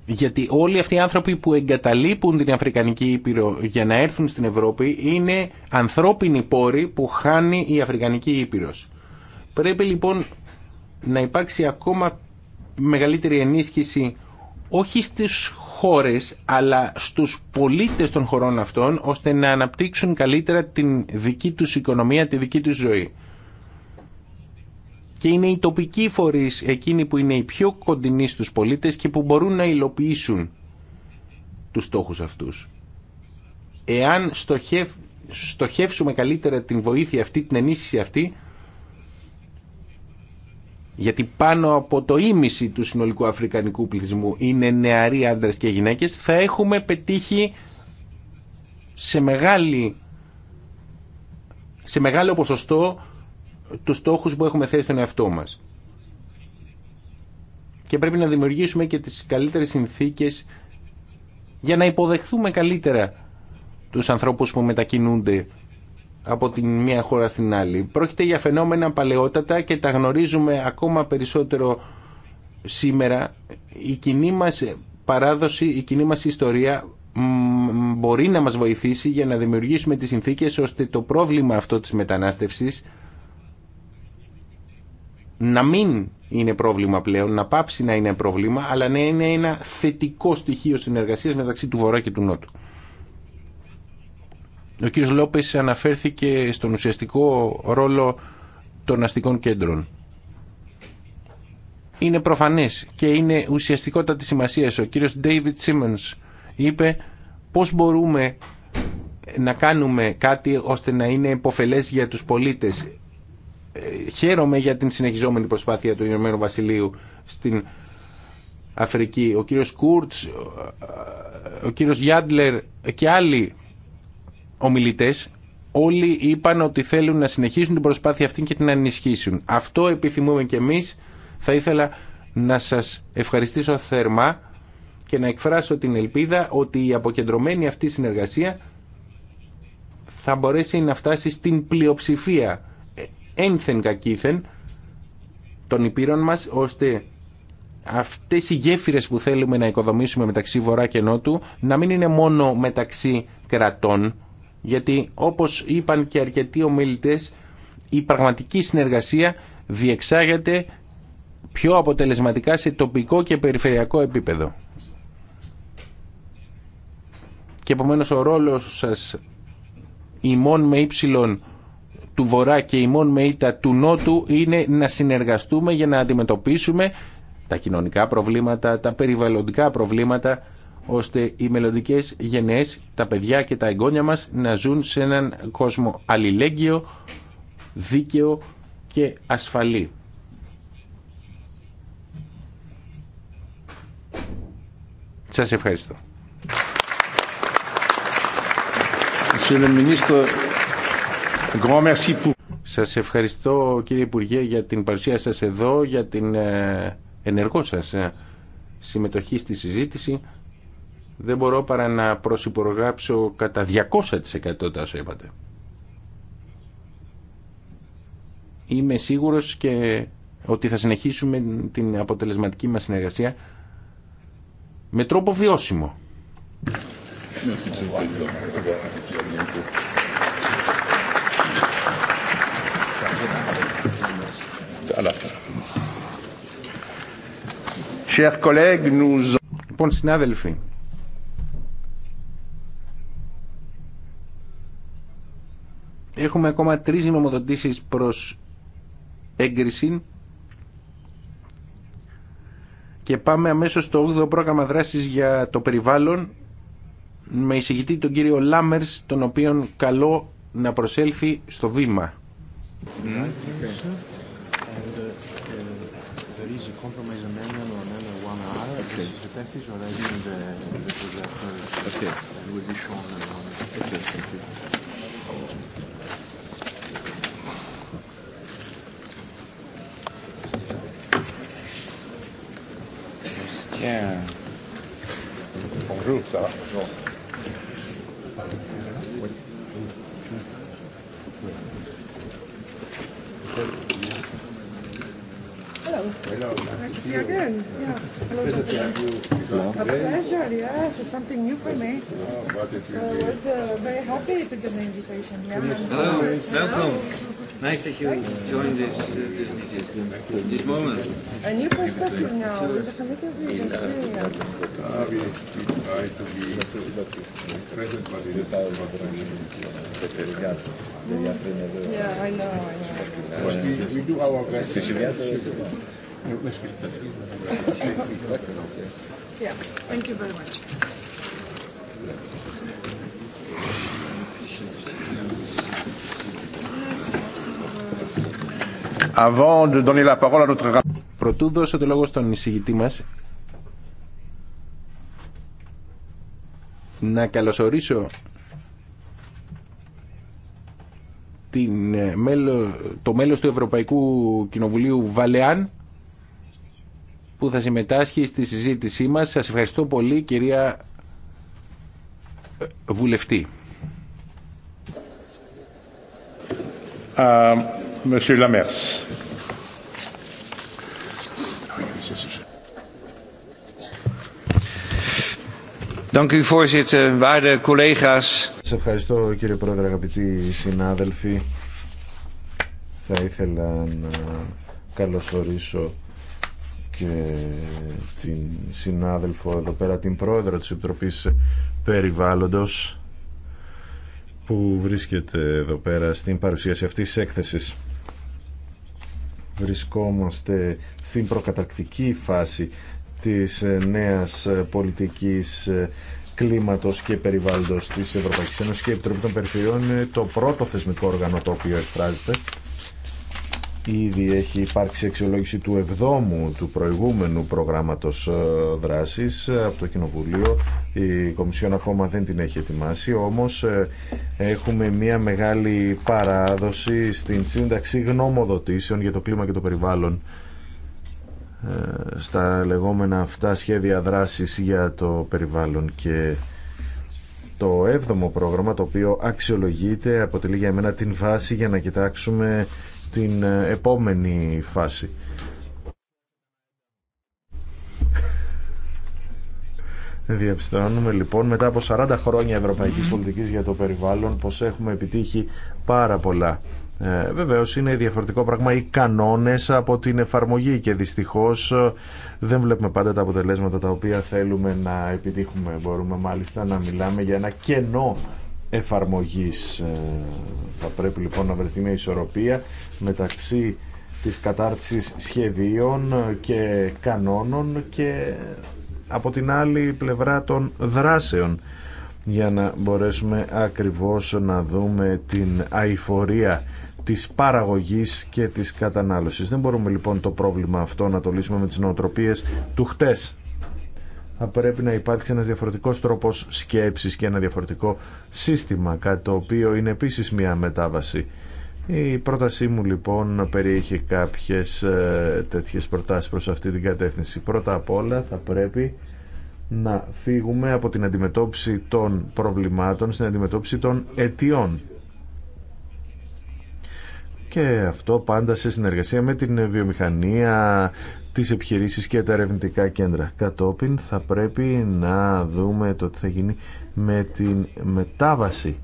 Γιατί όλοι αυτοί οι άνθρωποι που εγκαταλείπουν την Αφρικανική Ήπειρο για να έρθουν στην Ευρώπη είναι ανθρώπινοι πόροι που χάνει η Αφρικανική Ήπειρος. Πρέπει λοιπόν να υπάρξει ακόμα μεγαλύτερη ενίσχυση όχι στις χώρες αλλά στους πολίτες των χωρών αυτών ώστε να αναπτύξουν καλύτερα την δική τους οικονομία, τη δική τους ζωή και είναι οι τοπικοί φορείς εκείνοι που είναι οι πιο κοντινοί στους πολίτες και που μπορούν να υλοποιήσουν τους στόχους αυτούς. Εάν στοχεύσουμε καλύτερα την βοήθεια αυτή, την ενίσχυση αυτή, γιατί πάνω από το ίμιση του συνολικού αφρικανικού πληθυσμού είναι νεαροί άντρες και γυναίκες, θα έχουμε πετύχει σε, μεγάλη, σε μεγάλο ποσοστό τους στόχους που έχουμε θέσει στον εαυτό μας. Και πρέπει να δημιουργήσουμε και τις καλύτερες συνθήκες για να υποδεχθούμε καλύτερα τους ανθρώπους που μετακινούνται από την μία χώρα στην άλλη. Πρόκειται για φαινόμενα παλαιότατα και τα γνωρίζουμε ακόμα περισσότερο σήμερα. Η κοινή μας παράδοση, η κοινή μας ιστορία μπορεί να μας βοηθήσει για να δημιουργήσουμε τις συνθήκες ώστε το πρόβλημα αυτό της μετανάστευσης να μην είναι πρόβλημα πλέον, να πάψει να είναι πρόβλημα, αλλά να είναι ένα θετικό στοιχείο συνεργασία μεταξύ του Βορρά και του Νότου. Ο κ. Λόπες αναφέρθηκε στον ουσιαστικό ρόλο των αστικών κέντρων. Είναι προφανέ και είναι ουσιαστικότατη σημασία. Ο κ. Ντέιβιτ Σίμονς είπε πώ μπορούμε να κάνουμε κάτι ώστε να είναι υποφελέ για του πολίτε. Ε, χαίρομαι για την συνεχιζόμενη προσπάθεια του Ηνωμένου Βασιλείου στην Αφρική. Ο κύριος Κούρτς, ο κύριος Γιάντλερ και άλλοι ομιλητές όλοι είπαν ότι θέλουν να συνεχίσουν την προσπάθεια αυτή και την ενισχύσουν. Αυτό επιθυμούμε και εμείς. Θα ήθελα να σας ευχαριστήσω θερμά και να εκφράσω την ελπίδα ότι η αποκεντρωμένη αυτή συνεργασία θα μπορέσει να φτάσει στην πλειοψηφία ένθεν κακήθεν των υπήρων μας, ώστε αυτές οι γέφυρες που θέλουμε να οικοδομήσουμε μεταξύ Βορρά και Νότου να μην είναι μόνο μεταξύ κρατών, γιατί όπως είπαν και αρκετοί ομιλητές, η πραγματική συνεργασία διεξάγεται πιο αποτελεσματικά σε τοπικό και περιφερειακό επίπεδο. Και επομένως ο ρόλος σας ημών με ύψιλον του Βορρά και ημών με ήττα του Νότου είναι να συνεργαστούμε για να αντιμετωπίσουμε τα κοινωνικά προβλήματα, τα περιβαλλοντικά προβλήματα, ώστε οι μελλοντικέ γενναίε, τα παιδιά και τα εγγόνια μας να ζουν σε έναν κόσμο αλληλέγγυο, δίκαιο και ασφαλή. Σας ευχαριστώ. Σας ευχαριστώ κύριε Υπουργέ για την παρουσία σας εδώ, για την ε, ενεργό σας ε, συμμετοχή στη συζήτηση. Δεν μπορώ παρά να προσυπογράψω κατά 200% τα όσα είπατε. Είμαι σίγουρος και ότι θα συνεχίσουμε την αποτελεσματική μας συνεργασία με τρόπο βιώσιμο. Λοιπόν, συνάδελφοι, έχουμε ακόμα τρει νομοδοτήσεις προς έγκριση και πάμε αμέσω στο 8ο πρόγραμμα δράση για το περιβάλλον με εισηγητή τον κύριο Λάμερς, τον οποίον καλό να προσέλθει στο βήμα. Mm. Okay. And uh, uh, there is a compromise amendment on amendment 1 hour. Okay. This is the text is already in the, in the projector. Okay. It will be shown on Okay, thank you. Bien. Bonjour, ça va Bonjour. Hello. Hello. Nice to see you again. Yeah. Hello, Hello. A pleasure, yes. It's something new for me. So I was uh, very happy to get the invitation. Yeah. Hello. Welcome. Nice that you joined this this, this moment. A new perspective now with the committee Yeah, I know, I know. We, we do our best. yeah, thank you very much. Avant Πρωτού δώσω το λόγο στον εισηγητή μα. να καλωσορίσω την, ε, το μέλος του Ευρωπαϊκού Κοινοβουλίου Βαλεάν που θα συμμετάσχει στη συζήτησή μας. Σας ευχαριστώ πολύ κυρία ε, Βουλευτή. Monsieur ευχαριστώ, κύριε Πρόεδρε, αγαπητοί συνάδελφοι. Θα ήθελα να καλωσορίσω και την συνάδελφο εδώ πέρα, την πρόεδρο της Επιτροπής Περιβάλλοντος, που βρίσκεται εδώ πέρα στην παρουσίαση αυτής της έκθεσης βρισκόμαστε στην προκαταρκτική φάση της ε, νέας ε, πολιτικής ε, κλίματος και περιβάλλοντος της Ευρωπαϊκής Ένωσης και η Επιτροπή των Περιφερειών είναι το πρώτο θεσμικό όργανο το οποίο εκφράζεται Ήδη έχει υπάρξει αξιολόγηση του εβδόμου του προηγούμενου προγράμματος ε, δράσης ε, από το Κοινοβουλίο. Η Κομισιόν ακόμα δεν την έχει ετοιμάσει, όμως ε, έχουμε μια μεγάλη παράδοση στην σύνταξη γνώμοδοτήσεων για το κλίμα και το περιβάλλον στα λεγόμενα αυτά σχέδια δράσης για το περιβάλλον και το έβδομο πρόγραμμα το οποίο αξιολογείται αποτελεί για μένα την βάση για να κοιτάξουμε στην ε, επόμενη φάση. Διαπιστώνουμε λοιπόν μετά από 40 χρόνια ευρωπαϊκής πολιτικής για το περιβάλλον πως έχουμε επιτύχει πάρα πολλά. Ε, είναι διαφορετικό πράγμα οι κανόνες από την εφαρμογή και δυστυχώς δεν βλέπουμε πάντα τα αποτελέσματα τα οποία θέλουμε να επιτύχουμε. Μπορούμε μάλιστα να μιλάμε για ένα κενό εφαρμογής. Ε, θα πρέπει λοιπόν να βρεθεί μια ισορροπία μεταξύ της κατάρτισης σχεδίων και κανόνων και από την άλλη πλευρά των δράσεων για να μπορέσουμε ακριβώς να δούμε την αηφορία της παραγωγής και της κατανάλωσης. Δεν μπορούμε λοιπόν το πρόβλημα αυτό να το λύσουμε με τις νοοτροπίες του χτες θα πρέπει να υπάρξει ένας διαφορετικός τρόπος σκέψης και ένα διαφορετικό σύστημα, κάτι το οποίο είναι επίσης μια μετάβαση. Η πρότασή μου λοιπόν περιέχει κάποιες ε, τέτοιες προτάσεις προς αυτή την κατεύθυνση. Πρώτα απ' όλα θα πρέπει να φύγουμε από την αντιμετώπιση των προβλημάτων στην αντιμετώπιση των αιτιών. Και αυτό πάντα σε συνεργασία με την βιομηχανία, τις επιχειρήσεις και τα ερευνητικά κέντρα. Κατόπιν θα πρέπει να δούμε το τι θα γίνει με την μετάβαση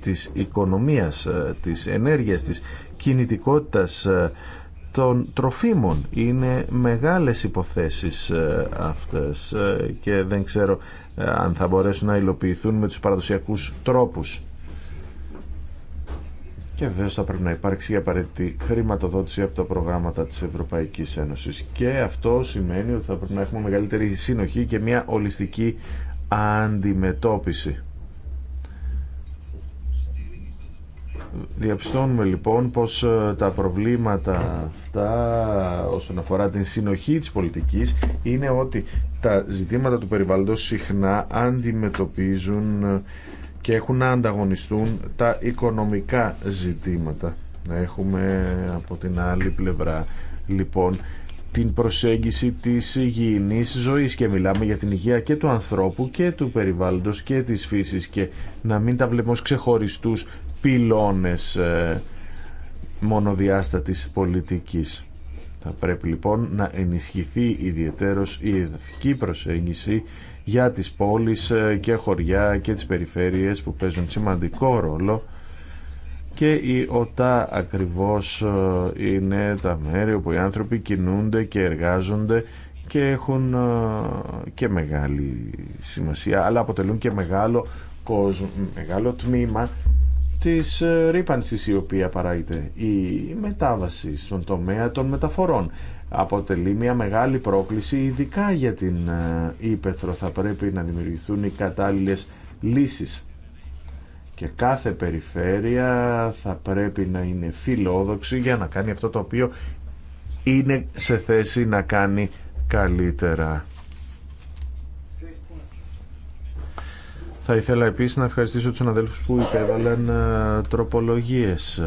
της οικονομίας, ε, της ενέργειας, της κινητικότητας ε, των τροφίμων. Είναι μεγάλες υποθέσεις ε, αυτές και δεν ξέρω αν θα μπορέσουν να υλοποιηθούν με τους παραδοσιακούς τρόπους και βέβαια θα πρέπει να υπάρξει η απαραίτητη χρηματοδότηση από τα προγράμματα της Ευρωπαϊκής Ένωσης. Και αυτό σημαίνει ότι θα πρέπει να έχουμε μεγαλύτερη συνοχή και μια ολιστική αντιμετώπιση. Διαπιστώνουμε λοιπόν πως ε, τα προβλήματα αυτά όσον αφορά την συνοχή της πολιτικής είναι ότι τα ζητήματα του περιβάλλοντος συχνά αντιμετωπίζουν ε, και έχουν να ανταγωνιστούν τα οικονομικά ζητήματα. Να Έχουμε από την άλλη πλευρά λοιπόν την προσέγγιση της υγιεινής ζωής και μιλάμε για την υγεία και του ανθρώπου και του περιβάλλοντος και της φύσης και να μην τα βλέπουμε ως ξεχωριστούς πυλώνες ε, μονοδιάστατης πολιτικής. Θα πρέπει λοιπόν να ενισχυθεί ιδιαίτερος η εθνική προσέγγιση για τις πόλεις ε, και χωριά και τις περιφέρειες που παίζουν σημαντικό ρόλο και η ΟΤΑ ακριβώς ε, είναι τα μέρη όπου οι άνθρωποι κινούνται και εργάζονται και έχουν ε, και μεγάλη σημασία αλλά αποτελούν και μεγάλο, κόσμο, μεγάλο τμήμα της ρήπανση η οποία παράγεται η μετάβαση στον τομέα των μεταφορών αποτελεί μια μεγάλη πρόκληση ειδικά για την ε, Ήπεθρο θα πρέπει να δημιουργηθούν οι κατάλληλες λύσεις και κάθε περιφέρεια θα πρέπει να είναι φιλόδοξη για να κάνει αυτό το οποίο είναι σε θέση να κάνει καλύτερα. Θα ήθελα επίσης να ευχαριστήσω τους αδέλφους που υπέβαλαν ε, τροπολογίες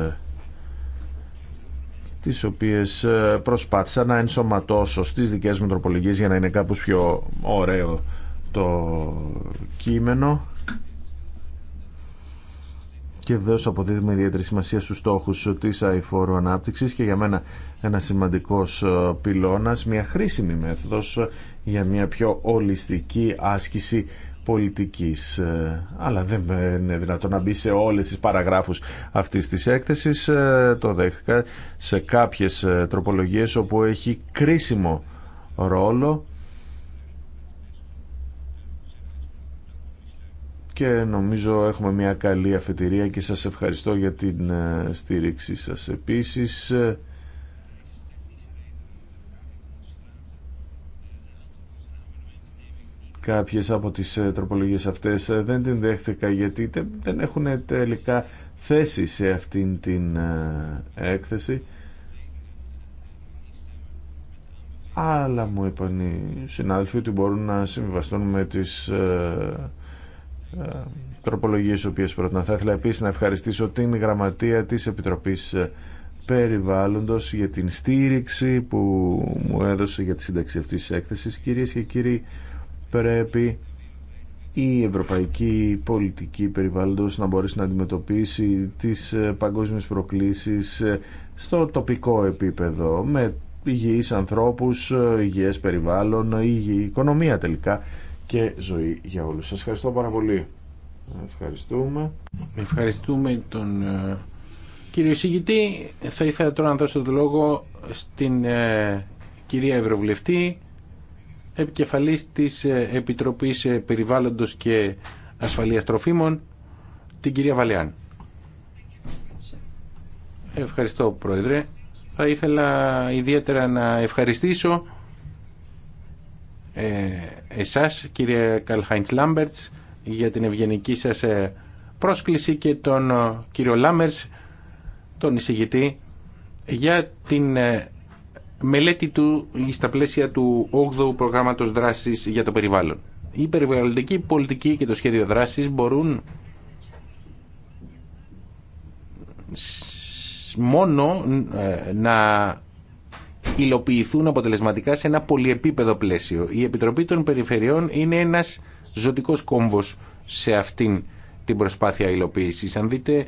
τις οποίες ε, προσπάθησα να ενσωματώσω στις δικές μου τροπολογίες για να είναι κάπως πιο ωραίο το κείμενο και βεβαίω αποδίδουμε ιδιαίτερη σημασία στους στόχους της αηφόρου ανάπτυξης και για μένα ένα σημαντικός ε, πυλώνας, μια χρήσιμη μέθοδος για μια πιο ολιστική άσκηση πολιτικής. Ε, αλλά δεν είναι δυνατόν να μπει σε όλες τις παραγράφους αυτής της έκθεσης. Ε, το δέχτηκα σε κάποιες ε, τροπολογίες όπου έχει κρίσιμο ρόλο και νομίζω έχουμε μια καλή αφετηρία και σας ευχαριστώ για την στήριξή σας επίσης. κάποιες από τις ε, τροπολογίες αυτές. Ε, δεν την δέχτηκα γιατί δεν έχουν τελικά θέση σε αυτήν την ε, έκθεση. Αλλά μου είπαν οι συνάδελφοι ότι μπορούν να συμβιβαστούν με τις τροπολογίες οποίες πρότεινα. Θα ήθελα επίσης να ευχαριστήσω την γραμματεία της Επιτροπής Περιβάλλοντος για την στήριξη που μου έδωσε για τη σύνταξη αυτής της έκθεσης. Κυρίες και κύριοι, πρέπει η ευρωπαϊκή πολιτική περιβάλλοντος να μπορέσει να αντιμετωπίσει τις ε, παγκόσμιες προκλήσεις ε, στο τοπικό επίπεδο με υγιείς ανθρώπους, ε, υγιές περιβάλλον, υγιή οικονομία τελικά και ζωή για όλους. Σας ευχαριστώ πάρα πολύ. Ευχαριστούμε. Ευχαριστούμε τον κύριο Συγητή. Θα ήθελα τώρα να δώσω το λόγο στην κυρία Ευρωβουλευτή επικεφαλής της ε, Επιτροπής ε, Περιβάλλοντος και Ασφαλείας Τροφίμων, την κυρία Βαλεάν. Ευχαριστώ, Πρόεδρε. Θα ήθελα ιδιαίτερα να ευχαριστήσω ε, εσάς, κύριε Καλχάιντς Λάμπερτς, για την ευγενική σας πρόσκληση και τον κύριο Λάμερς, τον εισηγητή, για την μελέτη του στα πλαίσια του 8ου προγράμματος δράσης για το περιβάλλον. Η περιβαλλοντική πολιτική και το σχέδιο δράσης μπορούν μόνο ε, να υλοποιηθούν αποτελεσματικά σε ένα πολυεπίπεδο πλαίσιο. Η Επιτροπή των Περιφερειών είναι ένας ζωτικός κόμβος σε αυτήν την προσπάθεια υλοποίησης. Αν δείτε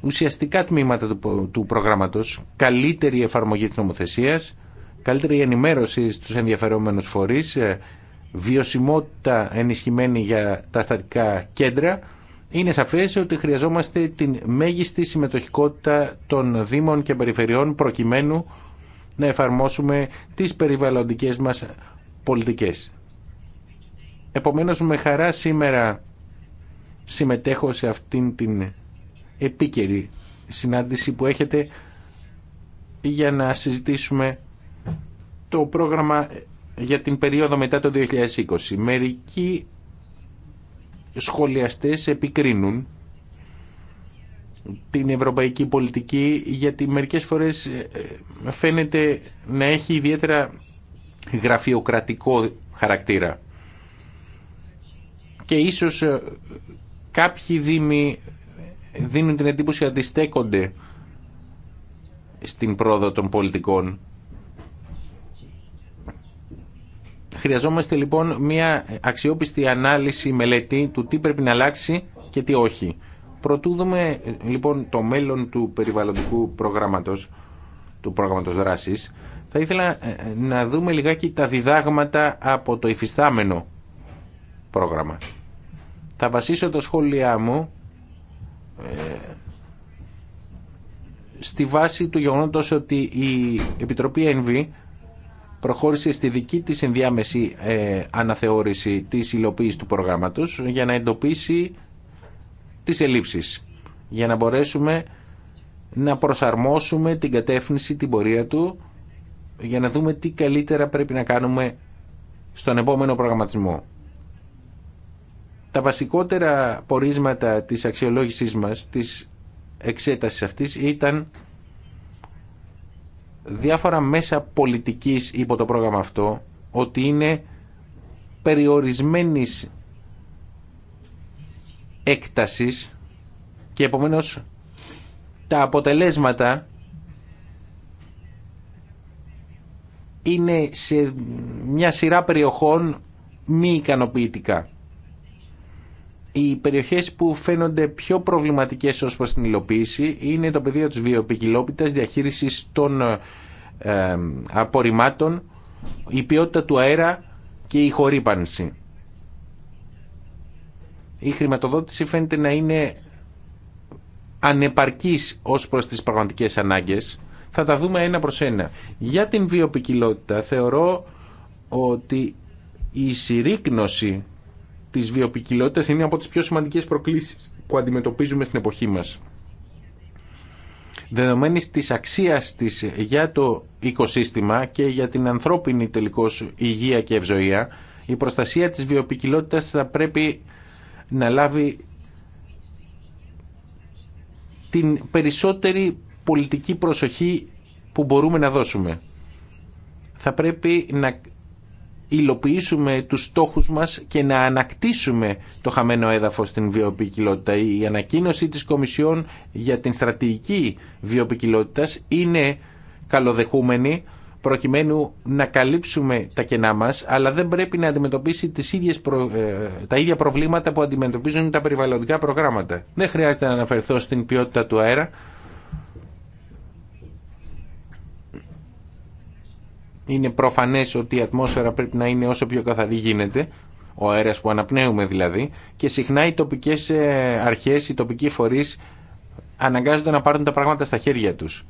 ουσιαστικά τμήματα του, του προγράμματος, καλύτερη εφαρμογή της νομοθεσίας, καλύτερη ενημέρωση στους ενδιαφερόμενους φορείς, ε, βιωσιμότητα ενισχυμένη για τα στατικά κέντρα, είναι σαφές ότι χρειαζόμαστε τη μέγιστη συμμετοχικότητα των Δήμων και Περιφερειών προκειμένου να εφαρμόσουμε τις περιβαλλοντικές μας πολιτικές. Επομένως με χαρά σήμερα συμμετέχω σε αυτήν την επίκαιρη συνάντηση που έχετε για να συζητήσουμε το πρόγραμμα για την περίοδο μετά το 2020. Μερικοί σχολιαστές επικρίνουν την ευρωπαϊκή πολιτική γιατί μερικές φορές ε, ε, φαίνεται να έχει ιδιαίτερα γραφειοκρατικό χαρακτήρα. Και ίσως ε, κάποιοι δήμοι δίνουν την εντύπωση ότι στέκονται στην πρόοδο των πολιτικών. Χρειαζόμαστε λοιπόν μια αξιόπιστη ανάλυση, μελέτη του τι πρέπει να αλλάξει και τι όχι. Προτού δούμε λοιπόν το μέλλον του περιβαλλοντικού προγράμματος, του πρόγραμματος δράσης, θα ήθελα ε, να δούμε λιγάκι τα διδάγματα από το υφιστάμενο πρόγραμμα. Θα βασίσω το σχόλιά μου ε, στη βάση του γεγονότος ότι η Επιτροπή ΕΝΒΗ προχώρησε στη δική της ενδιάμεση ε, αναθεώρηση της υλοποίησης του προγράμματος για να εντοπίσει τις ελλείψεις, για να μπορέσουμε να προσαρμόσουμε την κατεύθυνση, την πορεία του, για να δούμε τι καλύτερα πρέπει να κάνουμε στον επόμενο προγραμματισμό. Τα βασικότερα πορίσματα της αξιολόγησής μας, της εξέτασης αυτής, ήταν διάφορα μέσα πολιτικής υπό το πρόγραμμα αυτό, ότι είναι περιορισμένης έκτασης και επομένως τα αποτελέσματα είναι σε μια σειρά περιοχών μη ικανοποιητικά. Οι περιοχέ που φαίνονται πιο προβληματικές ως προς την υλοποίηση είναι το πεδίο τη βιοπικιλότητα, διαχείρισης των απορριμμάτων, η ποιότητα του αέρα και η χορύπανση. Η χρηματοδότηση φαίνεται να είναι ανεπαρκής ως προς τις πραγματικές ανάγκες. Θα τα δούμε ένα προς ένα. Για την βιοπικιλότητα θεωρώ ότι η συρρήκνωση Τη βιοπικιλότητας είναι από τις πιο σημαντικές προκλήσεις που αντιμετωπίζουμε στην εποχή μας. Δεδομένης της αξίας της για το οικοσύστημα και για την ανθρώπινη τελικώ υγεία και ευζοία, η προστασία της βιοπικιλότητας θα πρέπει να λάβει την περισσότερη πολιτική προσοχή που μπορούμε να δώσουμε. Θα πρέπει να υλοποιήσουμε τους στόχους μας και να ανακτήσουμε το χαμένο έδαφος στην βιοποικιλότητα. Η ανακοίνωση της Κομισιόν για την στρατηγική βιοποικιλότητας είναι καλοδεχούμενη προκειμένου να καλύψουμε τα κενά μας, αλλά δεν πρέπει να αντιμετωπίσει τις ίδιες ε, τα ίδια προβλήματα που αντιμετωπίζουν τα περιβαλλοντικά προγράμματα. Δεν χρειάζεται να αναφερθώ στην ποιότητα του αέρα, είναι προφανές ότι η ατμόσφαιρα πρέπει να είναι όσο πιο καθαρή γίνεται, ο αέρας που αναπνέουμε δηλαδή, και συχνά οι τοπικές ε, αρχές, οι τοπικοί φορείς αναγκάζονται να πάρουν τα πράγματα στα χέρια τους.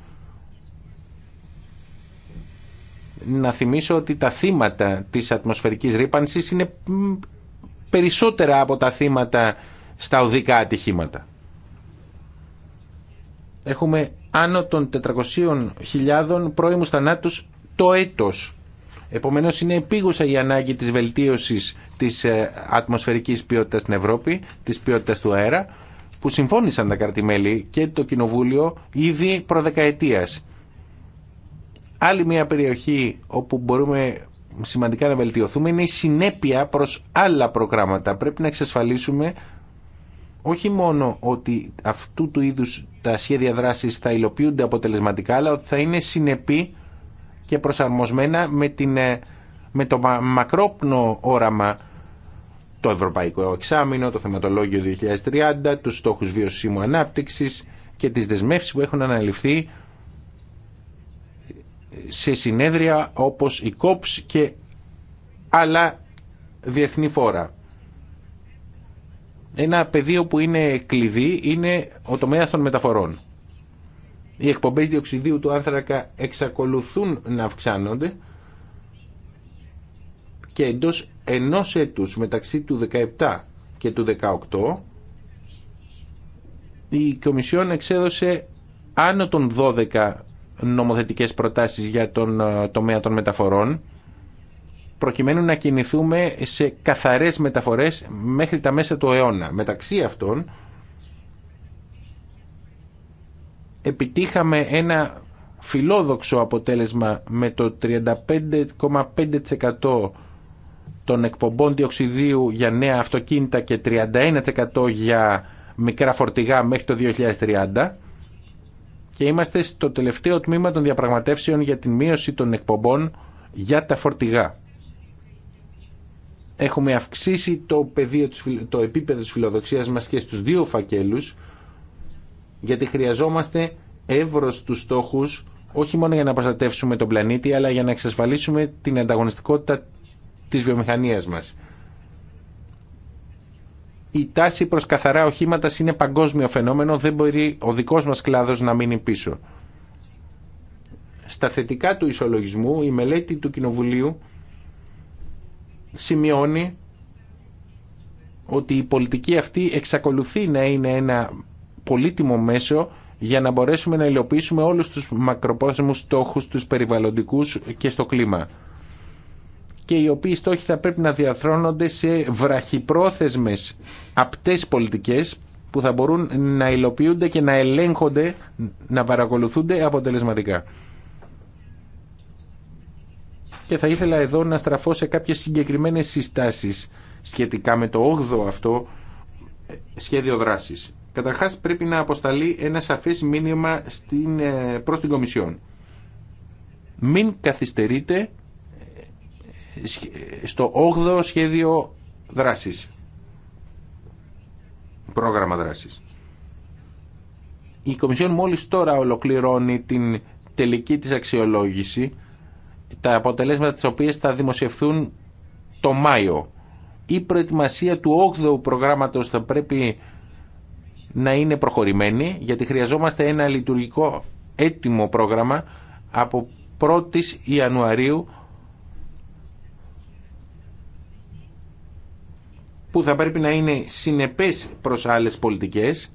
Να θυμίσω ότι τα θύματα της ατμοσφαιρικής ρήπανσης είναι περισσότερα από τα θύματα στα οδικά ατυχήματα. Έχουμε άνω των 400.000 πρώιμους θανάτους το έτος. Επομένως είναι επίγουσα η ανάγκη της βελτίωσης της ε, ατμοσφαιρικής ποιότητας στην Ευρώπη, της ποιότητας του αέρα, που συμφώνησαν τα κρατημέλη και το Κοινοβούλιο ήδη προδεκαετίας. Άλλη μια περιοχή όπου μπορούμε σημαντικά να βελτιωθούμε είναι η συνέπεια προς άλλα προγράμματα. Πρέπει να εξασφαλίσουμε όχι μόνο ότι αυτού του είδους τα σχέδια δράσης θα υλοποιούνται αποτελεσματικά, αλλά ότι θα είναι συνεπή και προσαρμοσμένα με, την, ε, με το μακρόπνο όραμα το Ευρωπαϊκό Εξάμεινο, το Θεματολόγιο 2030, τους στόχους βιωσιμού ανάπτυξης και τις δεσμεύσεις που έχουν αναλυφθεί σε συνέδρια όπως η ΚΟΠΣ και άλλα διεθνή φόρα. Ένα πεδίο που είναι κλειδί είναι ο τομέας των μεταφορών. Οι εκπομπές διοξιδίου του άνθρακα εξακολουθούν να αυξάνονται και εντός ενός έτους μεταξύ του 17 και του 18 η Κομισιόν εξέδωσε άνω των 12 νομοθετικές προτάσεις για τον ε, τομέα των μεταφορών προκειμένου να κινηθούμε σε καθαρές μεταφορές μέχρι τα μέσα του αιώνα. Μεταξύ αυτών επιτύχαμε ένα φιλόδοξο αποτέλεσμα με το 35,5% των εκπομπών διοξιδίου για νέα αυτοκίνητα και 31% για μικρά φορτηγά μέχρι το 2030 και είμαστε στο τελευταίο τμήμα των διαπραγματεύσεων για την μείωση των εκπομπών για τα φορτηγά. Έχουμε αυξήσει το, πεδίο, το επίπεδο της φιλοδοξίας μας και στους δύο φακέλους γιατί χρειαζόμαστε εύρος στους στόχους όχι μόνο για να προστατεύσουμε τον πλανήτη αλλά για να εξασφαλίσουμε την ανταγωνιστικότητα της βιομηχανίας μας. Η τάση προς καθαρά οχήματα είναι παγκόσμιο φαινόμενο, δεν μπορεί ο δικός μας κλάδος να μείνει πίσω. Στα θετικά του ισολογισμού η μελέτη του Κοινοβουλίου σημειώνει ότι η πολιτική αυτή εξακολουθεί να είναι ένα πολύτιμο μέσο για να μπορέσουμε να υλοποιήσουμε όλους τους μακροπρόθεσμους στόχους, τους περιβαλλοντικούς και στο κλίμα. Και οι οποίοι στόχοι θα πρέπει να διαθρώνονται σε βραχυπρόθεσμες απτές πολιτικές που θα μπορούν να υλοποιούνται και να ελέγχονται, να παρακολουθούνται αποτελεσματικά. Και θα ήθελα εδώ να στραφώ σε κάποιες συγκεκριμένες συστάσεις σχετικά με το 8ο αυτό σχέδιο δράσης. Καταρχά πρέπει να αποσταλεί ένα σαφές μήνυμα στην, ε, την Κομισιόν. Μην καθυστερείτε ε, ε, στο 8ο σχέδιο δράσης. Πρόγραμμα δράσης. Η Κομισιόν μόλις τώρα ολοκληρώνει την τελική της αξιολόγηση, τα αποτελέσματα της οποίας θα δημοσιευθούν το Μάιο. Η προετοιμασία του 8ου προγράμματος θα πρέπει να είναι προχωρημένη γιατί χρειαζόμαστε ένα λειτουργικό έτοιμο πρόγραμμα από 1η Ιανουαρίου που θα πρέπει να είναι συνεπές προς άλλες πολιτικές.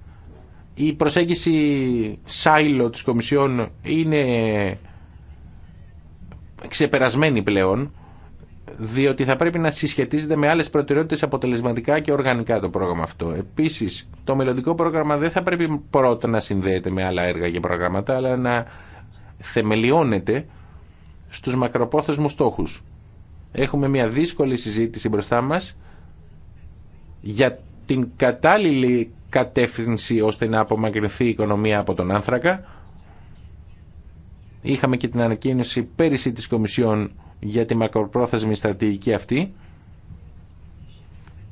Η προσέγγιση σάιλο της Κομισιόν είναι ξεπερασμένη πλέον διότι θα πρέπει να συσχετίζεται με άλλε προτεραιότητες αποτελεσματικά και οργανικά το πρόγραμμα αυτό. Επίσης, το μελλοντικό πρόγραμμα δεν θα πρέπει πρώτα να συνδέεται με άλλα έργα και προγράμματα, αλλά να θεμελιώνεται στους μακροπόθεσμους στόχους. Έχουμε μια δύσκολη συζήτηση μπροστά μας για την κατάλληλη κατεύθυνση ώστε να απομακρυνθεί η οικονομία από τον άνθρακα. Είχαμε και την ανακοίνωση πέρυσι της Κομισιόν για τη μακροπρόθεσμη στρατηγική αυτή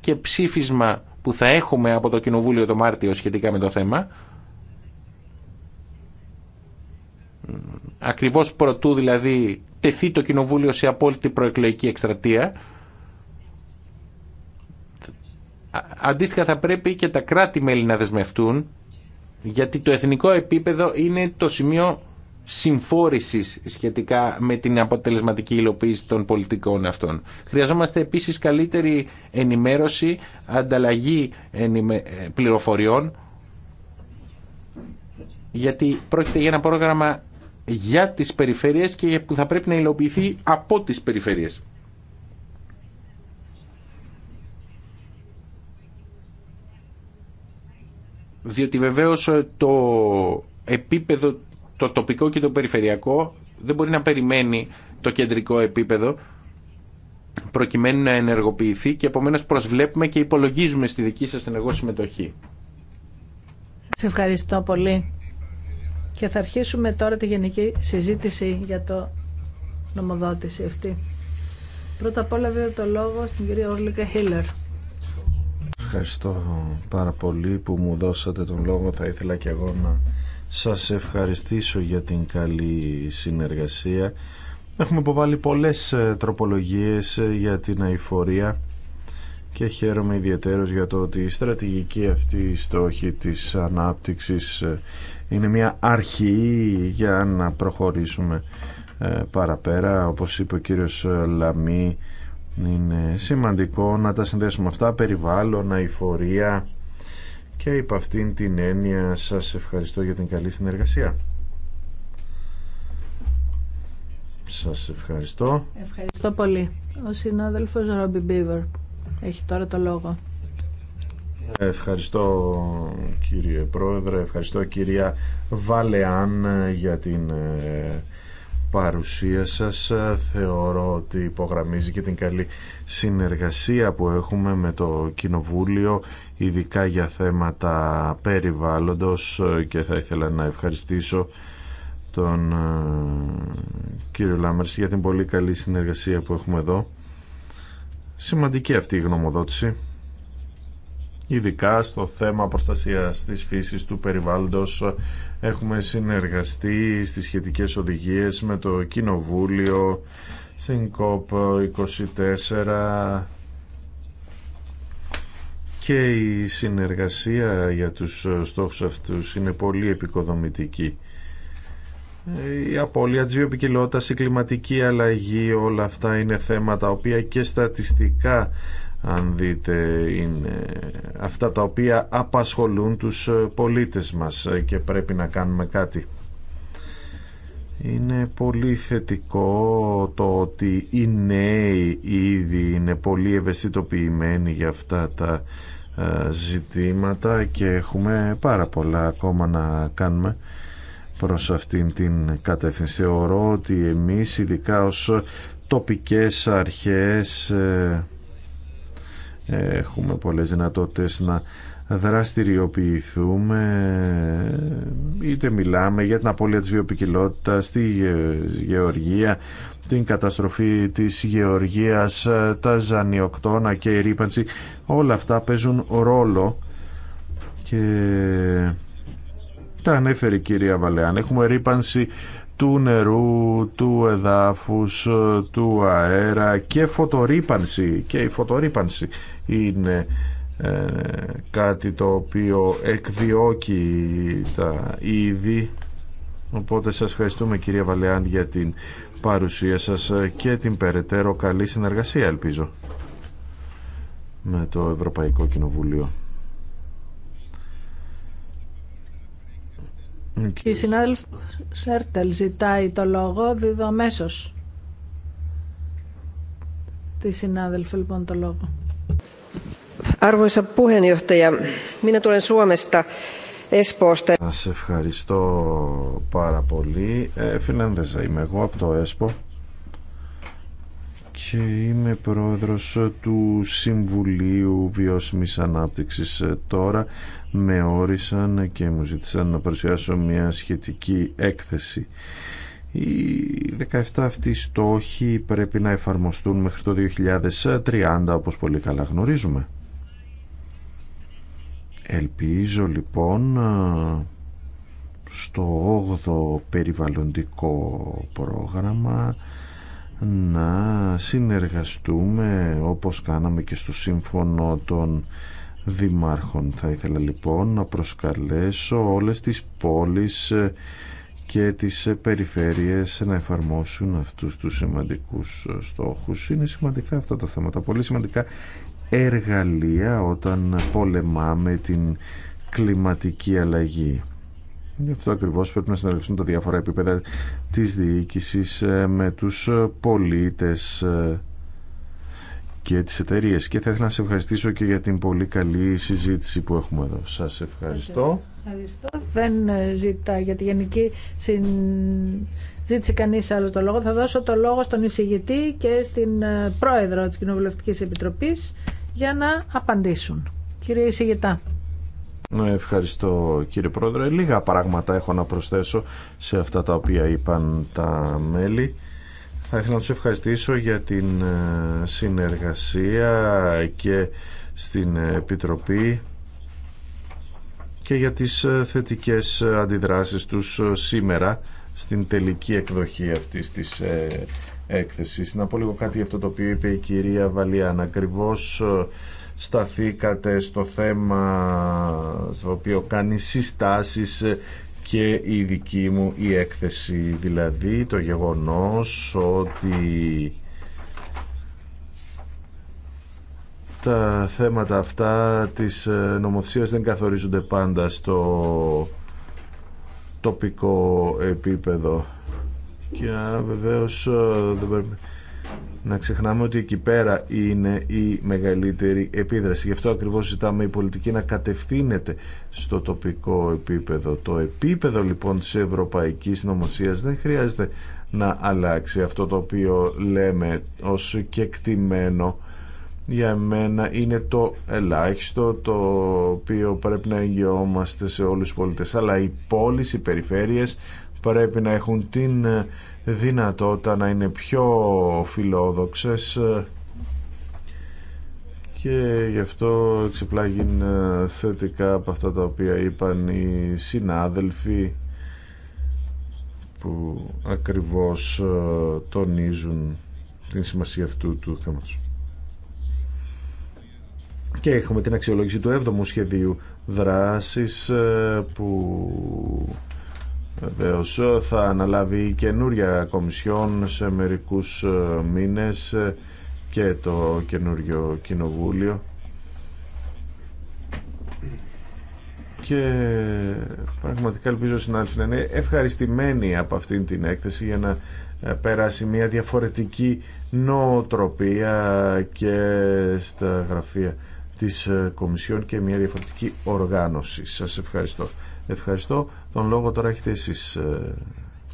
και ψήφισμα που θα έχουμε από το Κοινοβούλιο το Μάρτιο σχετικά με το θέμα. Ακριβώς προτού δηλαδή τεθεί το Κοινοβούλιο σε απόλυτη προεκλογική εκστρατεία. Αντίστοιχα θα πρέπει και τα κράτη-μέλη να δεσμευτούν γιατί το εθνικό επίπεδο είναι το σημείο συμφόρησης σχετικά με την αποτελεσματική υλοποίηση των πολιτικών αυτών. Χρειαζόμαστε επίσης καλύτερη ενημέρωση, ανταλλαγή πληροφοριών, γιατί πρόκειται για ένα πρόγραμμα για τις περιφέρειες και που θα πρέπει να υλοποιηθεί από τις περιφέρειες. Διότι βεβαίως το επίπεδο το τοπικό και το περιφερειακό δεν μπορεί να περιμένει το κεντρικό επίπεδο προκειμένου να ενεργοποιηθεί και επομένως προσβλέπουμε και υπολογίζουμε στη δική σας ενεργό συμμετοχή. Σας ευχαριστώ πολύ. Και θα αρχίσουμε τώρα τη γενική συζήτηση για το νομοδότηση αυτή. Πρώτα απ' όλα δίνω το λόγο στην κυρία Όλικα Χίλερ. Ευχαριστώ πάρα πολύ που μου δώσατε τον λόγο. Θα ήθελα και εγώ να σας ευχαριστήσω για την καλή συνεργασία. Έχουμε υποβάλει πολλές ε, τροπολογίες ε, για την αηφορία και χαίρομαι ιδιαίτερος για το ότι η στρατηγική αυτή η στόχη της ανάπτυξης ε, είναι μια αρχή για να προχωρήσουμε παραπέρα. Όπως είπε ο κύριος Λαμή, είναι σημαντικό να τα συνδέσουμε αυτά, περιβάλλον, αηφορία και υπ' αυτήν την έννοια σας ευχαριστώ για την καλή συνεργασία. Σας ευχαριστώ. Ευχαριστώ πολύ. Ο συνάδελφος Ρόμπι Μπίβερ έχει τώρα το λόγο. Ευχαριστώ κύριε Πρόεδρε, ευχαριστώ κυρία Βαλεάν για την ε, παρουσία σας. Θεωρώ ότι υπογραμμίζει και την καλή συνεργασία που έχουμε με το Κοινοβούλιο ειδικά για θέματα περιβάλλοντος και θα ήθελα να ευχαριστήσω τον ε, κύριο Λάμερς για την πολύ καλή συνεργασία που έχουμε εδώ. Σημαντική αυτή η γνωμοδότηση, ειδικά στο θέμα προστασίας της φύσης του περιβάλλοντος. Έχουμε συνεργαστεί στις σχετικές οδηγίες με το Κοινοβούλιο, στην COP24, και η συνεργασία για τους ε, στόχους αυτούς είναι πολύ επικοδομητική. Ε, η απώλεια της βιοπικιλότητας, η κλιματική αλλαγή, όλα αυτά είναι θέματα οποία και στατιστικά αν δείτε είναι αυτά τα οποία απασχολούν τους ε, πολίτες μας και πρέπει να κάνουμε κάτι. Είναι πολύ θετικό το ότι οι νέοι ήδη είναι πολύ ευαισθητοποιημένοι για αυτά τα ε, ζητήματα και έχουμε πάρα πολλά ακόμα να κάνουμε προς αυτήν την κατεύθυνση. Θεωρώ ότι εμείς ειδικά ως τοπικές αρχές ε, έχουμε πολλές δυνατότητες να δραστηριοποιηθούμε είτε μιλάμε για την απώλεια της βιοπικιλότητας στη γεωργία την καταστροφή της γεωργίας τα ζανιοκτώνα και η ρήπανση όλα αυτά παίζουν ρόλο και τα ανέφερε η κυρία Βαλεάν έχουμε ρήπανση του νερού, του εδάφους, του αέρα και φωτορύπανση και η φωτορύπανση είναι ε, κάτι το οποίο εκδιώκει τα είδη οπότε σας ευχαριστούμε κυρία Βαλεάν για την παρουσία σας και την περαιτέρω καλή συνεργασία ελπίζω με το Ευρωπαϊκό Κοινοβούλιο. Η συνάδελφο Σέρτελ ζητάει το λόγο, δίδω αμέσω. Τη συνάδελφο λοιπόν το λόγο. Arvoisa puheenjohtaja, minä tulen Suomesta, Espoosta. Σας ευχαριστώ πάρα πολύ. Ε, Φιλανδέζα είμαι εγώ από το ΕΣΠΟ και είμαι πρόεδρος του Συμβουλίου Βιώσιμης Ανάπτυξης ε, τώρα. Με όρισαν και μου ζήτησαν να παρουσιάσω μια σχετική έκθεση. Οι 17 αυτοί στόχοι πρέπει να εφαρμοστούν μέχρι το 2030 όπως πολύ καλά γνωρίζουμε. Ελπίζω λοιπόν ε, στο 8ο περιβαλλοντικό πρόγραμμα να συνεργαστούμε όπως κάναμε και στο σύμφωνο των δημάρχων. Θα ήθελα λοιπόν να προσκαλέσω όλες τις πόλεις ε, και τις περιφέρειες να εφαρμόσουν αυτούς τους σημαντικούς ε, στόχους. Είναι σημαντικά αυτά τα θέματα, πολύ σημαντικά εργαλεία όταν πολεμάμε την κλιματική αλλαγή. Γι' αυτό ακριβώς πρέπει να συνεργαστούν τα διάφορα επίπεδα της διοίκησης ε, με τους πολίτες ε, και τις εταιρείε. Και θα ήθελα να σε ευχαριστήσω και για την πολύ καλή συζήτηση που έχουμε εδώ. Σας ευχαριστώ. Ευχαριστώ. Δεν ε, ζητά για τη γενική συν... ζήτησε κανείς άλλο το λόγο. Θα δώσω το λόγο στον εισηγητή και στην πρόεδρο της Κοινοβουλευτικής Επιτροπής για να απαντήσουν. Κύριε Ισηγητά. Ναι, ευχαριστώ κύριε Πρόεδρε. Λίγα πράγματα έχω να προσθέσω σε αυτά τα οποία είπαν τα μέλη. Θα ήθελα να τους ευχαριστήσω για την ε, συνεργασία και στην Επιτροπή και για τις ε, θετικές αντιδράσεις τους ε, σήμερα στην τελική εκδοχή αυτής της να πω λίγο κάτι για αυτό το οποίο είπε η κυρία Βαλίαν. Ακριβώ ε, σταθήκατε στο θέμα στο οποίο κάνει συστάσεις ε, και η δική μου η έκθεση. Δηλαδή το γεγονός ότι τα θέματα αυτά της ε, νομοθεσίας δεν καθορίζονται πάντα στο τοπικό επίπεδο και βεβαίως ε, δεν να ξεχνάμε ότι εκεί πέρα είναι η μεγαλύτερη επίδραση. Γι' αυτό ακριβώς ζητάμε η πολιτική να κατευθύνεται στο τοπικό επίπεδο. Το επίπεδο λοιπόν της ευρωπαϊκής νομοσίας δεν χρειάζεται να αλλάξει αυτό το οποίο λέμε ως κεκτημένο για μένα είναι το ελάχιστο το οποίο πρέπει να εγγυόμαστε σε όλους τους πολίτες αλλά οι πόλεις, οι περιφέρειες πρέπει να έχουν την ε, δυνατότητα να είναι πιο φιλόδοξες ε, και γι' αυτό εξεπλάγει ε, θετικά από αυτά τα οποία είπαν οι συνάδελφοι που ακριβώς τονίζουν την σημασία αυτού του θέματος. Και έχουμε την αξιολόγηση του 7ου σχεδίου δράσης που Βεβαίω θα αναλάβει η καινούρια κομισιόν σε μερικούς ε, μήνες και το καινούριο κοινοβούλιο και πραγματικά ελπίζω συνάδελφοι να είναι ευχαριστημένοι από αυτήν την έκθεση για να ε, περάσει μια διαφορετική νοοτροπία και στα γραφεία της ε, Κομισιόν και μια διαφορετική οργάνωση. Σας ευχαριστώ. Ευχαριστώ. Τον λόγο τώρα έχετε εσείς, ε,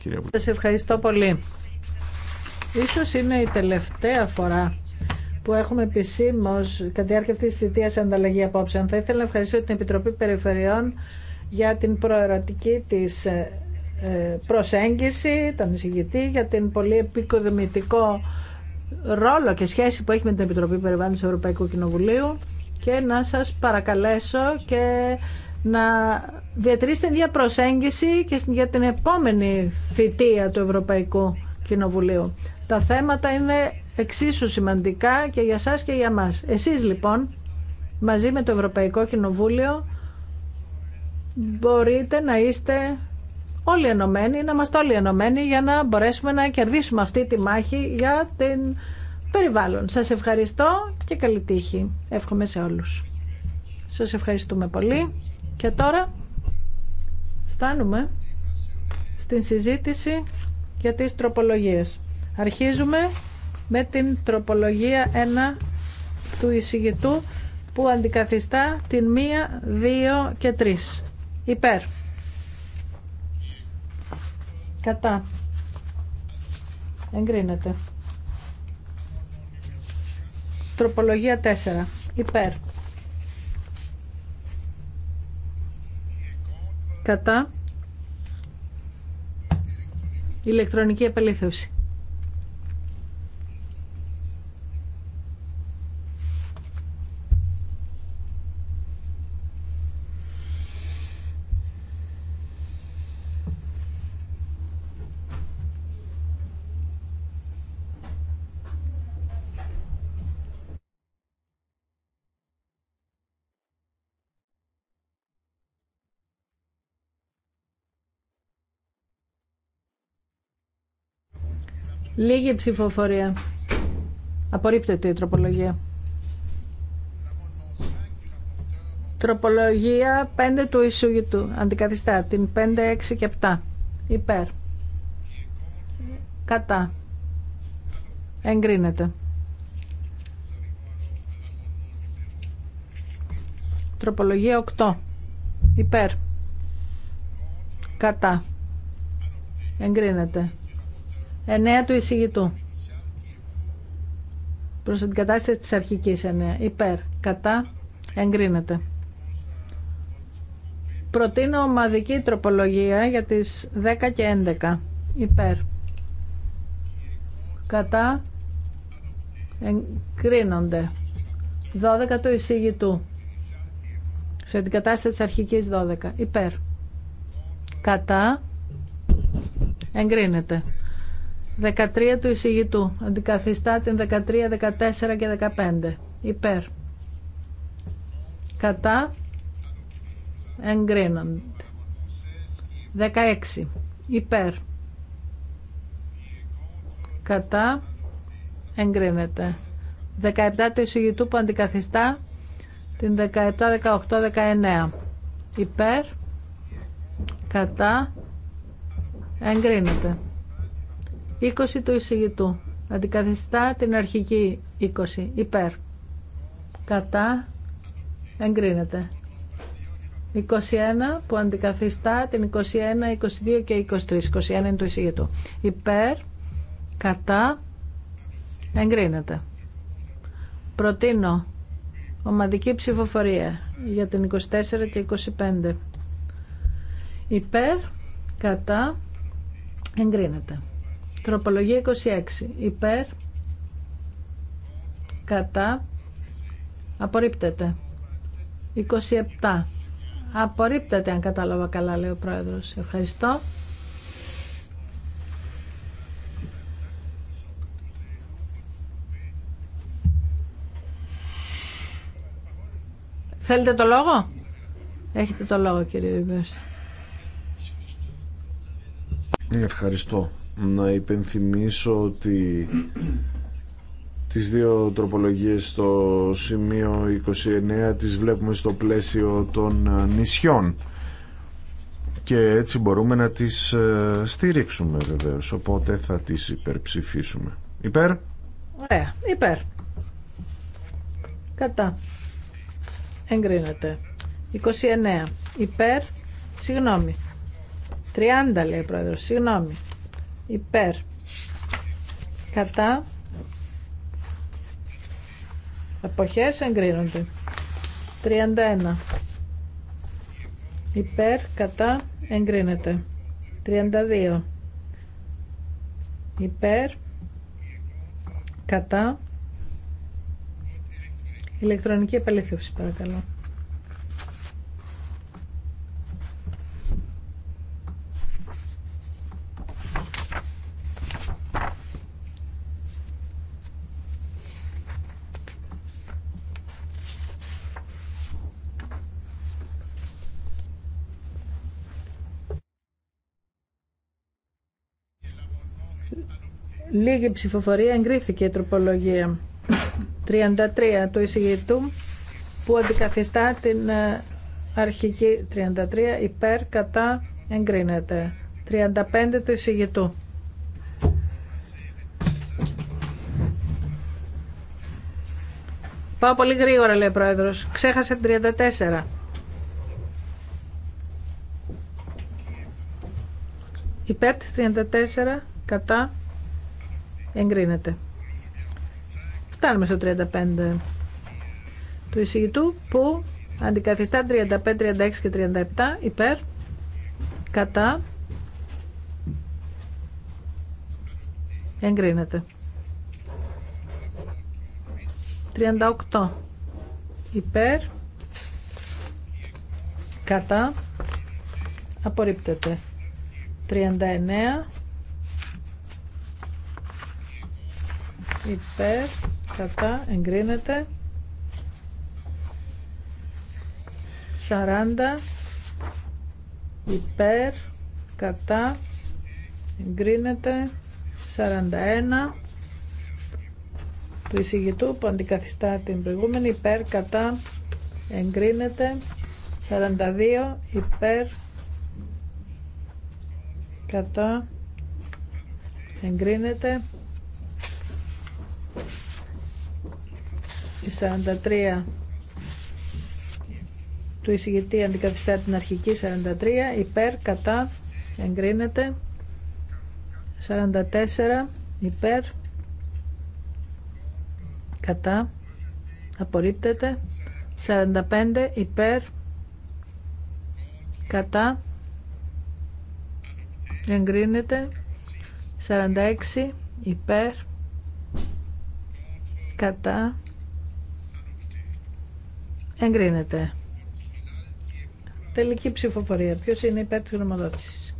κύριε Σας ευχαριστώ πολύ. Ίσως είναι η τελευταία φορά που έχουμε επισήμω κατά τη διάρκεια αυτή τη θητεία ανταλλαγή απόψεων. Θα ήθελα να ευχαριστήσω την Επιτροπή Περιφερειών για την προερωτική τη ε, ε, προσέγγιση, τον εισηγητή, για την πολύ επικοδομητικό ρόλο και σχέση που έχει με την Επιτροπή Περιβάλλοντος του Ευρωπαϊκού Κοινοβουλίου και να σας παρακαλέσω και να διατηρήσει την προσέγγιση και για την επόμενη θητεία του Ευρωπαϊκού Κοινοβουλίου. Τα θέματα είναι εξίσου σημαντικά και για σας και για μας. Εσείς λοιπόν, μαζί με το Ευρωπαϊκό Κοινοβούλιο, μπορείτε να είστε όλοι ενωμένοι, να είμαστε όλοι ενωμένοι για να μπορέσουμε να κερδίσουμε αυτή τη μάχη για την περιβάλλον. Σας ευχαριστώ και καλή τύχη. Εύχομαι σε όλους. Σας ευχαριστούμε πολύ. Και τώρα φτάνουμε στην συζήτηση για τις τροπολογίες. Αρχίζουμε με την τροπολογία 1 του εισηγητού που αντικαθιστά την 1, 2 και 3. Υπέρ. Κατά. Εγκρίνεται. Τροπολογία 4. Υπέρ. κατά ηλεκτρονική επαλήθευση. Λίγη ψηφοφορία. Απορρίπτεται η τροπολογία. Τροπολογία 5 του Ισούγητου. Αντικαθιστά την 5, 6 και 7. Υπέρ. Κατά. Εγκρίνεται. Τροπολογία 8. Υπέρ. Κατά. Εγκρίνεται. 9 του εισηγητού. Προ την κατάσταση τη αρχική 9. Υπέρ. Κατά. Εγκρίνεται. Προτείνω ομαδική τροπολογία για τι 10 και 11. Υπέρ. Κατά. Εγκρίνονται. 12 του εισηγητού. Σε την κατάσταση της αρχικής 12. Υπέρ. Κατά. Εγκρίνεται. 13 του εισηγητού. Αντικαθιστά την 13, 14 και 15. Υπέρ. Κατά. Εγκρίνονται. 16. Υπέρ. Κατά. Εγκρίνεται. 17 του εισηγητού που αντικαθιστά την 17, 18, 19. Υπέρ. Κατά. Εγκρίνεται. 20 του εισηγητού. Αντικαθιστά την αρχική 20. Υπέρ. Κατά. Εγκρίνεται. 21 που αντικαθιστά την 21, 22 και 23. 21 είναι του εισηγητού. Υπέρ. Κατά. Εγκρίνεται. Προτείνω ομαδική ψηφοφορία για την 24 και 25. Υπέρ. Κατά. Εγκρίνεται. Τροπολογία 26. Υπέρ. Κατά. Απορρίπτεται. 27. Απορρίπτεται αν κατάλαβα καλά λέει ο Πρόεδρος. Ευχαριστώ. Θέλετε το λόγο? Έχετε το λόγο κύριε Ριβέρς. Ευχαριστώ να υπενθυμίσω ότι τις δύο τροπολογίες στο σημείο 29 τις βλέπουμε στο πλαίσιο των ε, νησιών και έτσι μπορούμε να τις ε, στήριξουμε βεβαίως οπότε θα τις υπερψηφίσουμε υπέρ ωραία υπέρ κατά εγκρίνεται 29 υπέρ συγγνώμη 30 λέει ο πρόεδρος συγγνώμη υπέρ κατά εποχές εγκρίνονται 31 υπέρ κατά εγκρίνεται 32 υπέρ κατά ηλεκτρονική επαλήθευση παρακαλώ Λίγη ψηφοφορία εγκρίθηκε η τροπολογία 33 του εισηγητού που αντικαθιστά την ε, αρχική 33 υπέρ κατά εγκρίνεται. 35 του εισηγητού. Πάω πολύ γρήγορα, λέει ο πρόεδρο. Ξέχασε την 34. Υπέρ τη 34, κατά. Εγκρίνεται. Φτάνουμε στο 35 του εισηγητού που αντικαθιστά 35, 36 και 37 υπέρ κατά εγκρίνεται 38 υπέρ κατά απορρίπτεται 39 υπέρ κατά εγκρίνεται 40 υπέρ κατά εγκρίνεται 41 του εισηγητού που αντικαθιστά την προηγούμενη υπέρ κατά εγκρίνεται 42 υπέρ κατά εγκρίνεται Η 43 του εισηγητή αντικαθιστά την αρχική 43 υπέρ κατά εγκρίνεται 44 υπέρ κατά απορρίπτεται 45 υπέρ κατά εγκρίνεται 46 υπέρ κατά Εγκρίνεται. Τελική ψηφοφορία. Ποιο είναι υπέρ τη γνωμοδότηση.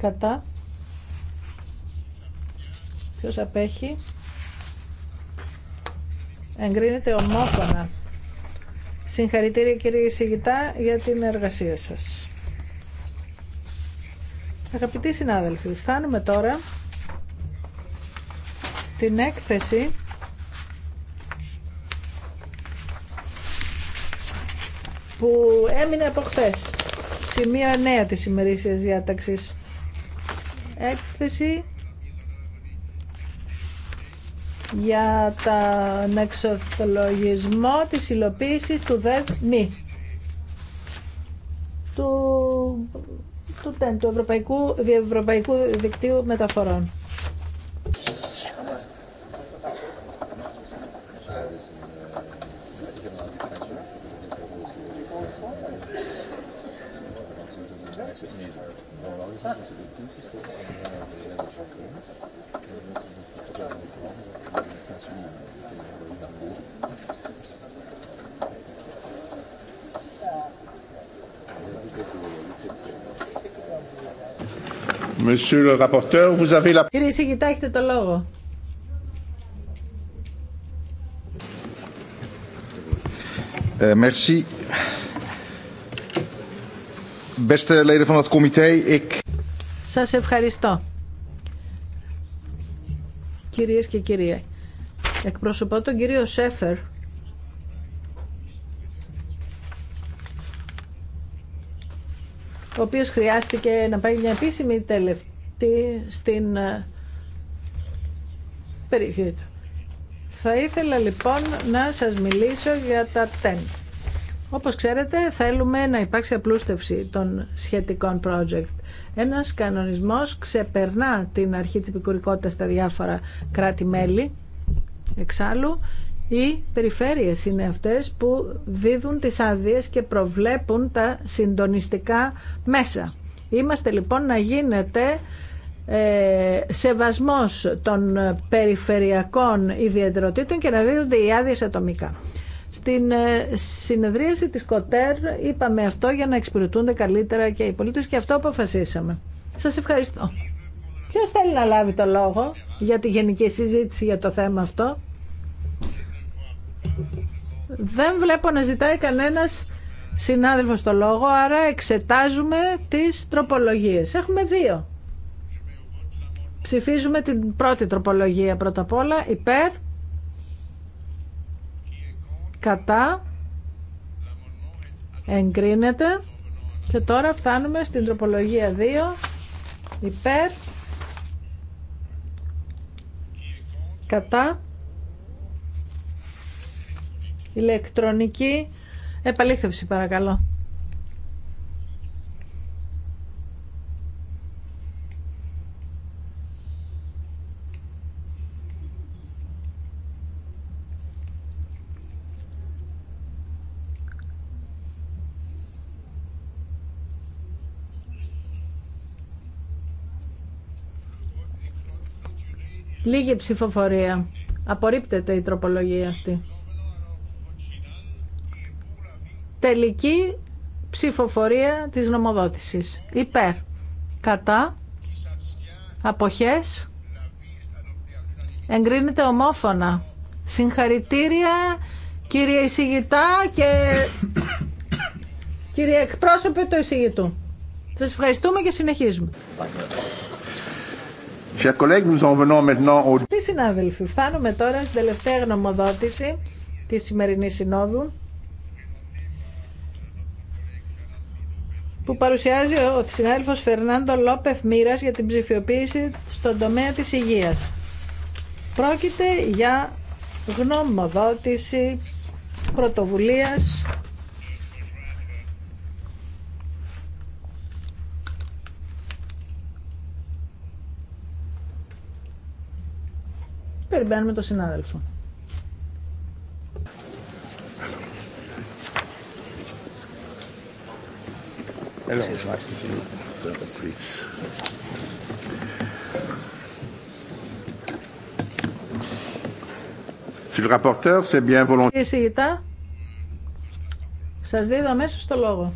Κατά. ποιο απέχει. Εγκρίνεται ομόφωνα. Συγχαρητήρια κύριε Σιγητά για την εργασία σας. Αγαπητοί συνάδελφοι, φτάνουμε τώρα στην έκθεση που έμεινε από χθε. Σημείο 9 της ημερήσιας διάταξης. Έκθεση για τον εξορθολογισμό της υλοποίησης του ΔΕΔ του, του, Ευρωπαϊκού, Διευρωπαϊκού Δικτύου Μεταφορών. Κύριε Σιγητά, έχετε το λόγο. Ε, Σας ευχαριστώ. Κυρίες και κύριοι, εκπροσωπώ τον κύριο Σέφερ, ο οποίος χρειάστηκε να πάει μια επίσημη στην ε, περιοχή του. Θα ήθελα λοιπόν να σας μιλήσω για τα TEN. Όπως ξέρετε θέλουμε να υπάρξει απλούστευση των σχετικών project. Ένας κανονισμός ξεπερνά την αρχή της επικουρικότητας στα διάφορα κράτη-μέλη. Εξάλλου, οι περιφέρειες είναι αυτές που δίδουν τις άδειες και προβλέπουν τα συντονιστικά μέσα. Είμαστε λοιπόν να γίνεται ε, σεβασμός των περιφερειακών ιδιαιτεροτήτων και να δίδονται οι άδειε ατομικά. Στην ε, συνεδρίαση της ΚΟΤΕΡ είπαμε αυτό για να εξυπηρετούνται καλύτερα και οι πολίτες και αυτό αποφασίσαμε. Σας ευχαριστώ. Ποιο θέλει να λάβει το λόγο για τη γενική συζήτηση για το θέμα αυτό. Δεν βλέπω να ζητάει κανένας συνάδελφος το λόγο, άρα εξετάζουμε τις τροπολογίες. Έχουμε δύο. Ψηφίζουμε την πρώτη τροπολογία πρώτα απ' όλα. Υπέρ. Κατά. Εγκρίνεται. Και τώρα φτάνουμε στην τροπολογία 2. Υπέρ. Κατά. Ηλεκτρονική επαλήθευση παρακαλώ. Λίγη ψηφοφορία. Απορρίπτεται η τροπολογία αυτή. Τελική ψηφοφορία της νομοδότησης. Υπέρ. Κατά. Αποχές. Εγκρίνεται ομόφωνα. Συγχαρητήρια κύριε εισηγητά και κύριε εκπρόσωπε του εισηγητού. Σας ευχαριστούμε και συνεχίζουμε. Τι συνάδελφοι, φτάνουμε τώρα στην τελευταία γνωμοδότηση τη σημερινή συνόδου που παρουσιάζει ο συνάδελφος Φερνάντο Λόπεφ Μύρας για την ψηφιοποίηση στον τομέα της υγείας. Πρόκειται για γνωμοδότηση πρωτοβουλίας Περιμένουμε τον συνάδελφο. Monsieur le rapporteur, c'est bien Σας δίδω αμέσως το λόγο.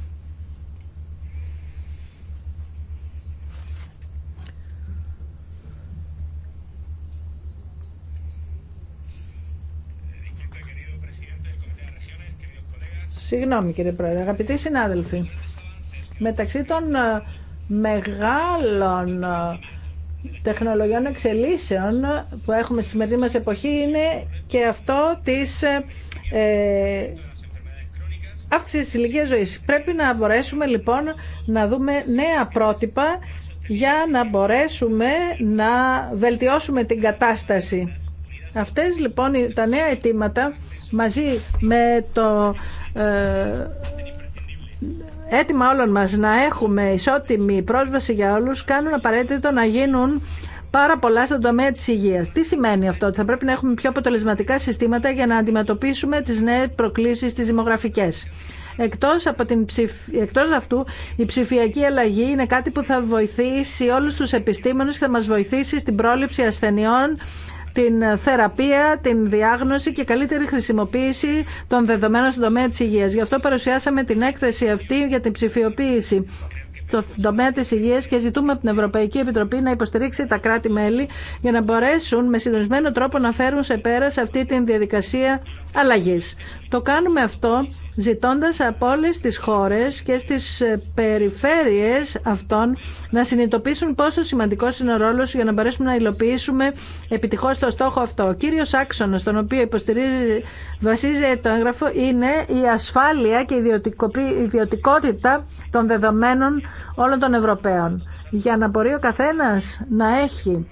Συγγνώμη κύριε Πρόεδρε, αγαπητοί συνάδελφοι, μεταξύ των ε, μεγάλων ε, τεχνολογιών εξελίσεων που έχουμε στη σημερινή μας εποχή είναι και αυτό της ε, ε, αύξησης της ηλικίας ζωής. Πρέπει να μπορέσουμε λοιπόν να δούμε νέα πρότυπα για να μπορέσουμε να βελτιώσουμε την κατάσταση Αυτές λοιπόν τα νέα αιτήματα μαζί με το έτοιμα ε, όλων μας να έχουμε ισότιμη πρόσβαση για όλους κάνουν απαραίτητο να γίνουν πάρα πολλά στον τομέα της υγείας. Τι σημαίνει αυτό, ότι θα πρέπει να έχουμε πιο αποτελεσματικά συστήματα για να αντιμετωπίσουμε τις νέες προκλήσεις τις δημογραφικές. Εκτός, από την Εκτός αυτού, η ψηφιακή αλλαγή είναι κάτι που θα βοηθήσει όλους τους επιστήμονες και θα μας βοηθήσει στην πρόληψη ασθενειών την θεραπεία, την διάγνωση και καλύτερη χρησιμοποίηση των δεδομένων στον τομέα της υγείας. Γι' αυτό παρουσιάσαμε την έκθεση αυτή για την ψηφιοποίηση στον τομέα της υγείας και ζητούμε από την Ευρωπαϊκή Επιτροπή να υποστηρίξει τα κράτη-μέλη για να μπορέσουν με συντονισμένο τρόπο να φέρουν σε πέρα σε αυτή τη διαδικασία αλλαγής. Το κάνουμε αυτό ζητώντας από όλες τις χώρες και στις περιφέρειες αυτών να συνειδητοποιήσουν πόσο σημαντικός είναι ο ρόλος για να μπορέσουμε να υλοποιήσουμε επιτυχώς το στόχο αυτό. Ο κύριος άξονας, στον οποίο υποστηρίζει, βασίζεται το έγγραφο, είναι η ασφάλεια και η ιδιωτικότητα των δεδομένων όλων των Ευρωπαίων. Για να μπορεί ο καθένας να έχει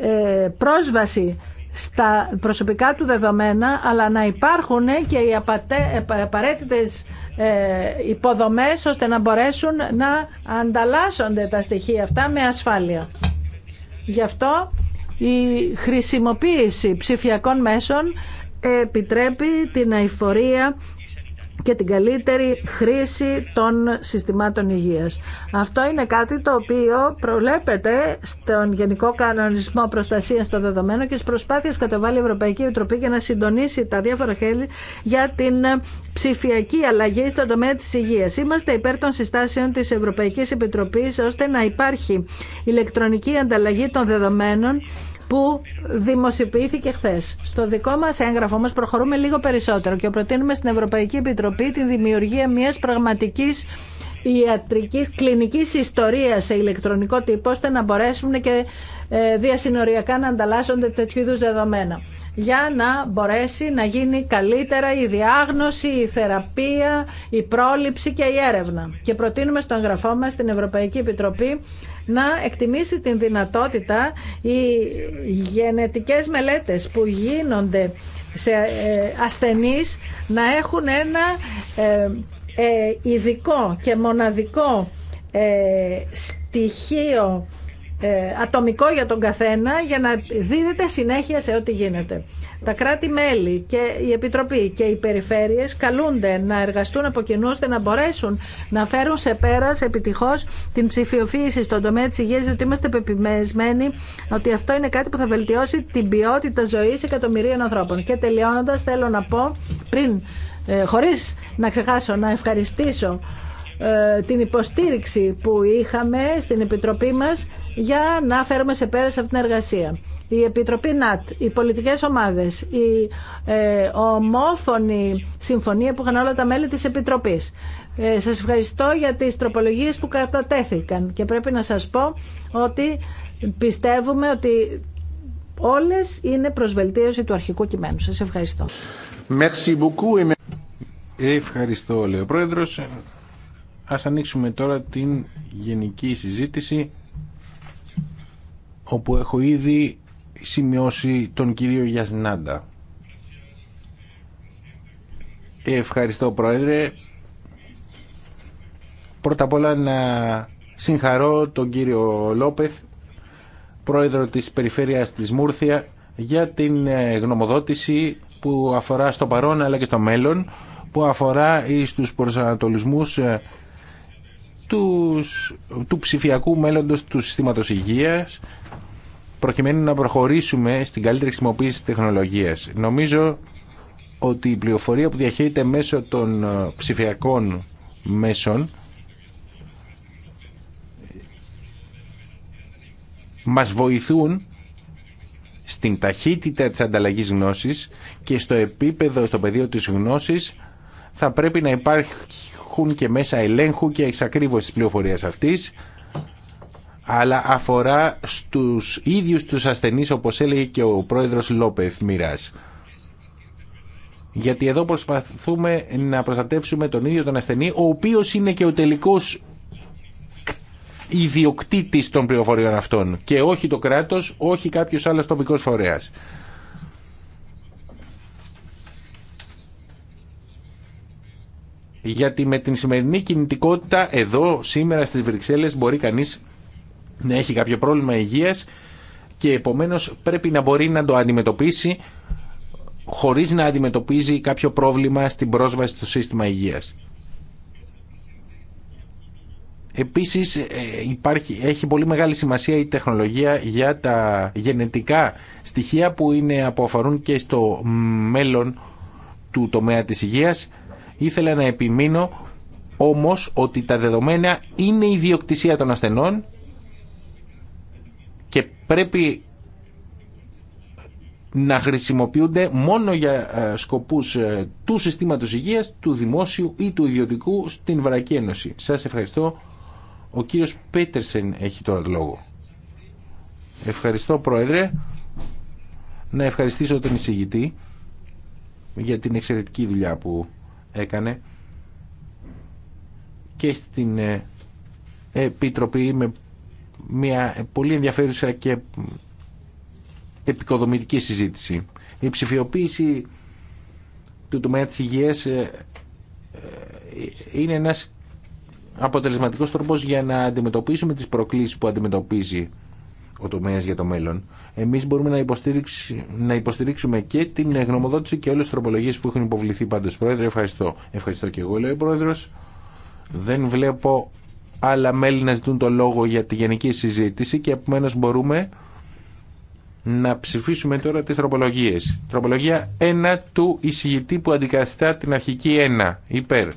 ε, πρόσβαση στα προσωπικά του δεδομένα, αλλά να υπάρχουν και οι απαραίτητες ε, υποδομές ώστε να μπορέσουν να ανταλλάσσονται τα στοιχεία αυτά με ασφάλεια. Γι' αυτό η χρησιμοποίηση ψηφιακών μέσων επιτρέπει την αηφορία και την καλύτερη χρήση των συστημάτων υγείας. Αυτό είναι κάτι το οποίο προβλέπεται στον Γενικό Κανονισμό Προστασίας των Δεδομένων και στις προσπάθειες που κατεβάλλει η Ευρωπαϊκή Επιτροπή για να συντονίσει τα διάφορα χέλη για την ψηφιακή αλλαγή στον τομέα της υγείας. Είμαστε υπέρ των συστάσεων της Ευρωπαϊκής Επιτροπής ώστε να υπάρχει ηλεκτρονική ανταλλαγή των δεδομένων που δημοσιοποιήθηκε χθε. Στο δικό μα έγγραφο όμω προχωρούμε λίγο περισσότερο και προτείνουμε στην Ευρωπαϊκή Επιτροπή τη δημιουργία μια πραγματική ιατρικής κλινικής ιστορίας σε ηλεκτρονικό τύπο ώστε να μπορέσουν και ε, διασυνοριακά να ανταλλάσσονται τέτοιου είδου δεδομένα για να μπορέσει να γίνει καλύτερα η διάγνωση, η θεραπεία, η πρόληψη και η έρευνα. Και προτείνουμε στον γραφό μας στην Ευρωπαϊκή Επιτροπή να εκτιμήσει την δυνατότητα οι γενετικές μελέτες που γίνονται σε ε, ασθενείς να έχουν ένα ε, ειδικό και μοναδικό στοιχείο ε, ατομικό για τον καθένα για να δίδεται συνέχεια σε ό,τι γίνεται. Τα κράτη-μέλη και η Επιτροπή και οι περιφέρειες καλούνται να εργαστούν από κοινού ώστε να μπορέσουν να φέρουν σε πέρας επιτυχώς την ψηφιοποίηση στον τομέα της υγείας διότι είμαστε πεπιμεσμένοι ότι αυτό είναι κάτι που θα βελτιώσει την ποιότητα ζωής εκατομμυρίων ανθρώπων. Και τελειώνοντας θέλω να πω πριν, ε, χωρίς να ξεχάσω να ευχαριστήσω ε, την υποστήριξη που είχαμε στην Επιτροπή μας για να φέρουμε σε πέρα σε αυτήν την εργασία. Η Επιτροπή ΝΑΤ, οι πολιτικές ομάδες, η ε, ομόφωνη συμφωνία που είχαν όλα τα μέλη της Επιτροπής. Ε, σας ευχαριστώ για τις τροπολογίες που κατατέθηκαν και πρέπει να σας πω ότι πιστεύουμε ότι όλες είναι προς βελτίωση του αρχικού κειμένου. Σας ευχαριστώ. Ευχαριστώ, λέει ο Πρόεδρος. Ε, ας ανοίξουμε τώρα την γενική συζήτηση όπου έχω ήδη σημειώσει τον κύριο Γιασνάντα. Ευχαριστώ Πρόεδρε. Πρώτα απ' όλα να συγχαρώ τον κύριο Λόπεθ, Πρόεδρο της Περιφέρειας της Μούρθια, για την ε, γνωμοδότηση που αφορά στο παρόν αλλά και στο μέλλον, που αφορά στους προσανατολισμούς ε, του, του ψηφιακού μέλλοντος του συστήματος υγείας προκειμένου να προχωρήσουμε στην καλύτερη χρησιμοποίηση της τεχνολογίας. Νομίζω ότι η πληροφορία που διαχέεται μέσω των ε, ψηφιακών μέσων μας βοηθούν στην ταχύτητα της ανταλλαγής γνώσης και στο επίπεδο, στο πεδίο της γνώσης θα πρέπει να υπάρχουν και μέσα ελέγχου και εξακρίβωσης της πληροφορίας αυτής αλλά αφορά στους ίδιους τους ασθενείς όπως έλεγε και ο πρόεδρος Λόπεθ Μοίρας. Γιατί εδώ προσπαθούμε να προστατεύσουμε τον ίδιο τον ασθενή, ο οποίος είναι και ο τελικός ιδιοκτήτης των πληροφοριών αυτών και όχι το κράτος, όχι κάποιος άλλος τοπικός φορέας. Γιατί με την σημερινή κινητικότητα εδώ σήμερα στις Βρυξέλλες μπορεί κανείς να έχει κάποιο πρόβλημα υγείας και επομένως πρέπει να μπορεί να το αντιμετωπίσει χωρίς να αντιμετωπίζει κάποιο πρόβλημα στην πρόσβαση στο σύστημα υγείας. Επίσης ε, υπάρχει, έχει πολύ μεγάλη σημασία η τεχνολογία για τα γενετικά στοιχεία που είναι αφορούν και στο μέλλον του τομέα της υγείας. Ήθελα να επιμείνω όμως ότι τα δεδομένα είναι η διοκτησία των ασθενών και πρέπει να χρησιμοποιούνται μόνο για ε, σκοπούς ε, του συστήματος υγείας, του δημόσιου ή του ιδιωτικού στην Βαρακή Ένωση. Σας ευχαριστώ. Ο κύριος Πέτερσεν έχει τώρα λόγο. Ευχαριστώ Πρόεδρε. Να ευχαριστήσω τον εισηγητή για την εξαιρετική δουλειά που έκανε και στην ε, Επιτροπή με μια πολύ ενδιαφέρουσα και επικοδομητική συζήτηση. Η ψηφιοποίηση του τομέα της υγείας ε, ε, είναι ένας αποτελεσματικός τρόπος για να αντιμετωπίσουμε τις προκλήσεις που αντιμετωπίζει ο τομέας για το μέλλον. Εμείς μπορούμε να, υποστηρίξουμε, να υποστηρίξουμε και την γνωμοδότηση και όλες τις τροπολογίες που έχουν υποβληθεί πάντως. Πρόεδρε, ευχαριστώ. Ευχαριστώ και εγώ, λέει ο Πρόεδρος. Δεν βλέπω άλλα μέλη να ζητούν το λόγο για τη γενική συζήτηση και επομένω μπορούμε να ψηφίσουμε τώρα τις τροπολογίες. Τροπολογία 1 του εισηγητή που αντικαθιστά την αρχική 1. Υπέρ.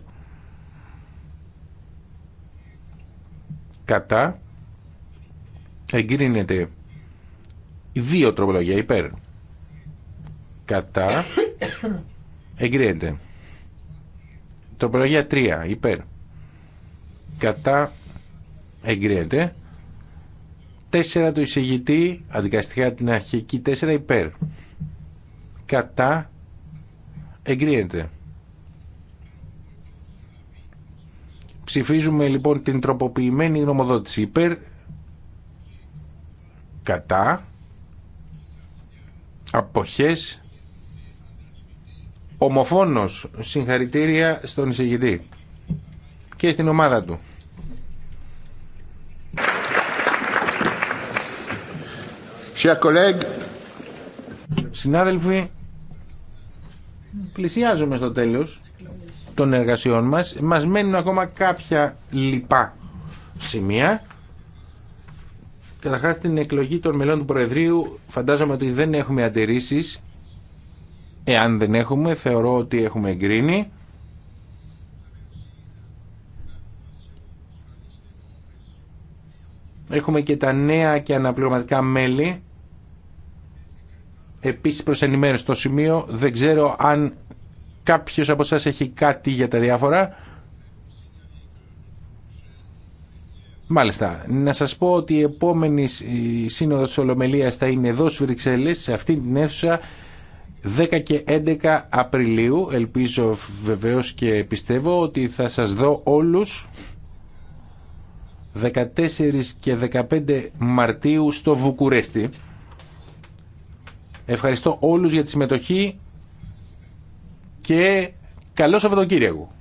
Κατά. Εγκρίνεται δύο τροπολογία υπέρ. Κατά. Εγκρίνεται. Τροπολογία 3 υπέρ κατά εγκρίνεται. 4 το εισηγητή, αντικαστικά την αρχική 4 υπέρ. Κατά εγκρίνεται. Ψηφίζουμε λοιπόν την τροποποιημένη γνωμοδότηση υπέρ. Κατά. Αποχές. Ομοφόνος. Συγχαρητήρια στον εισηγητή και στην ομάδα του. Συνάδελφοι, πλησιάζουμε στο τέλος των εργασιών μας. Μας μένουν ακόμα κάποια λοιπά σημεία. Καταρχάς την εκλογή των μελών του Προεδρείου φαντάζομαι ότι δεν έχουμε αντιρρήσεις. Εάν δεν έχουμε, θεωρώ ότι έχουμε εγκρίνει. Έχουμε και τα νέα και αναπληρωματικά μέλη. Επίσης προς ενημέρωση στο σημείο. Δεν ξέρω αν κάποιος από σας έχει κάτι για τα διάφορα. Μάλιστα. Να σας πω ότι η επόμενη σύνοδος της Ολομελίας θα είναι εδώ στις Βρυξέλλες, σε αυτήν την αίθουσα, 10 και 11 Απριλίου. Ελπίζω βεβαίως και πιστεύω ότι θα σας δω όλους. 14 και 15 Μαρτίου στο Βουκουρέστι. Ευχαριστώ όλους για τη συμμετοχή και καλό Σαββατοκύριακο.